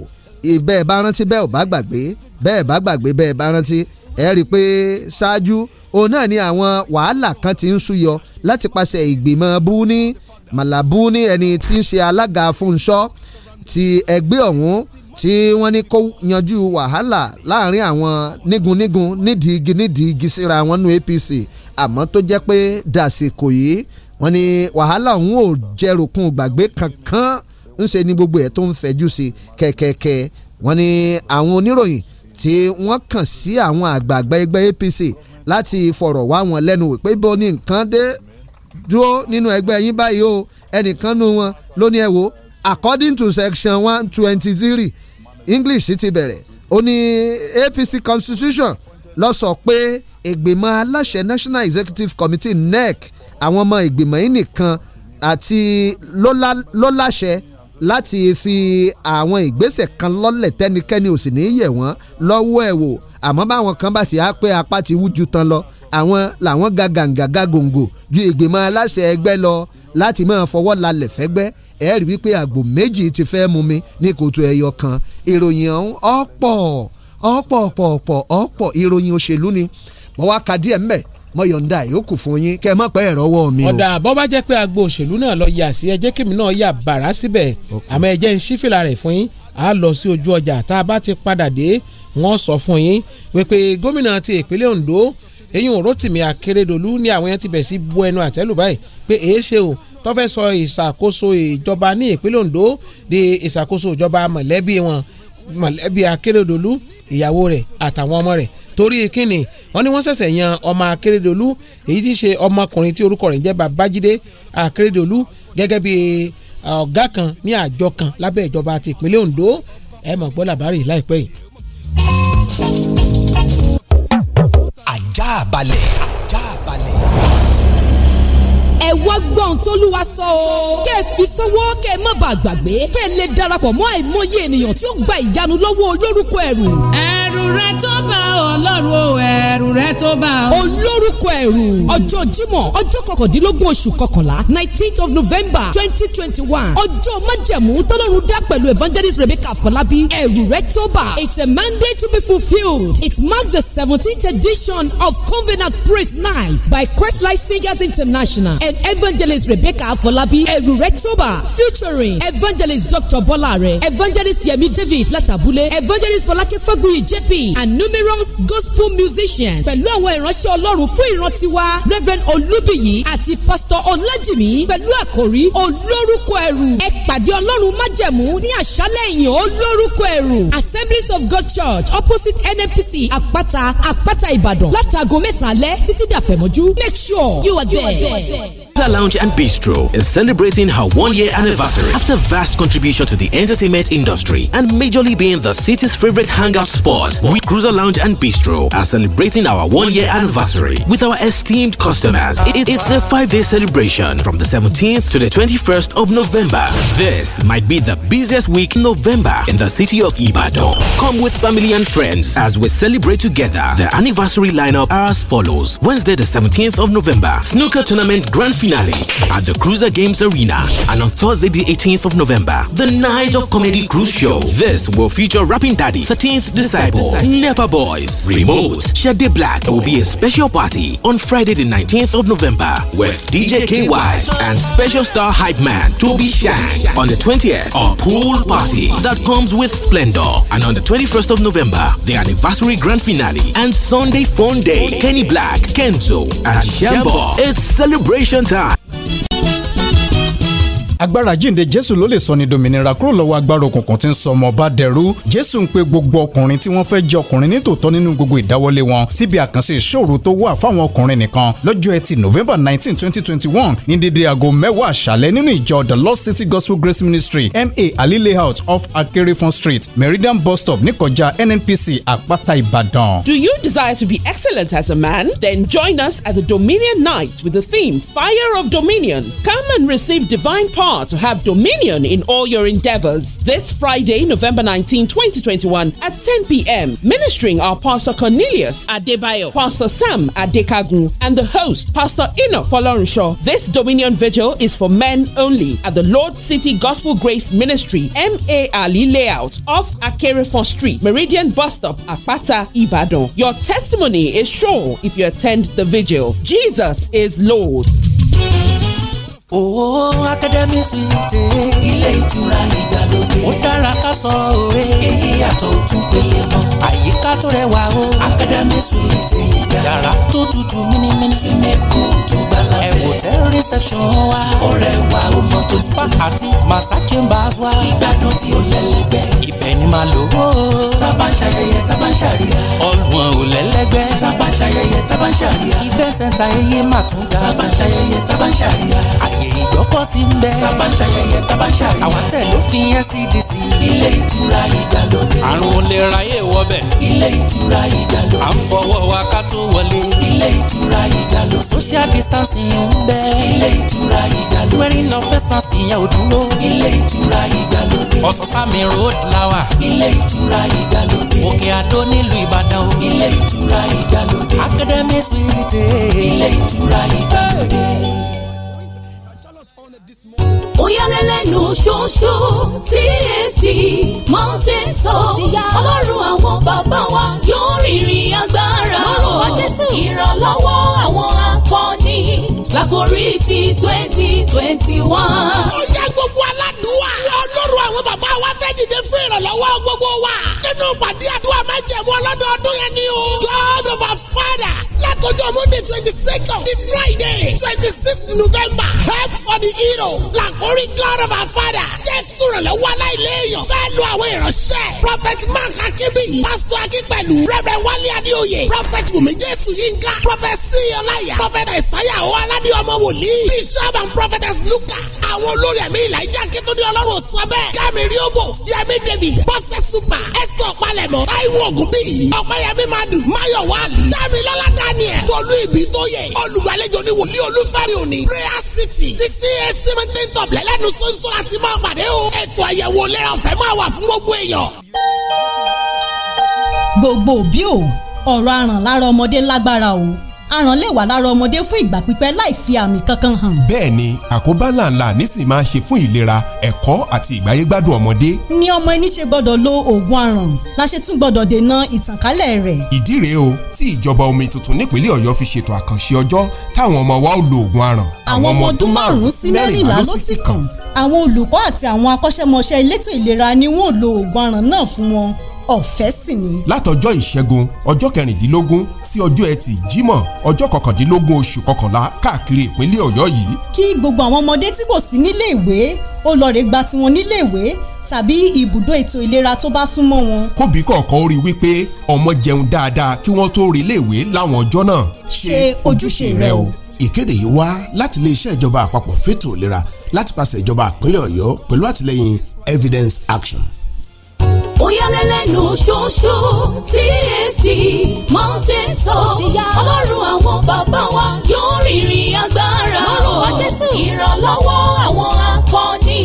bẹ́ẹ̀ bá rántí bẹ́ẹ̀ ò bá gbàgbé bẹ́ẹ̀ bá gbàgbé bẹ́ẹ̀ bá rántí ẹ rí i pé ṣáájú òun náà ni àwọn wàhálà kan ti ń súyọ láti pàṣẹ ìgbìmọ̀ búní màlàbúní ẹni tí ń ṣe alága fúnṣọ́ ti ẹgbẹ́ ọ̀hún tí wọ́n ní kó yanjú wàhálà láàrin àwọn nígunnígun nídìí igi nídìí igi síra wọn nú APC àmọ́ tó jẹ́ pé dàsìkò yìí wọ́n ní wàhálà òun ò jẹrùkún gbàgbé kankan ńṣe ni gbogbo ẹ̀ tó ń fẹjú sí kẹ̀kẹ̀kẹ̀ wọ́n ní àwọn oníròyìn tí wọ́n kàn sí àwọn àgbààgbà ẹgbẹ́ APC láti fọ̀rọ̀ wá wọn lẹ́nu wò pé bó ni nǹkan dé dúró nínú ẹgbẹ́ yín báyìí o ẹnìkan nu wọn ló ẹ wo according to section one twenty three English ti bẹ̀rẹ̀ ó ní APC constitution ló sọ pé ìgbìmọ̀ aláṣẹ National Executive Committee NEC àwọn ọmọ ìgbìmọ̀ yìí nìkan àti lọ́láṣẹ láti fi àwọn ìgbésẹ̀ kan lọ́lẹ̀ tẹ́nikẹ́ni ò sì ní í yẹ̀ wọ́n lọ́wọ́ ẹ̀ wò àmọ́ báwọn kan bá ti á pé apá ti wú ju tán lọ àwọn làwọn ga gàǹgà ga gòǹgò ju ìgbìmọ̀ aláṣẹ ẹgbẹ́ lọ láti máa fọwọ́ lalẹ̀ fẹ́gbẹ́ ẹ rí wípé àgbò méjì ti fẹ́ mu mi ní kòtò ẹyọ kan ìròyìn ọ̀hún ọ̀pọ̀ ọ̀pọ̀ ọ̀pọ̀ ọ̀pọ̀ ìròyìn òṣèlú ni mo wá ka díẹ̀ mbẹ́ mo yọ̀ǹda ìyókù fún yín kẹ́ ẹ mọ̀ pé ẹ̀rọ ọwọ́ mi o. ọ̀dà bọ́ bá jẹ́ pé agbo òṣèlú náà lọ yà sí ẹjẹ́ kìmí náà yà bàrá síbẹ̀ àmọ́ ẹjẹ́ ń ṣí fìlà rẹ̀ fún yín a lọ sí ojú ọjà tá a bá ti padà dé wọ́n sọ fún yín wípé gómìnà ti ìpínlẹ̀ Ondo eyín Rotimi Akeredolu ní àwọn yẹn ti bẹ̀ sí bu ẹnu àtẹ́lù báyìí pé èé ṣe o tó sọ ìṣàkóso ìjọba ní ìpínlẹ̀ Ondo di ìṣàkóso ìjọba mọ̀lẹ́bí wọn mọ̀lẹ́bí Akeredolu ìyàwó rẹ̀ àtàwọn ọmọ rẹ̀ torí kíni wọ́n ní wọ́n ṣẹ̀ṣẹ̀ yan ọmọ Akérédolú èyí tí í ṣe ọmọkùnrin tí orúkọ rẹ̀ ń jẹ́ Babájídé Akérédolú gẹ́gẹ́ bí ọ̀gá kan ní àjọ kan lábẹ́ ìjọba ti ìpínlẹ̀ Ondo ẹ mọ̀ gbọ́ làbárì láìpẹ́ yìí. ajá balẹ̀ ajá balẹ̀ wá gbọ́n tólúwa sọ o. kẹ́ ẹ fi sanwó kẹ́ ẹ má bàa gbàgbé kẹ́ ẹ lè darapọ̀ mọ́ àìmọye ènìyàn tí ó gba ìyanu lọ́wọ́ olórúkọ ẹ̀rù. ẹ̀rù ẹ̀rù rẹ tó bá ọlọ́run o ẹ̀rù rẹ tó bá ọ. olórúkọ ẹ̀rù ọjọ́ jímọ̀ ọjọ́ kọkàndínlógún oṣù kọkànlá nineteenth of november twenty twenty one ọjọ́ májẹ̀mú tọ́lọ́run dá pẹ̀lú evangelist rebecca fọlábí ẹ̀rù rẹ tó bá it's a mandate to be fulfilled it marks the seventeenth edition of covenant praise night by christlike singers international and evangelist rebecca fọlábí ẹ̀rù rẹ tó bá featuring evangelist dr Bolare, evangelist yemi davis látàbúlé evangelist fọlákẹ́ fágbóyè jp R&B and numerous gospel musicians pẹ̀lú àwọn ìránṣẹ́ ọlọ́run fún ìran tiwa Reverend Olúbíyì àti Pastor Ọlájìmí pẹ̀lú àkòrí olórúkọ ẹ̀rù ẹ pàdé ọlọ́run májẹ̀mú ní àṣálẹ̀ ìyìn olórúkọ ẹ̀rù Assemblies of God Church opposite NNPC àpáta àpáta Ìbàdàn látàgọ́ mẹ́sàn-án alẹ́ títí dàfẹ́mọ́jú make sure you are there. You are there. Cruiser Lounge and Bistro is celebrating her one-year anniversary after vast contribution to the entertainment industry and majorly being the city's favorite hangout spot. We Cruiser Lounge and Bistro are celebrating our one-year anniversary with our esteemed customers. it's a five-day celebration from the 17th to the 21st of November. This might be the busiest week in November in the city of Ibadan. Come with family and friends as we celebrate together. The anniversary lineup are as follows: Wednesday, the 17th of November, snooker tournament grand finale at the Cruiser Games Arena. And on Thursday, the 18th of November, the Night of Comedy Cruise Show. This will feature Rapping Daddy, 13th Disciple, Nepa Boys, Remote, Shade Black. It will be a special party on Friday, the 19th of November with DJ KY and special star hype man Toby Shang. On the 20th, a pool party that comes with splendor. And on the 21st of November, the anniversary grand finale and Sunday fun day. Kenny Black, Kenzo, and Shambo. It's celebration time time. agbára jíǹde jésù ló lè sọ ní dominira kúrò lọ́wọ́ agbára òkùnkùn tí ń sọ ọmọ ọba dẹrú jésù ń pe gbogbo ọkùnrin tí wọ́n fẹ́ jẹ́ ọkùnrin nítòótọ́ nínú gbogbo ìdáwọ́lé wọn síbi àkànṣe ìṣòro tó wà fáwọn ọkùnrin nìkan lọ́jọ́ ẹtì november nineteen twenty twenty one ní dédé aago mẹ́wàá àṣálẹ́ nínú ìjọ the lost city gospel grace ministry ma ali layout off akerefon street meridian bus stop níkọjá nnpc àpáta ìbàdàn. do you desire to be excellent as a man? then join us at the dominion night with the theme fire of dominion come and receive divine power far to have dominion in all your endeavors. This Friday, November 19, 2021, at 10 p.m., ministering are Pastor Cornelius Adebayo, Pastor Sam Adekagun, and the host, Pastor Ino Folorenshaw. This dominion vigil is for men only at the Lord City Gospel Grace Ministry, MA Ali Layout, off Akerefon Street, Meridian Bus Stop, Apata, Ibadan. Your testimony is sure if you attend the vigil. Jesus is Lord. Owó oh, Akademi Suite. Ilé ìtura ìgbàlódé. Ó dára ká sọ òwe. Èyí yàtọ̀ ojú pele mọ́. Àyíká tó rẹwà o. Akademi Suite ìgbà. Yàrá tó tutù mímímí. Sinimu tó gbala fẹ́. Ẹ̀wò tẹ́ reception wa. Ọ̀rẹ́ wa ó mọ tó ti tó. Spa àti Massa Chambers wa. Ìgbádùn tí ó lẹ́lẹ́gbẹ́. Ibẹ̀ ni màá lò ó. Tábà ń ṣayẹyẹ, tábà ń ṣàríyá. Ọlùwọ̀n ò lẹ́lẹ́gbẹ́. Tábà ń ṣayẹyẹ, tábà ń ṣàríyá. Ìfẹ́ sẹ́ńtà eyé mà tún ga. Tábà ń ṣayẹyẹ, tábà ń ṣàríyá. Àyè ààyè ìgbọ́kọ̀ sí ń bẹ́. tábà ń ṣayẹyẹ tábà ń ṣàríyá. àwọn tẹ̀ ló fi NCDC. E ilé ìtura ìgbàlódé. àrùn olè ra yé wọbẹ̀. ilé ìtura ìgbàlódé. à ń fọwọ́ wa ká tó wọlé. ilé ìtura ìgbàlódé. social distancing ń bẹ́. ilé ìtura ìgbàlódé. wearing no face mask ìyẹn ò dúró. ilé ìtura ìgbàlódé. ọ̀sán-sámi road lawa. ilé ìtura ìgbàlódé. òkè àdó nílùú ìbàdàn o. ilé ìtura ìgbàlódé. academy suite. ilé ìtura ìgbàlódé òyàlélẹ́nu ṣoṣo tsc mountain top ọlọ́run àwọn bàbá wa yóò rìnrìn agbára o ìrànlọ́wọ́ àwọn akọni lágorí ti twenty twenty one. ó yẹ gbogbo aládùúwà ọlọ́run àwọn bàbá wa fẹ́ dìde fún ìrànlọ́wọ́ gbogbo wa. nínú pàdé àdúrà májẹ̀mú ọlọ́dọọdún yẹn ni o. God of our father. látọjọ́ monday twenty second di friday twenty sixth november help for the hero. làkórí God of our father. jésù rẹ̀ aláìléèyàn. fẹ́ lu àwọn ìránṣẹ́. prophet mark akínbíyì. pastor akínpẹ̀lú. reverend wálé adéoyè. prophet bùnmi jésù yínká. prophet síyọláyà. prophet ẹ̀sáyà ọ̀ aládé ọmọ wòlíì. bishop and prophetess lucas. àwọn olórí ẹ̀mí ìlà ìjà kí tó dé ọlọ́run sọ bẹ́ẹ̀ bẹ́ẹ̀ kámi rí owó yẹmi david bọ́sẹ̀ super esther palẹ̀mọ́ táíwò ògùn bíyì ọ̀pẹ́yẹmí madu mayo wali dámi lọ́lá daniel tolú ibi tó yẹ olùgbàlejò ni wòlíì olúfẹ́rẹ́ òní prayer city títí ẹsẹ̀mẹ́tẹ́ tọ̀blẹ̀ lẹ́nu sọ́nsọ́ láti máa pàdé o ètò àyẹ̀wò lẹ́yìn ọ̀fẹ́ máa wà fún gbogbo èèyàn. gbogbo òbí o ọ̀rọ̀ aràn lára ọmọdé lágbára o aràn lè wà lára ọmọdé fún ìgbà pípẹ́ láì fi àmì kankan hàn. bẹ́ẹ̀ni àkóbá làǹlà nísìnyí máa ṣe fún ìlera ẹ̀kọ́ àti ìgbáyégbádùn ọmọdé. ni ọmọ ẹni ṣe gbọ́dọ̀ lo oògùn aràn la ṣe tún gbọ́dọ̀ dènà ìtànkálẹ̀ rẹ̀. ìdí rèé o tí ìjọba omi tuntun nípínlẹ̀ Ọ̀yọ́ fi ṣètò àkànṣe ọjọ́ táwọn ọmọ wa ó lo oògùn aràn. àwọn ọmọ ọdún márùn-ún sí mẹ́rìnlá ló sì kàn àwọn olùkọ́ àti àwọn akọ́ṣẹ́mọṣẹ́ elétò ìlera ni wọ́n lo oògùn aràn náà fún wọn ọ̀fẹ́ sì ni. látọjọ́ ìṣẹ́gun ọjọ́ kẹrìndínlógún sí ọjọ́ ẹtì jímọ̀ ọjọ́ kọkàndínlógún oṣù kọkànlá káàkiri ìpínlẹ̀ ọ̀yọ́ yìí. kí gbogbo àwọn ọmọdé tí kò sí nílé ìwé ó lọ rè gba tiwọn nílé ìwé tàbí ibùdó ètò ìlera tó bá súnmọ́ wọn. kóbì kọ̀ọ̀kan ó rí i wípé ọmọ jẹun dáadáa kí wọ́n tó rí ilé ìwé láwọn ọjọ́ náà. ṣe ojúṣe rẹ o. ìkéde yìí wá láti iléeṣẹ́ ìjọba àpapọ̀ fẹ́tò ìlera láti pàṣẹ ìjọba àpínlẹ̀ ọ̀yọ́ pẹ̀lú àtìlẹ́yìn evidence action. Oyalẹ́lẹ́nu ṣoṣo TSC Mountain Top Ọlọ́run àwọn bàbá wa yóò rìnrìn agbára o ìrànlọ́wọ́ àwọn akọni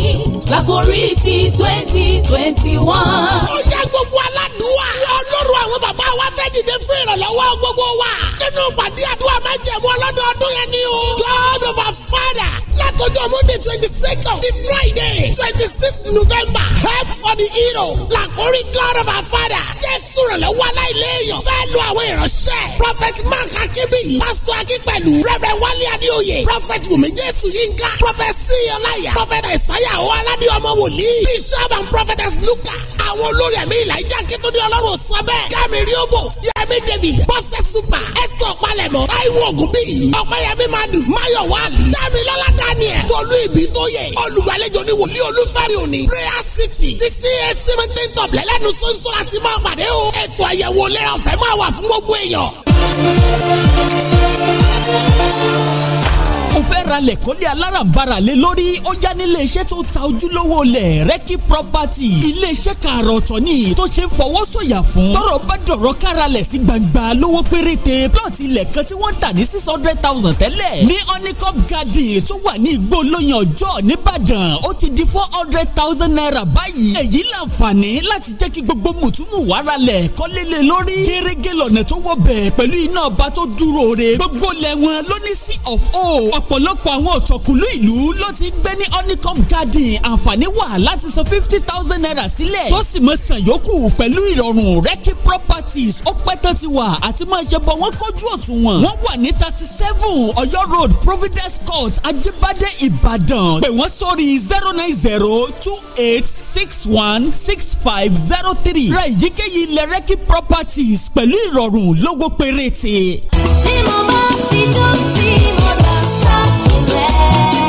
lágorí ti twenty twenty one. Ó jẹ́ gbogbo aládùúwà. Ọlọ́run àwọn bàbá wa fẹ́ dìde fún ìrànlọ́wọ́ gbogbo wa. Nínú ìpàdé àdúrà májẹ̀mú ọlọ́dọọdún yẹn ni o. God of our Father, fathers látọjọ́ monday twenty second to friday twenty sixth november help for the hero làkórí god of our fathers jésù rẹ̀ lọ́wọ́ aláìléèyàn fẹ́ lu àwọn ìránṣẹ́ prophet mark akínbíyì pastor akínpẹ̀lú reverend wálé adéoyè prophet wùmí jésù yínká prophet síyọláyà prophet ẹ̀sáyà ọ̀ aládé ọmọ wòlíì bishop and prophetess lucas àwọn olórí ẹ̀mí ìlàjà kíntúndé ọlọ́run sọ́bẹ̀ kámẹ́rì òbò yẹmi david bọ́sẹ̀ super esther palẹ̀mọ́ táíwò ògùnbíyì ọ̀pẹ̀yẹmí madu mayowa Dámilọ́lá Daniel. Tolú ìbí tó yẹ. Olùgbàlejò ni wòlíì olúfẹ́mi òní. Prayer City ti CAC Seventeen Tọ̀blẹ̀ lẹ́nu sọ́nsọ́ láti máa pàdé o. Ètò àyẹ̀wò ìlera ọ̀fẹ́ máa wà fún gbogbo èèyàn o fẹ́ ra lẹ̀ kọ́lé alárànbarà lé lórí ó yá nílé iṣẹ́ tó ta ojúlówó lẹ̀ rẹ́kí property ilé iṣẹ́ kààrọ̀ ọ̀tọ̀ ni tó ṣe ń fọwọ́ sọ̀yà fún tọ́rọ̀ bá dọ̀rọ̀ kára lẹ̀ sí gbangba lówó péréte plọ̀tì ilẹ̀ kan tí wọ́n tà ní six hundred thousand tẹ́lẹ̀ ní honeycomb garden tó wà ní igbó lóyìn ọjọ́ nìbàdàn ó ti di four hundred thousand naira báyìí èyí láǹfààní láti jẹ́ kí gbogbo mùtúmù wàrà lẹ̀ kọ́lé ọ̀pọ̀lọpọ̀ àwọn òtọ̀kùlú ìlú ló ti gbé ní honeycomb garden àǹfààní wà láti san fifty thousand naira sílẹ̀ tó sì mọ san yòókù pẹ̀lú ìrọ̀rùn rẹ́kí properties ó pẹ́ tán ti wà àti máa ṣe bọ̀ wọ́n kójú òṣùwọ̀n wọ́n wà ní thirty seven ọ̀yọ́ road providence court ajibade Ibadan. pè wọ́n sórí zero nine zero two eight six one six five zero three ra èyíkéyìí ilẹ̀ rẹ́kí properties pẹ̀lú ìrọ̀rùn lówó péréte. tí mo bá fi jó sí mo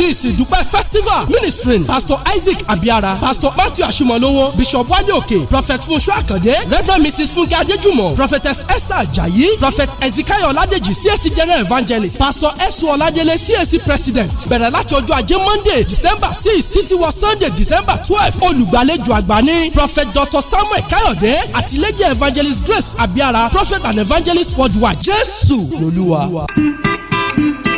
ní ìsìndúpẹ́ festival ministering pastor isaac abiara pastor matthew ashimolowo bishop Wanyoke, prophet funṣu akande reverend mrs funke adejumo prophetess esther ajayi prophet ezekiel oladeji CSC general evangelist pastor esu oladele CSC president bẹ̀rẹ̀ láti ọjọ́ ajé monday december six títí wọ sunday december twelve olùgbàlejò àgbà ní prophet dr samuel kayode àtìlẹ́yìn evangelist grace abiara prophet and evangelist worldwide jésù lolúwa. thank you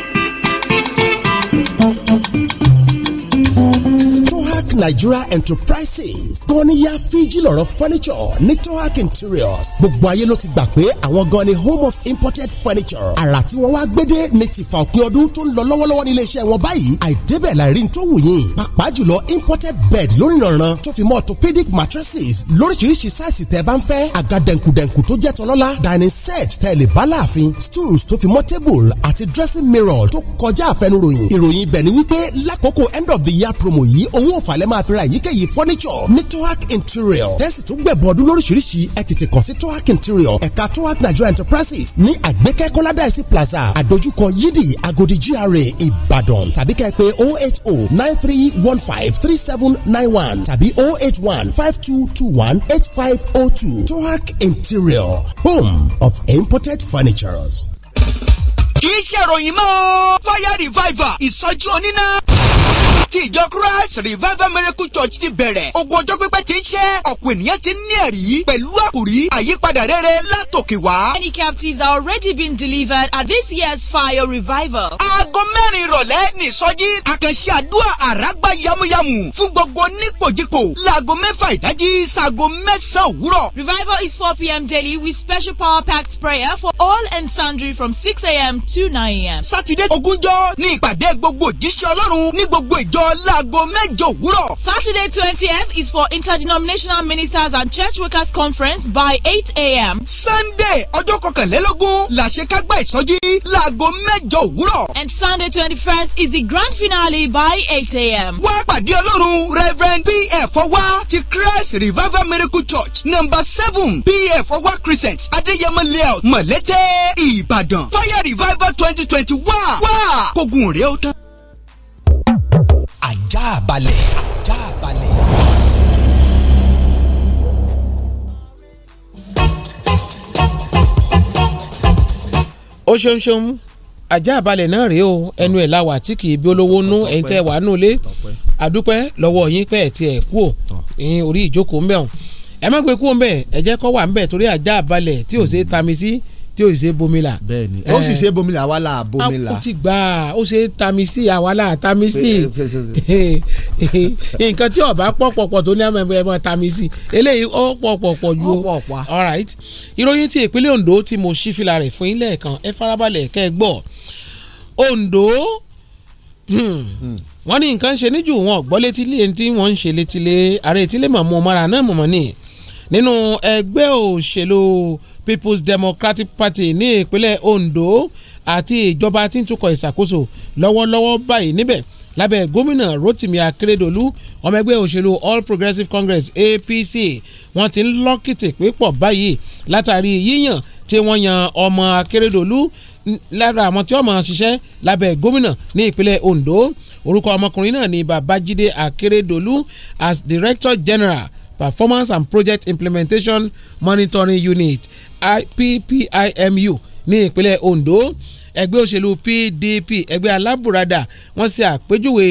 Nigeria Enterprises gọ́níyà fíjì lọ́rọ̀ furniture ní Tohac Interiors gbogbo ayé ló ti gbà pé àwọn gan ni home of imported furniture àrà tí wọ́n wá gbédé ní tìfà òpin ọdún tó ń lọ lọ́wọ́lọ́wọ́ ní iléeṣẹ́ wọn báyìí àìdébẹ̀ láìrí tó wù yín pàápàá jùlọ imported bed lórí ìrànràn tó fi mọ́ orthopedic mattresses lóríṣiríṣi sáìsì tẹ́ bá ń fẹ́ àga dẹ̀nkùdẹ̀nkù tó jẹ́ tọ́lọ́lá dining set tẹ́ lè bá láàfin stools tó fi mọ́ table àti dressing mirror tó kọjá àfẹnuròyìn ìròyìn ibẹ̀ ni wípé lákòókò end of the year promo yìí owó òfàl lẹ́ máa fi ra èyíkéyìí furniture ní tohac interior tẹ́sí tó gbẹ̀bọ̀ ọdún lóríṣiríṣi ẹ̀ tètè kàn sí tohac interior ẹ̀ka tohac nigeria enterprises ní àgbékẹ́ kọ́ládàísí plaza àdójúkọ yídì agodi gra ìbàdàn tàbí kẹ́ pé oh eight oh nine three one five three seven nine one tàbí oh eight one five two two one eight five oh two tohac interior home of imported furnitures kì í ṣe ìròyìn mọ́ fire revival ìsọjú oníná tí ìjọ Christ Revival Miracle Church ti bẹ̀rẹ̀ ogun ọjọ́ pípẹ́ ti ṣẹ́ ọ̀pọ̀ ènìyàn ti ní ẹ̀rí pẹ̀lú àkòrí àyípadà rere látòkè wá. Many captives are already being delivered at this year's fire revival. aago mẹ́rin ìrọ̀lẹ́ ní ìsọjí àkànṣe àdúrà àràgbá yamuyamu fún gbogbo nípòjìpò láago mẹ́fà ìdájí sáago mẹ́sàn-án òwúrọ̀. Revival is 4 p.m. daily with special power-packed prayer for all and sundry from 6 a.m. to 9 a.m. Sátidé ogúnjọ́ ní ìpàdé gbogbo òjíṣẹ́ Ọlọ́run ní gbogbo ìjọ lọ láago mẹ́jọ Saturday twentieth is for interdenominational ministers and church workers conference by eight a.m. Sunday ọjọ́ kọkànlélógún làṣekágbá ìsọjí láago mẹ́jọ òwúrọ̀. And Sunday twenty-first is the grand finale by eight a.m. Wá pàdé Ọlọ́run Reverend P.F. Ọwá ti Christ Revival Miracle Church number seven P.F. Ọwá Crescent Adéyẹmọ Layout Mọ̀lẹ́tẹ̀ Ìbàdàn Fire Revival twenty twenty one wá kógun rèé ó tán balẹ̀. ajá balẹ̀. ó ṣeun ṣeun ajá balẹ̀ náà rèé o ẹnu ẹ̀ láwà tí kì í bí olówó nú ẹ̀yin tẹ́ wàá nù lé àdúpẹ́ lọ́wọ́ yín pẹ́ẹ́ tí ẹ̀ kú ò ní orí ìjókòó ń bẹ̀ hàn má gbé kú ń bẹ̀ ẹ jẹ́ kó wà ń torí ajá balẹ̀ tí ò ṣe é tami sí tí ò sì ṣe bomila. bẹ́ẹ̀ni ó sì ṣe bomila àwa là bomila. a kò ti gbà ó ṣe tamisi àwa là tamisi nǹkan tí ọba pọ̀pọ̀pọ̀ tó ní àmọ́ ẹ̀mọ́ tamisi eléyìí ó pọ̀pọ̀pọ̀ ju ó all right ìròyìn ti ìpínlẹ̀ Ondo tí mo ṣí fìlà rẹ̀ fún ilé ẹ̀kan ẹ farabalẹ̀ kẹ́ Ondo hmm, hmm. wọ́n ní nǹkan ṣe níjù wọn gbọ́ létí lé tí wọ́n ń ṣe létí lé ààrẹ ìtílé mọ̀mọ́ náà mọ̀mọ́ ni nínú ẹgbẹ́ òṣèlú. People's Democratic Party ní ìpínlẹ̀ Ondo àti ìjọba tí ń tukọ̀ ìṣàkóso lọ́wọ́lọ́wọ́ báyìí níbẹ̀ lábẹ́ gómìnà Rotimi Akeredolu ọmọ ẹgbẹ́ òṣèlú All Progressives Congress APC wọ́n ti ń lọ́kìtì pípọ̀ báyìí látàrí yíyàn tí wọ́n yan ọmọ Akeredolu lára àwọn tí wọ́n máa ṣiṣẹ́ lábẹ́ gómìnà ní ìpínlẹ̀ Ondo orúkọ ọmọkùnrin náà ni Babajide Akeredolu as Director General performance and project implementation monitoring unit IPPIMU ní ìpínlẹ̀ Ondo ẹgbẹ́ òṣèlú PDP ẹgbẹ́ alábùradà wọ́n ṣe àpèjúwe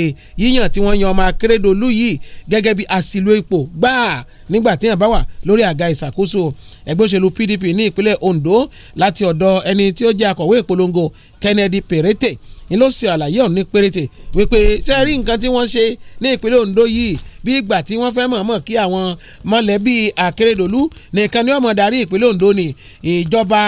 yíyàn tí wọ́n yan ọmọ akérèdọ́lù yìí gẹ́gẹ́ bí àṣìlò ipò gbáà nígbà tí yàn bá wà lórí àga ìṣàkóso ẹgbẹ́ òṣèlú PDP ní ìpínlẹ̀ Ondo láti ọ̀dọ̀ ẹni tí ó jẹ́ akọ̀wé ìpolongo Kennedy Perete ni ló ṣe àlàyé ọ̀hún ní péréte wípé ṣe rí nǹkan tí wọ́n ṣe ní ìpínlẹ̀ Ondo yìí bí ìgbà tí wọ́n fẹ́ mọ̀ọ́mọ̀ kí àwọn mọ̀lẹ́bí Akérédolú nìkan ni ọmọ darí ìpínlẹ̀ Ondo ni ìjọba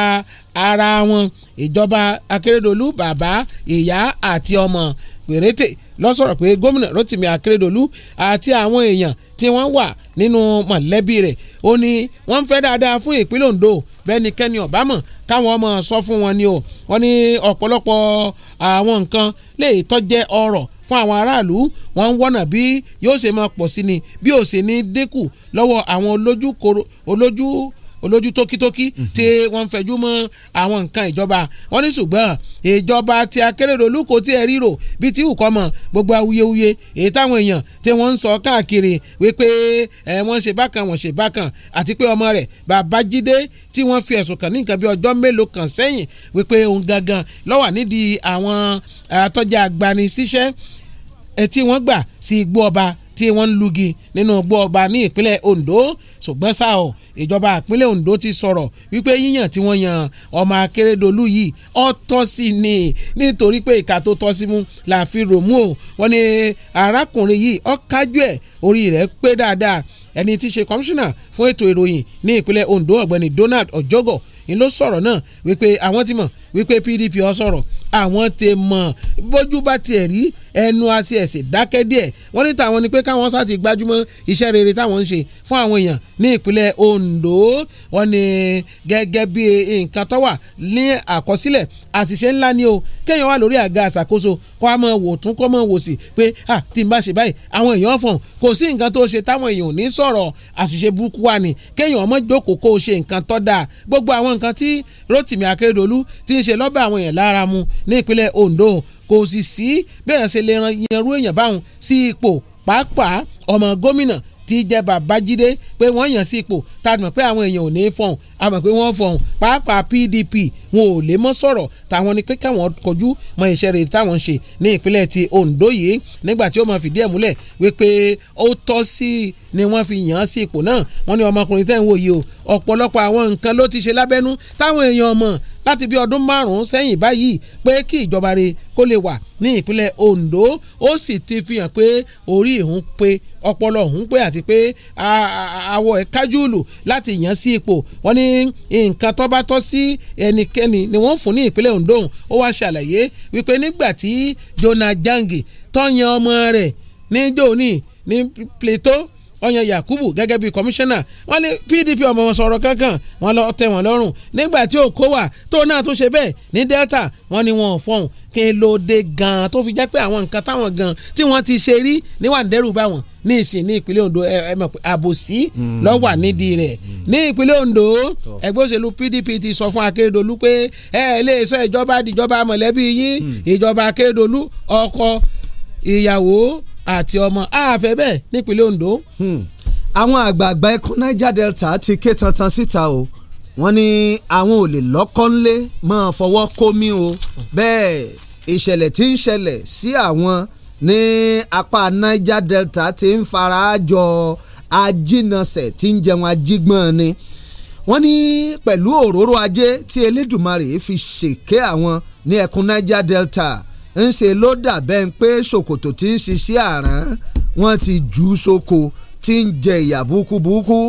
ara wọn ìjọba Akérédolú bàbá ìyá àti ọmọ péréte ló sọ̀rọ̀ pé gómìnà Rotimi Akeredolu àti àwọn èèyàn tí wọ́n wà nínú mọ̀lẹ́bí rẹ̀ ó ní wọ́n ń fẹ́ dáadáa fún ìpínlẹ̀ Ondo bẹ́nikẹ́ni ọ̀bámọ̀ káwọn ọmọ sọ fún wọn ni o wọ́n ní ọ̀pọ̀lọpọ̀ àwọn nǹkan lè tọ́jẹ́ ọrọ̀ fún àwọn aráàlú wọ́n ń wọ́nà bí yóò ṣe máa pọ̀ sí ni bí ó ṣe ní dínkù lọ́wọ́ àwọn olójú olójú tókítókí tí mhm. wọ́n ń fẹjú mọ́ àwọn nǹkan ìjọba wọ́n ní ṣùgbọ́n ìjọba ti akérèdọ́lù kò tiẹ̀ ríro bí tí ò kọ́ mọ̀ gbogbo awuyewuye èyí táwọn èèyàn tí wọ́n ń sọ káàkiri wípé ẹ wọ́n ṣe bákan wọ́n ṣe bákan àti pé ọmọ rẹ̀ Babájídé tí wọ́n fi ẹ̀sùn kàn ní nǹkan bí ọjọ́ mélòó kan sẹ́yìn wípé òun gangan ló nídìí àwọn àtọ́jà agbani tí wọ́n gbà sí igbó ọba tí wọ́n ń lugi nínú igbó ọba ní ìpínlẹ̀ Ondo ṣùgbọ́n ṣá o ìjọba ìpínlẹ̀ Ondo ti sọ̀rọ̀ wípé yíyàn tí wọ́n yan ọmọ Akérédolú yìí ó tọ́ sí ni nítorí pé ìka tó tọ́ sí mú la fi ròmú o wọ́n ní arákùnrin yìí ó kájú ẹ̀ orí rẹ̀ pé dáadáa ẹni tí í ṣe kọmíṣánná fún ètò ìròyìn ní ìpínlẹ̀ Ondo ọ̀gbẹ́ni Donald Ojogo ni ló sọ̀rọ̀ náà wípé àwọn ti mọ̀ wípé PDP ọ sọ̀rọ̀ àwọn ti mọ̀ bójú bá tiẹ̀ rí ẹnu àti ẹ̀sìn dákẹ́ díẹ̀ wọ́n ní tàwọn ni pé káwọn sáti gbájúmọ́ iṣẹ́ rere táwọn ń ṣe fún àwọn èèyàn ní ìpínlẹ̀ Ondo wọ́n ní gẹ́gẹ́ bí nǹkan tó ní àkọsílẹ̀ àṣìṣe ńlá ni o kéèyàn wà lórí àga àṣàkóso kó a máa wò tún kó máa wò sí pé à tí n bá ṣe báyìí àwọn èèyàn fọ̀n kò sí nǹkan tó ṣe táwọn èèyàn ò ní sọ̀rọ̀ àṣìṣe burúkú wa ni kéèyàn ọmọ jókòó kó o ṣe nǹkan tó dáa gbogbo àwọn nǹkan tí Rotimi Akeredolu ti níṣe lọ́bẹ̀ àwọn èèyàn lára mu ní ìpínlẹ̀ Ondo kò sì sí bẹ́ẹ̀ ṣe lè ran yanrú èèyàn báwọn sí ipò pàápàá ọmọ gómìnà tí jẹ́ Babájídé pé wọ́n yàn sí ipò tá a mọ̀ pé àwọn èèyàn ò ní í a mọ̀ pé wọ́n fọ̀hún pàápàá PDP wọn ò lè mọ́ sọ̀rọ̀ táwọn ni pé káwọn kọjú mọ iṣẹ́ rere táwọn ń ṣe ní ìpínlẹ̀ ti Ondo yìí nígbà tí ó máa fìdí ẹ̀ múlẹ̀ wípé ó tọ́ sí ni wọ́n fi yàn án sí ipò náà wọ́n ní ọmọkùnrin tẹ́ ń wò yìí o ọ̀pọ̀lọpọ̀ àwọn nǹkan ló ti ṣe lábẹ́nú táwọn èèyàn mọ̀ láti bí ọdún márùn-ún sẹ́yìn báyìí pé kí ìjọba re kó lè wà ní ìpínlẹ̀ Ondo ó sì ti fi hàn pé orí ìhun pé ọpọlọ òun pé àti pé àwọ̀ ẹ̀ kájúlù láti yàn án sí ipò wọ́n ní nǹkan tó bá tọ́ sí ẹnikẹ́ni ni wọ́n fún ní ìpínlẹ̀ Ondo ó wá ṣàlàyé wípé nígbà tí Jonah Jangi tọ́yan ọmọ rẹ̀ ní jòní ní Plateau ọyàn Yakubu gẹ́gẹ́ bíi kọmíṣánná wọ́n ní PDP ọmọ wọn sọ̀rọ̀ kankan wọ́n lọ tẹ́ wọn lọ́rùn nígbà tí Okowa tó náà tún ṣe bẹ́ẹ̀ ní Delta wọ́n ní wọn ò fọhùn kí ló dé gan-an tó fi jẹ́ pé àwọn nǹkan táwọn gan-an tí wọ́n ti ṣe rí níwà ń ní ìsìn ní ìpínlẹ̀ Ondo ẹ mọ̀ pé àbòsí lọ́wà hmm. nídìí rẹ̀ hmm. ní ìpínlẹ̀ Ondo ẹgbẹ́ òṣèlú PDP ti sọ fún Akérédolú pé ẹ lè sọ ìjọba dìjọba mọ̀lẹ́bí yín hmm. ìjọba Akérédolú ọkọ ìyàwó àti ọmọ àfẹ́ bẹ́ẹ̀ nípínlẹ̀ Ondo. àwọn àgbààgbà ẹkùn Niger Delta ti ké tantan síta o wọ́n ní àwọn ò lè lọ́kọ́ńlé máa fọwọ́ kómi o bẹ́ẹ̀ ìṣẹ̀lẹ̀ tí ń ṣẹlẹ̀ sí ní apá Niger Delta ti ń fara jọ ajínasẹ̀ tí ń jẹun ajígbọ́n ni wọ́n ní pẹ̀lú òróró ajé tí Elédùmarè fi ṣèké àwọn ní ẹkùn Niger Delta ń ṣe ló dà bẹ́ẹ̀ pé ṣòkòtò tí ń ṣiṣẹ́ àrán wọ́n ti jù ú sóko tí ń jẹ ìyà búkúbúkú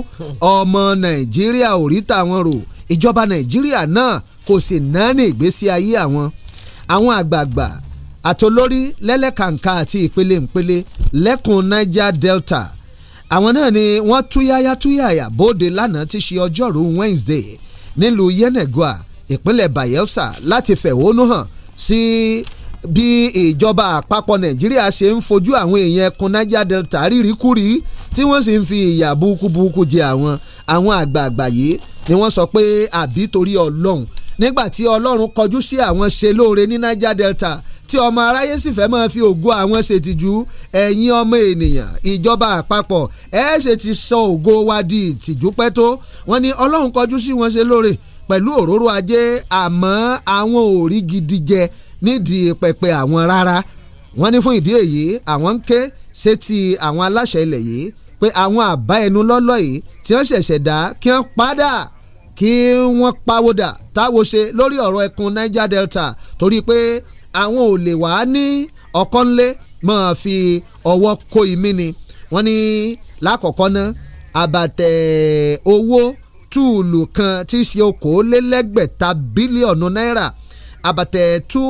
ọmọ Nàìjíríà ò rí tàwọn rò ìjọba Nàìjíríà náà kò sì náà ní ìgbésí ayé àwọn àwọn àgbààgbà àtolórí lẹ́lẹ́kàǹkà àti ìpele ìpele lẹ́kùn Niger Delta àwọn náà ni wọ́n túyáyá túyáyá bóde lánàá ti ṣe ọjọ́rùú Wednesday nílùú Yenagoa ìpínlẹ̀ Bayelsa láti fẹ̀hónú hàn sí bí ìjọba àpapọ̀ Nàìjíríà ṣe ń fojú àwọn èèyàn ẹkùn Niger Delta ríríkúrí tí wọ́n sì ń fi ìyà burúkúburúkú jẹ àwọn àwọn àgbààgbà yìí ni wọ́n sọ pé àbí torí Ọlọ́run nígbà tí Ọlọ́run kọjú sí àwọn ṣe lóore ní Niger Delta tí ọmọ aráyé sì fẹ́ máa fi ògo àwọn ṣètìjú ẹ̀yin ọmọ ènìyàn ìjọba àpapọ̀ ẹ̀ ṣe ti sọ ògo wa di ìtìjú pẹ́ tó wọ́n ní ọlọ́run kọjú sí wọn ṣe lóore pẹ̀lú òróró ajé àmọ́ àwọn ò rí gidi jẹ nídìí pẹpẹ àwọn rárá wọ́n ní fún ìdí èyí àwọn ń ké sétí àwọn aláṣẹ ilẹ̀ yìí pé àwọn àbá ẹnu lọ́lọ́ yìí tí wọ́n ṣẹ̀ṣẹ̀ dá kí wọ́n padà kí wọ́n pawódà táwo ṣe lórí ọ̀rọ̀ ẹkùn Niger Delta torí pé àwọn ò lè wá ní ọ̀kọ́nlé máa fi ọwọ́ kó imí ni wọ́n ní lákọ̀ọ́kọ́ ná àbàtẹ̀ owó túùlù kan tí í ṣe okòólélẹ́gbẹ̀ta bílíọ̀nù náírà àbàtẹ̀ two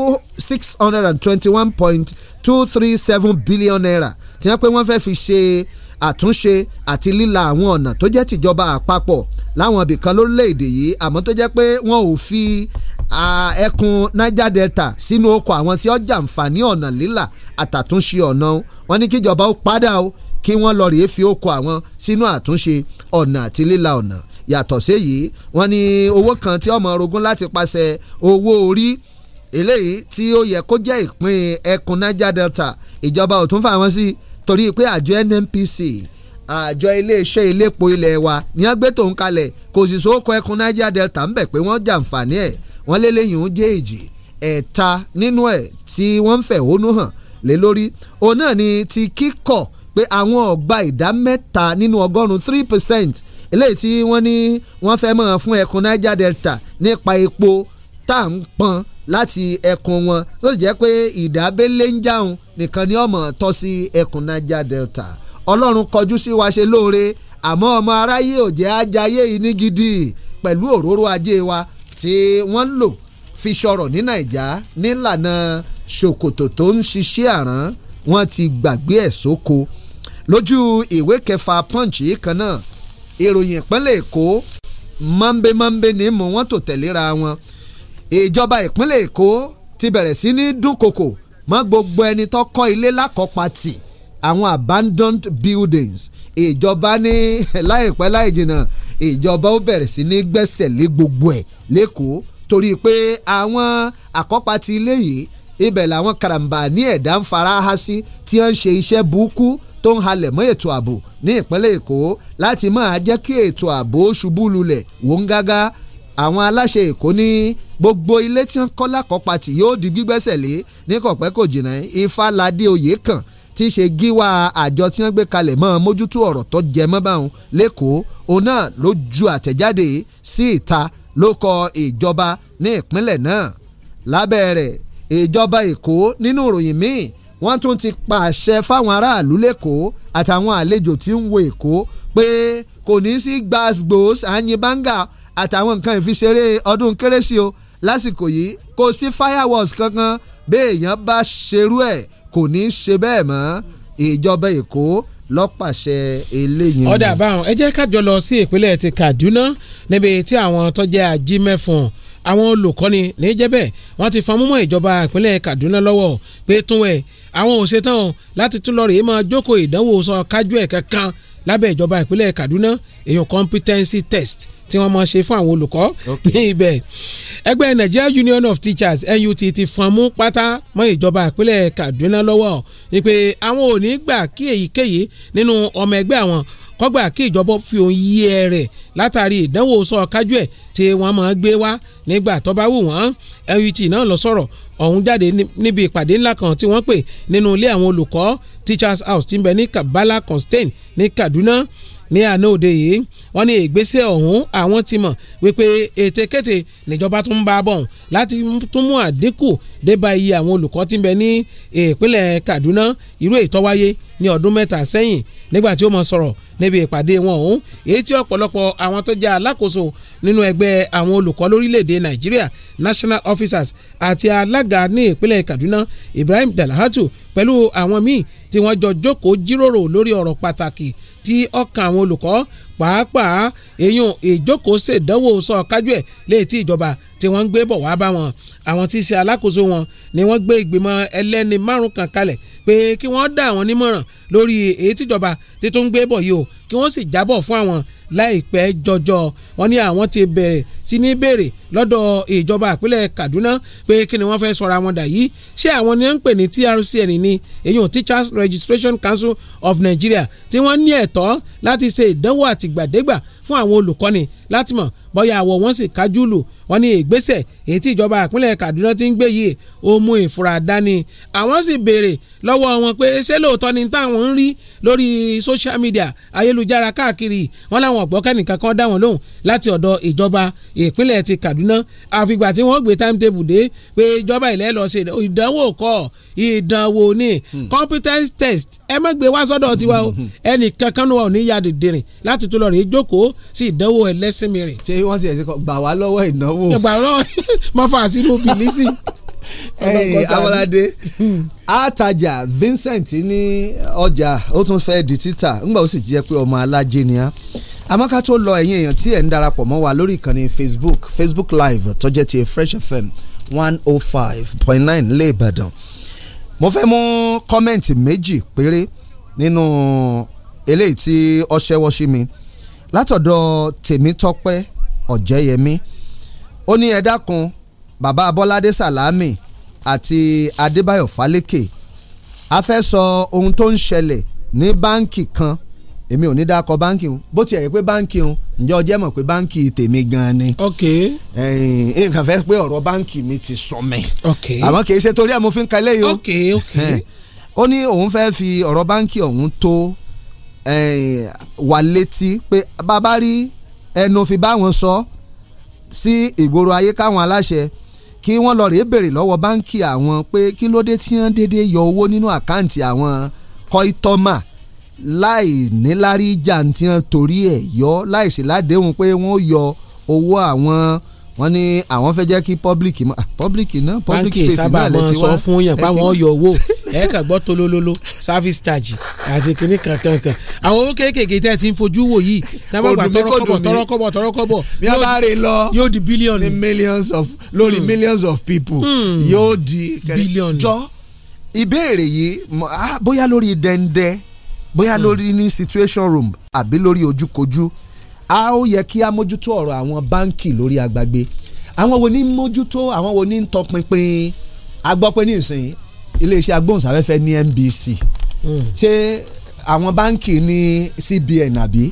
six hundred and twenty-one point two three seven billion naira tí wọ́n pé wọ́n fẹ́ fi ṣe àtúnṣe àti líla àwọn ọ̀nà tó jẹ́ tìjọba àpapọ̀ láwọn ibìkan lórílẹ̀‐èdè yìí àmọ́ tó jẹ́ pé wọ́n ò fi ẹkùn niger delta sínú oko àwọn tí ó jàǹfààní ọ̀nà lílà àtàtúnṣe ọ̀nà wọn ní kíjọba ó padà o kí wọ́n lọ rèé fi oko àwọn sínú àtúnṣe ọ̀nà àti líla ọ̀nà yàtọ̀ séyìí wọ́n ní owó kan tí ọmọ orogún láti pàṣẹ owó orí eléyìí tí ó yẹ kó jẹ́ ìpín ẹkùn niger delta ìjọba ò tún fà wọ́n sí torí pé àjọ nnpc àjọ iléeṣẹ́ iléepo ilé wa ni wọ́n gbé tòun kalẹ̀ kò sì sóko ẹkùn niger delta ń bẹ̀ pé wọ́n jàǹfààní ẹ̀ wọ́n lé lẹ́yìn òun jẹ́ èjì ẹ̀ta nínú ẹ̀ tí wọ́n ń fẹ̀hónú hàn lé lórí òun náà ni ti kíkọ̀ pé àwọn ọgbà ìdá mẹ́ta nínú ọgọ́rùn-ún three percent eléyìí tí wọ́n ní wọ́n fẹ́ mọ̀ fún ẹkùn Niger Delta nípa epo tá à ń pọn láti ẹkùn wọn tó sì jẹ́ pé ìdábélé ń nìkan ni ọmọ tọ́ sí ẹkùn Niger Delta Ọlọ́run kọjú sí wa ṣe lóore àmọ́ ọmọ aráyé òjẹ́ ajayé yìí ní gidi pẹ̀lú òróró ajé wa tí wọ́n lò fi sọ̀rọ̀ ní nàìjà nílànà ṣòkòtò tó ń ṣiṣẹ́ àrán wọ́n ti gbàgbé ẹ̀ sóko lójú ìwé kẹfà punch yìí kan náà ìròyìn ìpínlẹ̀ èkó mọ́ńbẹ́mọ́ńbẹ́ ni mò wọ́n tò tẹ̀léra wọn ìjọba ìpínlẹ̀ èkó ti bẹ̀rẹ̀ sí ní dúnkokò mọ́ gbogbo ẹni tó kọ́ ilé lákọ̀ọ́pá tì àwọn abandoned buildings ìjọba ní láìpẹ́ láì ìjọba ó bẹ̀rẹ̀ sí ní gbẹ́sẹ̀ lé gbogbo ẹ̀ lẹ́kọ̀ọ́ torí pé àwọn àkọ́pa ti ilé yìí ibẹ̀ làwọn karambà ní ẹ̀dá ń farahá sí tí wọ́n ń ṣe iṣẹ́ burúkú tó ń halẹ̀ mọ́ ètò ààbò ní ìpínlẹ̀ èkó láti máa jẹ́ kí ètò ààbò ṣubú lulẹ̀ wò ń gágá àwọn aláṣẹ èkó ní gbogbo ilé tí wọ́n kọ́ lákọ́pa tì yóò di gbígbẹ́sẹ̀ lé ní kọ̀pẹ́ kò jìnnà ifá ládé oyè kàn tí í ṣe gíwá àjọ tí wọ́n gbé kalẹ̀ mọ́ mójútó ọ̀rọ̀ tó jẹ mọ́ báwọn lẹ́kọ̀ọ́ òun náà ló ju àtẹ̀jáde sí ìta ló kọ ìjọba ní ìpínlẹ̀ náà lábẹ́ rẹ̀ ìjọba èkó nínú ìròyìn míì wọ́n tún ti pàṣẹ fáwọn aráàlú lẹ́kọ̀ọ́ àtàwọn àlejò tí ń wo èkó pé kò ní sí gbàgbós àyìnbáńgà àtàwọn nǹkan ìfiṣeré ọdún kérésì o lásìkò yìí kò sí fireworks kankan bẹ́ẹ̀ èèyàn bá ṣerú ẹ̀ kò ní í ṣe bẹ́ẹ̀ mọ́ ìjọba èkó lọ́pàṣẹ eléyìí. ọ̀dà àbáwọn ẹ jẹ́ lọ sí ìpínlẹ̀ ti Kaduna níbi tí àwọn tó jẹ́ ajímẹ́fọ̀n àwọn olùkọ́ni ní jẹ́bẹ̀ wọ́n ti fọn mọ́ ìjọba ìpínlẹ̀ Kaduna lọ́wọ́ pé tún ẹ̀ àwọn ò ṣetán láti tún lọ rèé máa jókòó ìdánwò sọ kájú ẹ̀ kankan lábẹ́ ìjọba ìpínlẹ̀ Kaduna èyàn competency test tí wọ́n máa ṣe fún àwọn olùkọ́ ní ibẹ̀ ẹgbẹ́ Nigeria Union of Teachers NUT ti fọn mú pátá mọ́ ìjọba ìpínlẹ̀ Kaduna lọ́wọ́ ni pé àwọn ò ní gbà kí èyíkéyìí nínú ọmọ ẹgbẹ́ àwọn kọ́gbà kí ìjọba fi òun yí ẹ rẹ̀ látàrí ìdánwò sọ̀kájú ẹ̀ tí wọ́n máa gbé wá nígbà tó bá wù wọ́n NUT náà lọ sọ̀rọ̀ ọ̀hún jáde níbi ìpàdé ńlá kan tí wọ́n pè nínú ilé àwọn olùkọ́ Teachers House tí ń bẹ ní Kabala Constein ní Kaduna ní àná òde yìí wọ́n ní ìgbésẹ̀ ọ̀hún àwọn ti mọ̀ wípé ètekéte níjọba tún ń bá a bọ̀ láti tún mú àdínkù débà iye àwọn olùkọ́ tí bẹ ní ìpínlẹ̀ Kaduna irú ìtọ́wáyé ní ọdún mẹ́ta sẹ́yìn nígbà tí ó mọ̀ sọ̀rọ̀ níbi ìpàdé wọn ọ̀hún èyí tí ọ̀pọ̀lọpọ̀ àwọn tó jẹ́ alákòóso nínú ẹgbẹ́ àwọn olùkọ́ lórílẹ̀‐èdè Nàìjíríà national officers àti alága ní ìpínlẹ̀ Kaduna Ibrahim Dalhatu pẹ̀lú àwọn míì tí wọ́n jọ jókòó jíròrò lórí ọ̀rọ̀ pàtàkì tí ọkàn àwọn olùkọ́ pàápàá èyàn ìjókòó ṣèdánwò sọ kájú ẹ̀ léètí ìjọba tí wọ́n ń gbé bọ̀ wá bá wọn àwọn tí í ṣe alákòóso wọn ni wọ́n gbé ìgbìmọ̀ ẹlẹ́ni márùn kan kalẹ̀ pé kí wọ́n dá àwọn nímọ̀ràn lórí èyí tíjọba tí tó ń gbé bọ̀ yìí o kí wọ́n sì jábọ̀ fún àwọn láìpẹ́ jọjọ wọn ní àwọn ti bẹ̀rẹ̀ sí ní béèrè lọ́dọ̀ ìjọba àpilẹ̀ Kaduna pé kí ni wọ́n fẹ́ sọ̀rọ̀ àwọn dà yìí ṣé àwọn ni ń pè ní TRCN ni èyàn Teachers Registration Council of Nigeria tí wọ́n ní ẹ̀tọ́ láti ṣe ìdánwò àtìgbàdégbà fún àwọn olùkọ́ni láti mọ̀ bóyá àwọ̀ wọn sì kájúlù wọn ní ìgbésẹ̀ èyí tí ìjọba ìpínlẹ̀ Kaduna ti ń gbé yìí ó mú ìfura dání àwọn sì béèrè lọ́wọ́ wọn pé ṣé lóòótọ́ ni táwọn ń rí lórí social media ayélujára káàkiri wọn láwọn ọ̀gbọ́n kẹ́nìkan kan dá wọn lóhùn láti ọ̀dọ̀ ìjọba ìpínlẹ̀ ti Kaduna àfìgbà tí wọ́n gbé timetable dé pé ìjọba ilẹ̀ lọ ṣe ìdánwò kọ́ ìdánwò ní hmm. competence test ẹ má gbé wá sọ́dọ̀ tiwa o hmm. ẹnì kankan ní wa ò ní ya dìndìnrín láti tó lọ rèé jókòó sí ìdánwò ẹlẹ́s sinmi rìn. ṣé wọ́n ti ẹ̀sìn kan gbà wá lọ́wọ́ ìnáwó. gbà wá lọ́wọ́ máa fa àsìkò bìlísì. Awolade àtàjà Vincent ní ọjà ó tún fẹ́ di títà ńgbà ó sì jẹ́ pé ọmọ alájẹ ni á àmọ́ ká tó lọ ẹ̀yin èèyàn tí ẹ̀ ń darapọ̀ mọ́ wa lórí ìkànnì Facebook Facebook Live tó ti Fresh FM one oh five point nine lé Ìbàdàn mo fẹ́ mú kọ́mẹ̀ntì méjì péré nínú eléyìí tí ọṣẹ́wọ́sí mi. No, látọ̀dọ̀ Tèmítọ́pẹ́ Ọ̀jẹ́yẹmí ó ní ẹ dákun bàbá Abọ́ládé Sàlámì àti Adébáyọ̀ Fálékè a fẹ́ sọ ohun tó ń ṣẹlẹ̀ ní báǹkì kan èmi ò ní dákọ báǹkì o bó ti ẹ̀ yẹ pé báǹkì o ǹjẹ́ ọjẹ́ mọ̀ pé báǹkì tèmi gan ni. ok ẹ̀yìn nǹkan fẹ́ pé ọ̀rọ̀ báǹkì mi ti sọ mẹ́. ok àmọ́ kì í ṣe torí ẹ̀ mo fi ń kalẹ̀ yìí o. ok ok ó ní òun fẹ́ fi ọ̀rọ̀ báǹkì ọ̀hún tó wà létí pé bàbá rí ẹnu fi báwọn sọ sí ìgboro ayé káwọn aláṣẹ kí wọ́n lọ rèé béèrè lọ́wọ́ báǹkì àwọn pé kí ló dé tí wọ́n dédé yọ owó nínú àkáǹtì àwọn kọ́ítọ́mà láì nílárí tí wọ́n torí ẹ̀ yọ láì sí ládéhùn pé wọ́n yọ owó àwọn wọ́n ní àwọn fẹ́ jẹ́ kí public ah, public náà public space náà lè ti wá báńkì sábà máa sọ fún yàn báwọn yọ owó ẹ gbọ́ tolólóló service charge àti kìnnì kankan kan àwọn owó kéékèèké tẹ́ ẹ ti ń fojú wò yìí tábàgbà tọrọkọbọ tọrọkọbọ tọrọkọbọ bí a bá yóò di billion ní millions of lórí hmm. millions of people hmm. yóò di billion jọ ìbéèrè yìí ah, bóyá lórí dẹ́ndẹ́ bóyá hmm. lórí ní situation room àbí lórí ojúkojú. Hmm a ó yẹ kí a mójútó ọ̀rọ̀ àwọn báǹkì lórí agbágbé àwọn wo ní mójútó àwọn wo ni tọpinpin agbọ́pẹ́ nísìnyí iléeṣẹ́ agbóhùnsáfẹ́fẹ́ ní NBC hmm. ṣé àwọn báǹkì ní CBN àbí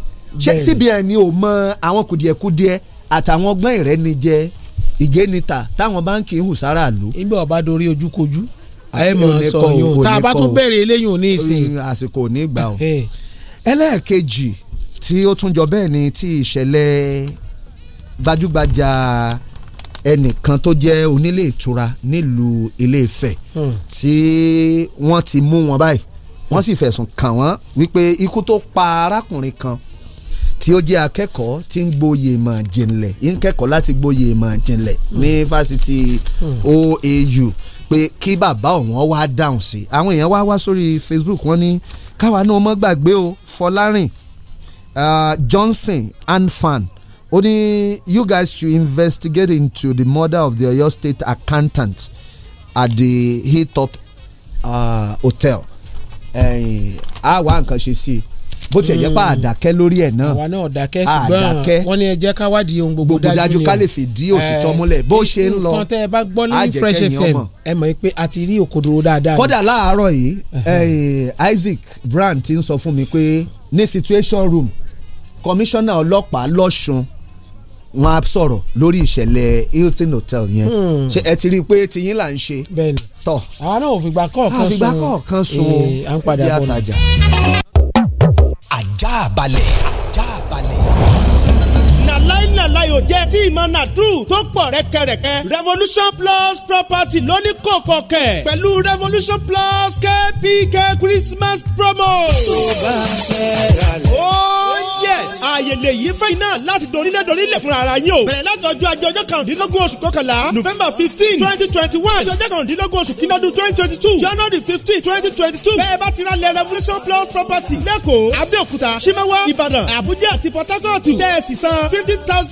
ṣé CBN ni ò mọ àwọn kùdìẹ̀kudiẹ àtàwọn ọgbọ́n ìrẹ́nijẹ ìgénita táwọn báǹkì ń hù sára lù. nígbà ọba dorí ojúkojú ẹ mọ sọ yòó tá a bá tún bẹ̀rẹ̀ eléyìí ò ní ìsìn. àsìkò ò ní gbà o. ẹlẹ́ẹ̀kejì tí ó tún jọ bẹ́ẹ̀ ni ti ìṣẹ̀lẹ̀ gbajúgbajà ẹnìkan tó jẹ́ onílé ìtura nílùú Ilé-Ifẹ̀ hmm. tí wọ́n ti mú wọn báyìí wọ́n sì fẹ̀sùn kàn wọ́n wípé ikú tó pa arákùnrin kan tí ó jẹ́ akẹ́kọ̀ọ́ tí ń gboyè ìmọ̀ ìjìnlẹ̀ ń kẹ́kọ̀ọ́ láti gboyè ìmọ̀ ìjìnlẹ̀ hmm. ní fásitì hmm. OAU pé kí bàbá òun wá dáhùn sí àwọn èèyàn wá wá sórí Facebook wọ́n ní káwa náà mọ́ gbàgbé o Fọlárìn Uh, Johnson Anfan ó ní you guys should investigate into the murder of the Oyo State accountant at the Hilltop uh, hotel a wá nǹkan ṣe sí i bó tiẹ̀ jẹ́ pa àdàkẹ́ hmm. lórí ẹ̀ náà àwa náà dákẹ́ ṣùgbọ́n wọ́n ní ẹ jẹ́ ká wádìí ohun gbogbo dájú ni gbogbo dájú ká lè fi dí òtítọ́ múlẹ̀ bó ṣe ń lọ nǹkan tẹ́ ẹ bá gbọ́ ní Fresh FM ẹ mọ̀ pé a ti rí òkodoro dáadáa. kódà láàárọ̀ yìí Isaac Brand ti ń sọ fún mi pé ní situation room kọmíṣánná ọlọ́pàá lọ́sùn wọn á sọ̀rọ̀ lórí ìṣẹ̀lẹ̀ Hilton Hotel yẹn hmm. ṣe ẹ ti rí i pé tiyín là ń ṣe. bẹ́ẹ̀ni tọ àwa náà ò fìgbà kọ̀ọ̀kan sun ah, àfìgbà kọ̀ọ̀kan sun ìyá àtàjà. ajá balẹ̀ ajá balẹ̀ náà láyò jẹ́ tí ìmọ̀ nàdúrù tó pọ̀ rẹ́kẹrẹ́kẹ́ revolution plus property ló ní kòkò kẹ̀ pẹ̀lú revolution plus kpk christmas promo. tó bá fẹ́ ra lẹ̀. Oh, yes. àyèlè yìí fẹ́yìn náà láti dorílẹ̀ dorílẹ̀ fúnra ara yín o. bẹ̀rẹ̀ láti ọjọ́ ajé ọjọ́ kàrúndínlógún oṣù kọkànlá november fifteen twenty twenty one ọjọ́ kàrúndínlógún oṣù kìíní ọdún twenty twenty two january fifteen twenty twenty two bẹ́ẹ̀ bá ti ra lẹ̀ revolution plus property lẹ́kọ̀ọ́ abẹ́òkúta simawa ìbàdàn àbújá àti port harcourt tẹ̀sí san fifty thousand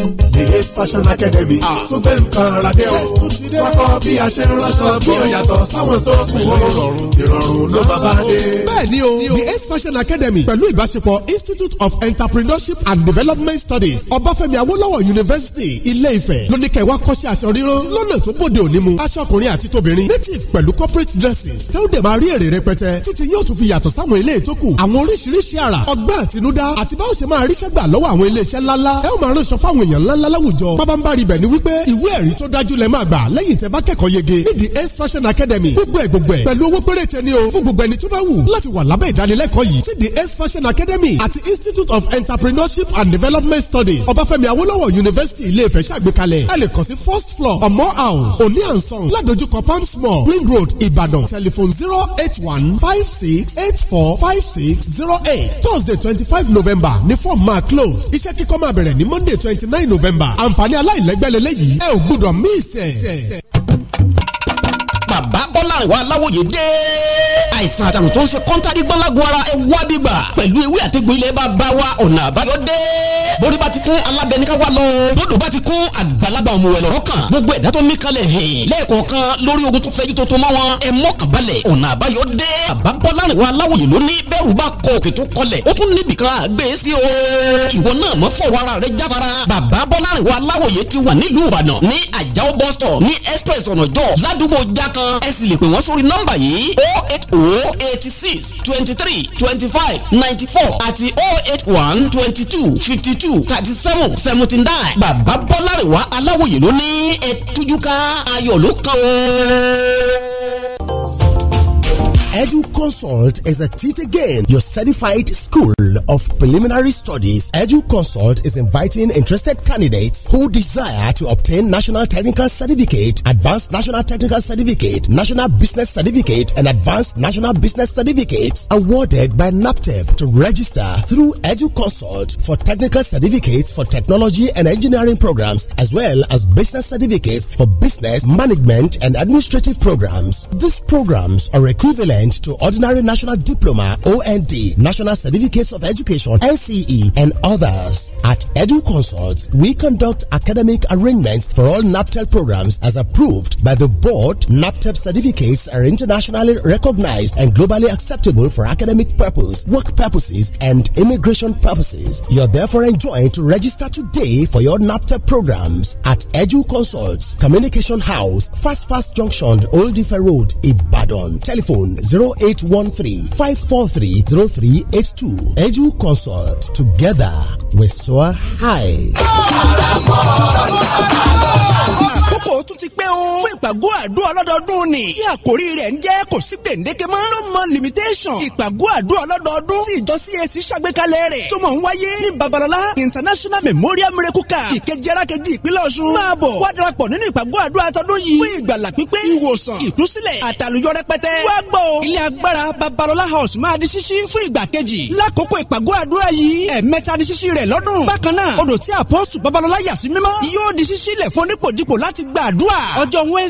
Thank you. the ace fashion academy ah. tún gbé nǹkan ara dé o wọ́n kọ́ bí a ṣe ń ránṣọ bí ó yàtọ̀ sáwọn tó kù ó ìrọ̀rùn ló bá bá dé. bẹ́ẹ̀ni o the ace fashion academy pẹ̀lú ìbáṣepọ̀ institute of entrepreneurship and development studies ọbáfẹ́mi awólọ́wọ̀ university ilé-ifẹ̀ lóníkẹ́ wa kọ́ṣẹ́ aṣọ ríro lọ́nà tó bòde òní mu aṣọ ọkùnrin àti tóbìnrin native pẹ̀lú corporate dresses sẹ́wọ́dẹ̀ máa rí èrè rẹpẹtẹ títí yóò tún fi yàtọ̀ sáwọn ilé ètò kù àwọn oríṣiríṣi àrà ọgbẹ́ àtinúdá àti báwo ṣe máa ríṣẹ́ gbà lọ́wọ́ àwọn ilé iṣẹ́ ńláńlá ẹ ó máa ránṣọ fáwọn èèyàn ńláńlá ńlá láwùjọ pábánbárì bẹ̀ ni wípé ìwé ẹ̀rí tó dájú lẹ máa gbà lẹ́yìn tẹ́ bá kẹ́kọ̀ọ́ yege ní the ace fashion academy gbogbo ẹ̀ gbogbo ẹ̀ pẹ̀lú owó péréte ni o fún gbogbo ẹni tó bá wù láti wà lábẹ́ ìdánilẹ́kọ̀ọ́ yìí ti the ace fashion academy àti institute of entrepreneurship and development studies ọbáfẹ́mi Awolowo university ilé-ifẹ̀ ṣàgbékalẹ̀ ẹ lè kàn sí first floor ọmọ house òní ànsán ládojúkọ palms small. Green road ìbàdàn telephone zero eight one five six eight four five six zero eight thursday twenty five november ní form máa close iṣẹ́ kíkọ́ máa bẹ̀rẹ̀ ní monday twenty nine november december àǹfààní aláìlẹ́gbẹ́lẹ́lẹ́ yìí ẹ ò gbúdọ̀ míì sẹ̀ bàbá bọ́lárìnwá aláwòye dé. àìsàn àtàrùn tó ń ṣe kọ́ńtàdì gbọ́lágun ara ẹ wá bíbà pẹ̀lú ewé àtẹ̀gbọ́ ilẹ̀ bá bá wa ọ̀nà àbáyọ dé. bórí bá ti kún alábẹ́ni ká wá lọ. bódò bá ti kún àgbàlagbà ọmọ ẹ̀ lọ́rọ́ kan. gbogbo ẹ̀dá tó ní kalẹ̀ hìn. lẹ́ẹ̀kọ̀ọ̀kan lórí ogun tó fẹ́jú tó tó mọ́ wọn. ẹ mọ́kàn balẹ̀ ọ̀nà àbáyọ dé. bàbá bọ́lárìnwá aláwòye lónìí bẹ́rù bá kọ òkè tó kọlẹ̀. ó tún níbi kan àgbẹ̀ sí o. ìwọ náà mọ fọwọ́ rẹ jábára. bàbá bọ́lárìnwá aláwòye ti wà nílùú ìbàdàn ní àjàó bọ́sítọ̀ ní express ọ̀nà jọ ládùúgbò jákan wọn ẹ sì lè pè wọ́n sórí nọ́mbà yìí o oh eight o oh eighty six twenty three twenty five ninety four àti o oh eight one twenty two fifty two thirty seven seventy nine bàbá bọ́lárẹ̀wá aláwòye ló ní ẹ tújúká ayọ̀ ló kàn ó. Edu Consult is a teach again your certified school of preliminary studies. Edu Consult is inviting interested candidates who desire to obtain national technical certificate, advanced national technical certificate, national business certificate, and advanced national business certificates awarded by NAPTEP to register through Edu Consult for technical certificates for technology and engineering programs, as well as business certificates for business management and administrative programs. These programs are equivalent to Ordinary National Diploma, OND, National Certificates of Education, NCE, and others. At Edu Consults, we conduct academic arrangements for all NAPTEL programs as approved by the board. NAPTEL certificates are internationally recognized and globally acceptable for academic purposes, work purposes, and immigration purposes. You're therefore enjoined to register today for your NAPTEL programs at Edu Consults Communication House, Fast Fast Junction, Old Ife Road, Ibadan. Telephone Zero zero eight one three three five four three eight two. Edu Consult. Together, we soar high ìpàgọ́ àdúrà ọlọ́dọọdún ni tí àkórí rẹ̀ ń jẹ́ kò sí gbèǹdéke mọ́. no more limitation ìpàgọ́ àdúrà ọlọ́dọọdún tí ìjọ CAC ṣàgbékalẹ̀ rẹ̀ tó mọ̀ ń wáyé ní Babalọlá International Memorial Miracle Camp ìkejì-arakejì ìpínlẹ̀ Ọ̀ṣun. máa bọ̀ wá darapọ̀ nínú ìpàgọ́ àdúrà tọdún yìí fún ìgbàlà pípé ìwòsàn ìtúsílẹ̀ àtàlùyọ rẹpẹtẹ. wá gbọ́ ilé agbára house máa di ṣíṣí fún ìgbà kejì lákòókò ìpàgọ́ àdúrà yìí ẹ̀ẹ̀mẹ́ta di ṣíṣí rẹ̀ lọ́dún. bákan náà odò tí àpọ́sù Babalọlá yà sí mímọ́ yóò di ṣíṣí lẹ̀ fún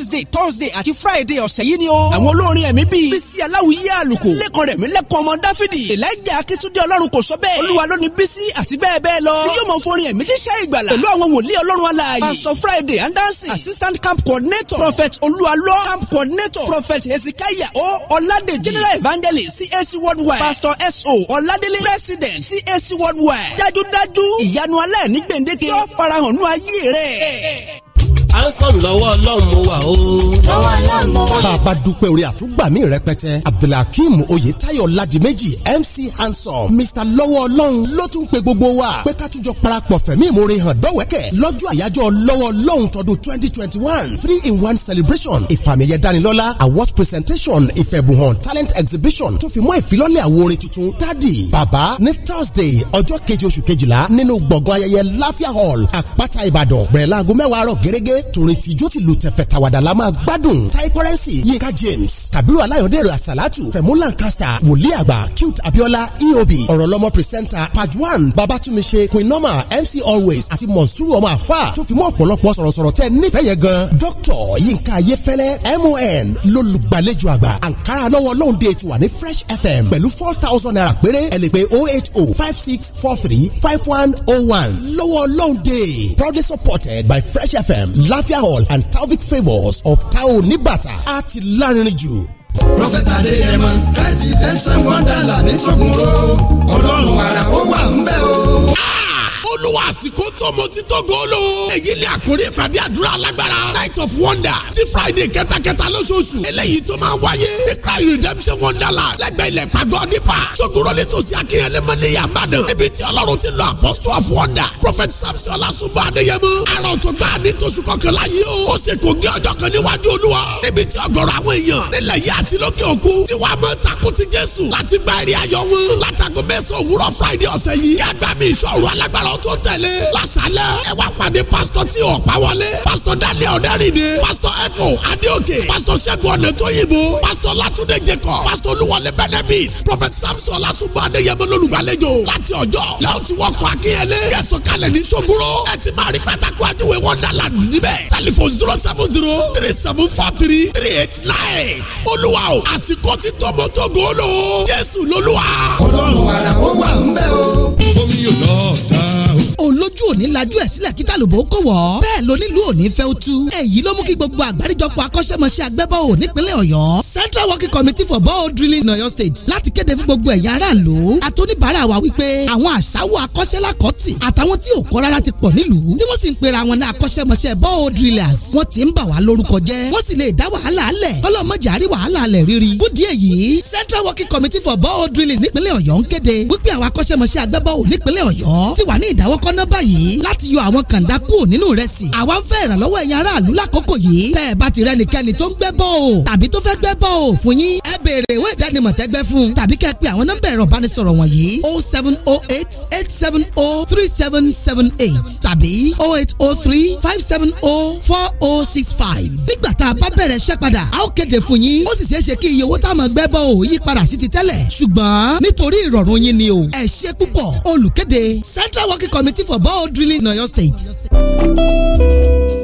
wednesday thursday àti friday ọ̀sẹ̀ yìí ni o. àwọn olórin ẹ̀mí bíi bísí aláwìyé àlùkò lẹ́kọ̀ọ́ rẹ̀ mí lẹ́kọ̀ọ́ ọmọ dáfídì elijah akíntúndé ọlọ́run kò sọ bẹ́ẹ̀ olúwa ló ní bísí àti bẹ́ẹ̀ bẹ́ẹ̀ lọ. ni yóò mọ forin ẹ̀mí jíṣẹ́ ìgbàlà pẹ̀lú àwọn wòlíì ọlọ́run alààyè pastor friday andansi assistant camp coordinator prophet olúwalọ camp coordinator prophet hezekiah o ọládèjì general evangelist cac worldwide pastor so ọládélé president cac worldwide dájúdájú ìyanu aláìní gbèǹdéke yóò farahàn nú ayé rẹ̀ handsome lọ́wọ́ ọlọ́run mo wà o. lọ́wọ́ ọlọ́run mo wà. bàbá dúpẹ́ orí àtúgbàmí rẹpẹtẹ abdulhakeem oyetayo ladimeji mc handsome mr lọ́wọ́ ọlọ́run ló tún pe gbogbo wa pé ká tún jọ parapọ̀ fẹ̀mí ìmoore hàn dọ́wẹ́kẹ̀ lọ́jọ́ àyájọ́ lọ́wọ́ ọlọ́run tọdún twenty twenty one three in one celebration ìfàmìyẹ danilọ́lá award presentation ìfẹ̀bùhàn talent exhibition tó fi mọ́ ìfilọ́lẹ̀ àwo orin tuntun tádì bàbá ní thursday ọjọ́ keje oṣù kejìlá nínú gbọ̀ngàn ayẹyẹ láfíà hall àpáta ìbàdàn bẹ̀rẹ̀ láago mẹ́wàá àárọ̀ gẹ́gẹ́ eré tòrètì ijó tìlù tẹ̀fẹ̀ tàwàdà la máa gbádùn tai currency yinka james kabiru alayọ̀dẹ̀rẹ̀ asalatu fẹ̀mú lancaster wòlíì àgbà cute abiola eob ọ̀rọ̀lọ́mọ pírísẹ́ńtà pajwan babatunmise queen norma mc always àti monsuru ọmọ àfà tó fi mọ́ ọ̀pọ̀lọpọ̀ sọ̀rọ̀sọ̀rọ̀ tẹ nífẹ̀ẹ́ yẹn gan dr yinka ayefẹ́lẹ́ mon lólùgbàlejò àgbà ankara lọ́wọ́ lóhùndé ti wà ní fresh fm pẹ̀lú four thousand naira péré ẹ lè pe oh eight oh five six four three five one oh one lọ́wọ́ lóhùndé proudly supported by fresh fm Lafia Hall and Talvik Favours of Tao Nibata á ti lárinrin jù. Prọfẹ̀tà Adéyẹmọ, Presidential Wonderland ní Sọ́gun o, Ọlọ́run àrà wà ń bẹ̀ o. Ah! olúwa àsìkò tó mo ti tó góòlò. èyí ni àkórí ìpàdé àdúrà alágbára night of wonder ti friday kẹtakẹta lóṣooṣù eléyìí tó máa wáyé the cry redemption wonderland lẹ́gbẹ̀ẹ́ ilẹ̀ pàgọ́ nípa sọ̀tòrọ́ nítòsí akínyẹlẹ́ mọ́lẹ́yà àbàdàn ibi tí ọlọ́run ti lọ apostle of wonder prophet samson alasunba adéyẹmọ ara ọ̀tọ̀ gbà ní tóṣù kọkànlá yìí o ó ṣe kò gé ọjọ́ kan níwájú olúwa ibi tí ọgọ́rọ̀ àwọn èèyàn nílẹ̀ yìí àti lókè òkun tí wàá mọ takuti jésù láti gba èrè ayọ̀ wọn látàgọ́ mẹ́sàn-án òwúrọ̀ friday ọ̀sẹ̀ yìí àgbà mi ìṣòro alágbára láàárọ̀ tó tẹ̀lé làṣálẹ̀ ẹ wá pàdé pásítọ̀ tí ò pa wọlé pásítọ̀ daniel ọ̀dẹ́rìndé pásítọ̀ ẹ̀fọ̀ adéòkè pásítọ̀ ṣẹ́gun ọ̀nà tóyìnbó pásítọ̀ látúndé jẹkọ̀ pásítọ̀ olúwọlé benedict prophet samson lásùnfọ̀ adéyẹmọ lólùgbàlejò láti ọjọ́ làwọn ti wọkọ̀ akínyẹlé kẹsàn kalẹ̀ ní sogoro ẹ ti máa rí pátákó ajúwe wonderland níbẹ̀ telephone zero seven zero three seven four three olúwa o àsìkò ti tọmọtọgọ́ olójú òní lajú ẹ̀ sílẹ̀ kí tàlùbò kò wọ́ bẹ́ẹ̀ lónílù òní fẹ́ ó tú èyí ló mú kí gbogbo àgbáríjọpọ̀ akọ́ṣẹ́mọṣẹ́ agbẹ́bọ̀ ò nípínlẹ̀ ọ̀yọ́ central working committee for ball drilling in ọ̀yọ́ state láti kéde fún gbogbo ẹ̀yà aráàlú àtúníbàárà wa wípé àwọn àṣàwọ̀ akọ́ṣẹ́lákọ́tì àtàwọn tí ò kọ́ rárá ti pọ̀ nílùú tí wọ́n sì ń pera wọn drillers wọ́n ti ń bà wá lórúkọ jẹ́ wọ́n sì lè dá wàhálà alẹ̀ ọlọ́mọjà rí central working committee for ball drilling nípínlẹ̀ ọ̀yọ́ ń kéde wípé àwọn akọ́ṣẹ́mọṣẹ́ agbẹ́bọ̀ ò nípínlẹ̀ ọ̀yọ́ ti wà ní ìdáwọ́kọ́ náà báyìí láti yọ àwọn kàńdá kúrò nínú ìrẹsì. àwa ń fẹ́ ìrànlọ́wọ́ ẹ̀yin aráàlú lákòókò yìí. tẹ́ ẹ bá ti rẹ nìkẹ́ni tó ń gbẹ́ bọ́ o tàbí tó fẹ́ gbẹ́ bọ́ o fún yín. ẹ béèrè ìwé ìdánimọ̀ tẹ́gbẹ́ fún. tàbí kẹ́ ẹ pe àwọn nọ́mbà ẹ̀rọ ìbánisọ̀rọ̀ wọ̀nyí. o oh seven o oh eight eight seven o oh three seven seven eight tàbí o eight o three five seven o four o six five. nígbà tá a bá bẹ̀rẹ̀ iṣẹ́ padà a ó kéde fún yín. ó sì ṣeé ṣe kí iye owó tá a máa gbẹ́ bọ́ o yí padà sí ti tẹ́lẹ̀. ṣùgbọ́n nítorí ìrọ̀rùn yín ni o. ẹ ṣe púpọ̀ olùkéde Central Working Committee for About Drilling in Oyo State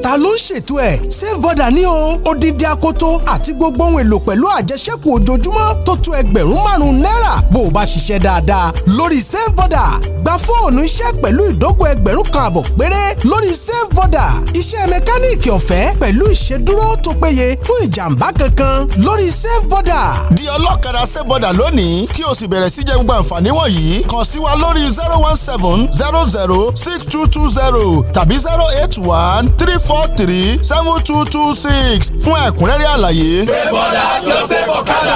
ta ló ń ṣètò ẹ̀ Safe Border ní o odindi akoto àti gbogbo ohun èlò pẹ̀lú àjẹsẹ́kù ojoojúmọ́ tó tó ẹgbẹ̀rún márùn-ún náírà bó o bá ṣiṣẹ́ dáadáa lórí Safe Border gba fóònù iṣẹ́ pẹ̀lú ìdógò ẹgbẹ̀rún kan àbọ̀ péré lórí Safe Border iṣẹ́ mẹkáníìkì ọ̀fẹ́ pẹ̀lú ìṣèdúró tó péye fún ìjàmbá kankan lórí Safe Border. di ọlọ́kadà Safe Border lónìí kí o sì bẹ̀rẹ̀ sí jẹ gbogbo àǹfààní wọ̀nyí kàn sí wa lórí zero one seven zero zero six two two zero tàbí zero eight one three four four three seven two two six fún ẹ̀kúnrẹ́rẹ́ àlàyé. ṣé bọ́dà jọ ṣe bọ̀kadà.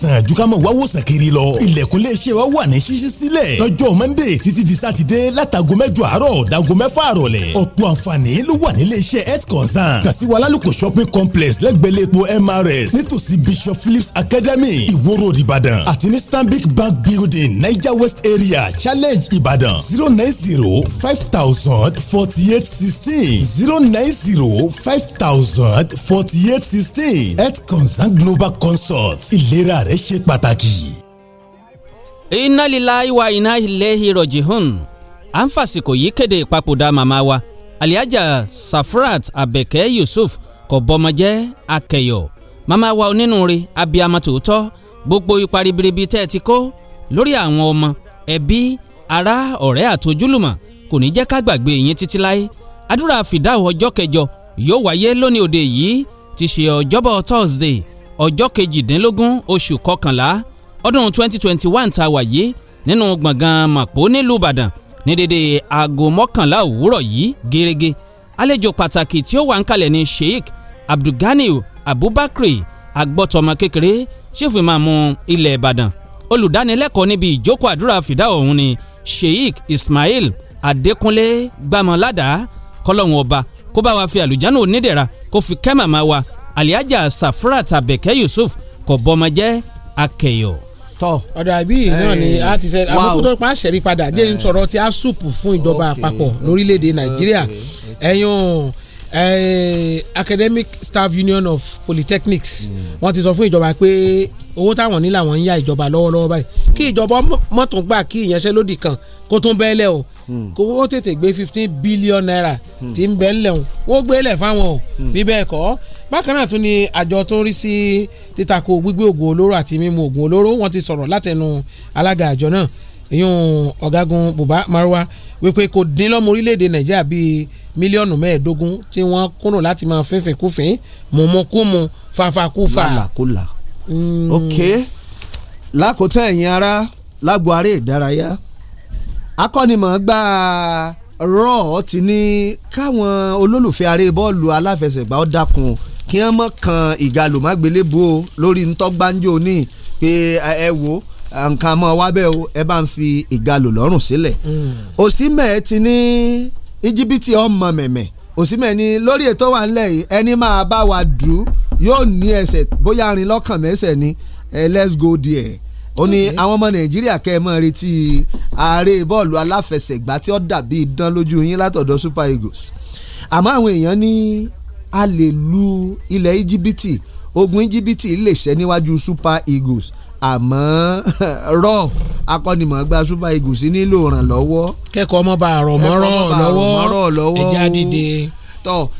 àìsàn ju ká máa wá wòsàn kiri lọ. ilẹ̀kùn lè ṣe wa wà ní ṣíṣí sílẹ̀ lọ́jọ́ monday títí di sátidé látago mẹ́jọ àárọ̀ dago mẹ́fà àrọ̀lẹ̀. ọ̀pọ̀ àǹfààní ló wà nílé iṣẹ́ health concern kàṣíwá lálùkò shopping complex lẹ́gbẹ̀lẹ́po mrs nítòsí bishop phillips academy ìwó road ìbàdàn àti ní stanbic bank building niger west area challenge ìbàdàn zero nine zero five thousand forty eight sixteen zero nine zero five thousand forty eight sixteen health concern global consult ìlera rẹ rẹ̀ ṣe pàtàkì. iná líla ìwà iná ilé ìrọ̀jìhùn à ń fàsìkò yìí kéde ìpapòdà màmá wa aliaja Safrat abeke Yusuf kò bọmọjẹ́ akẹyọ̀ màmá wa onínúure abiyamọ tòótọ́ gbogbo ipa ribiribi tẹ́ ẹ ti kó lórí àwọn ọmọ ẹbí ará ọ̀rẹ́ àtojúlùmọ̀ kò ní jẹ́ ká gbàgbé yín títí láé àdúrà fìdáhùn ọjọ́ kẹjọ yóò wáyé lónìí òde yìí ti ṣe ọjọ́bọ̀ Thursday ọjọ́ kejìdínlógún oṣù kọkànlá ọdún 2021 tá a wà yìí nínú gbọ̀ngàn màpó nílùú ìbàdàn ní dédé aago mọ́kànlá òwúrọ̀ yìí gẹ́rẹ́gẹ́ àlejò pàtàkì tí ó wà ń kalẹ̀ ní sheik abdulganiu abubakar agbọ́tọmọ kékeré chief imamu ilẹ̀ ìbàdàn olùdánilẹ́kọ̀ọ́ níbi ìjókòó àdúrà fìdá ọ̀hún ni sheik ismail adékúnlé gbàmọ́ládàá kọ́lọ́hún ọba kó bá wa fi àlùjáná onídẹ̀ra kó fi kẹ́ wa aliaja safarat abeke yusuf kò bọ́mọ jẹ́ akẹyọ. tọ ọ̀dọ̀ àbí náà ni a ti sẹ́ àmọ́kútó pa àṣẹ̀rí padà jẹ́ ń sọ̀rọ̀ tí a sùpù fún ìjọba àpapọ̀ lórílẹ̀ nàìjíríà ẹ̀yùn academic staff union of polytechnics hmm. wọ́n ti sọ fún ìjọba pé owó táwọn ní làwọn ń yá ìjọba lọ́wọ́lọ́wọ́ báyìí kí ìjọba mọ̀tún gbà kí ìyanṣẹ́lódì kan kó tún bẹ́ẹ̀ lẹ̀ o hmm. kó wọ́n tètè gbé fifteen billion naira hmm. tí ń bẹ́ẹ̀ lẹ̀ o wọ́n gbé lẹ̀ fáwọn o bí bẹ́ẹ̀ kọ́ bákan náà tún ni àjọ tó ń rí sí títako gbígbé oògùn olóró àti mímu oògùn olóró wọ́n ti sọ̀rọ̀ látẹnu alága àjọ náà ìyún ọ̀gágun Buba Marwa wípé kò dín lọ́mọ orílẹ̀-èdè Nàìjíríà bíi mílíọ̀nù mẹ́ẹ̀ẹ́dógún tí wọ́n kúrò láti máa fẹ́fẹ́ kúfẹ́ mọ̀mọ́kúmu fàfàkúfà. làlàkúlà mm. ok lákòótán ẹ̀yin ará lágbo aré ìdárayá akọ́nimọ̀ọ́gbá rọ́ọ̀ ti ní káwọn olólùfẹ́ aré bọ́ọ̀lù aláfẹsẹ̀gbá ó dákun kí wọ́n mọ̀ kan ìgalòmágbélébò o lórí ntọ́gbánjó ní pé ẹ wo nǹkan mọ́ wá bẹ́ẹ̀ o ẹ bá ń fi ìgalò lọ́rùn sílẹ̀ mm. òsínmẹ̀ ti ní íjíbítì ọmọ mẹ̀mẹ̀ òsínmẹ̀ ni lórí ètò wa ńlẹ̀ yìí ẹni máa bá wa dù yóò ní ẹsẹ̀ bóyá arin lọ́kàn mẹ́sẹ̀ ni let's go there ó ní àwọn ọmọ nàìjíríà kẹ́ ẹ mọ́ retí ààrẹ bọ́ọ̀lù aláfẹsẹ̀gbá tí ó dàbí idán lójú yín látọ̀dọ̀ Super Eagles àmọ́ àwọn èèyàn ní a lè lu ilẹ̀ íjíbítì ogun íjíbítì lè ṣẹ́ níwájú super eagles àmọ́ rọ akọ́nimọ̀gbá super eagles nílò ìrànlọ́wọ́. kẹ́kọ̀ọ́ ọmọ bá rọ̀ mọ́rọ̀ lọ́wọ́ ẹ̀já dìde. tọ́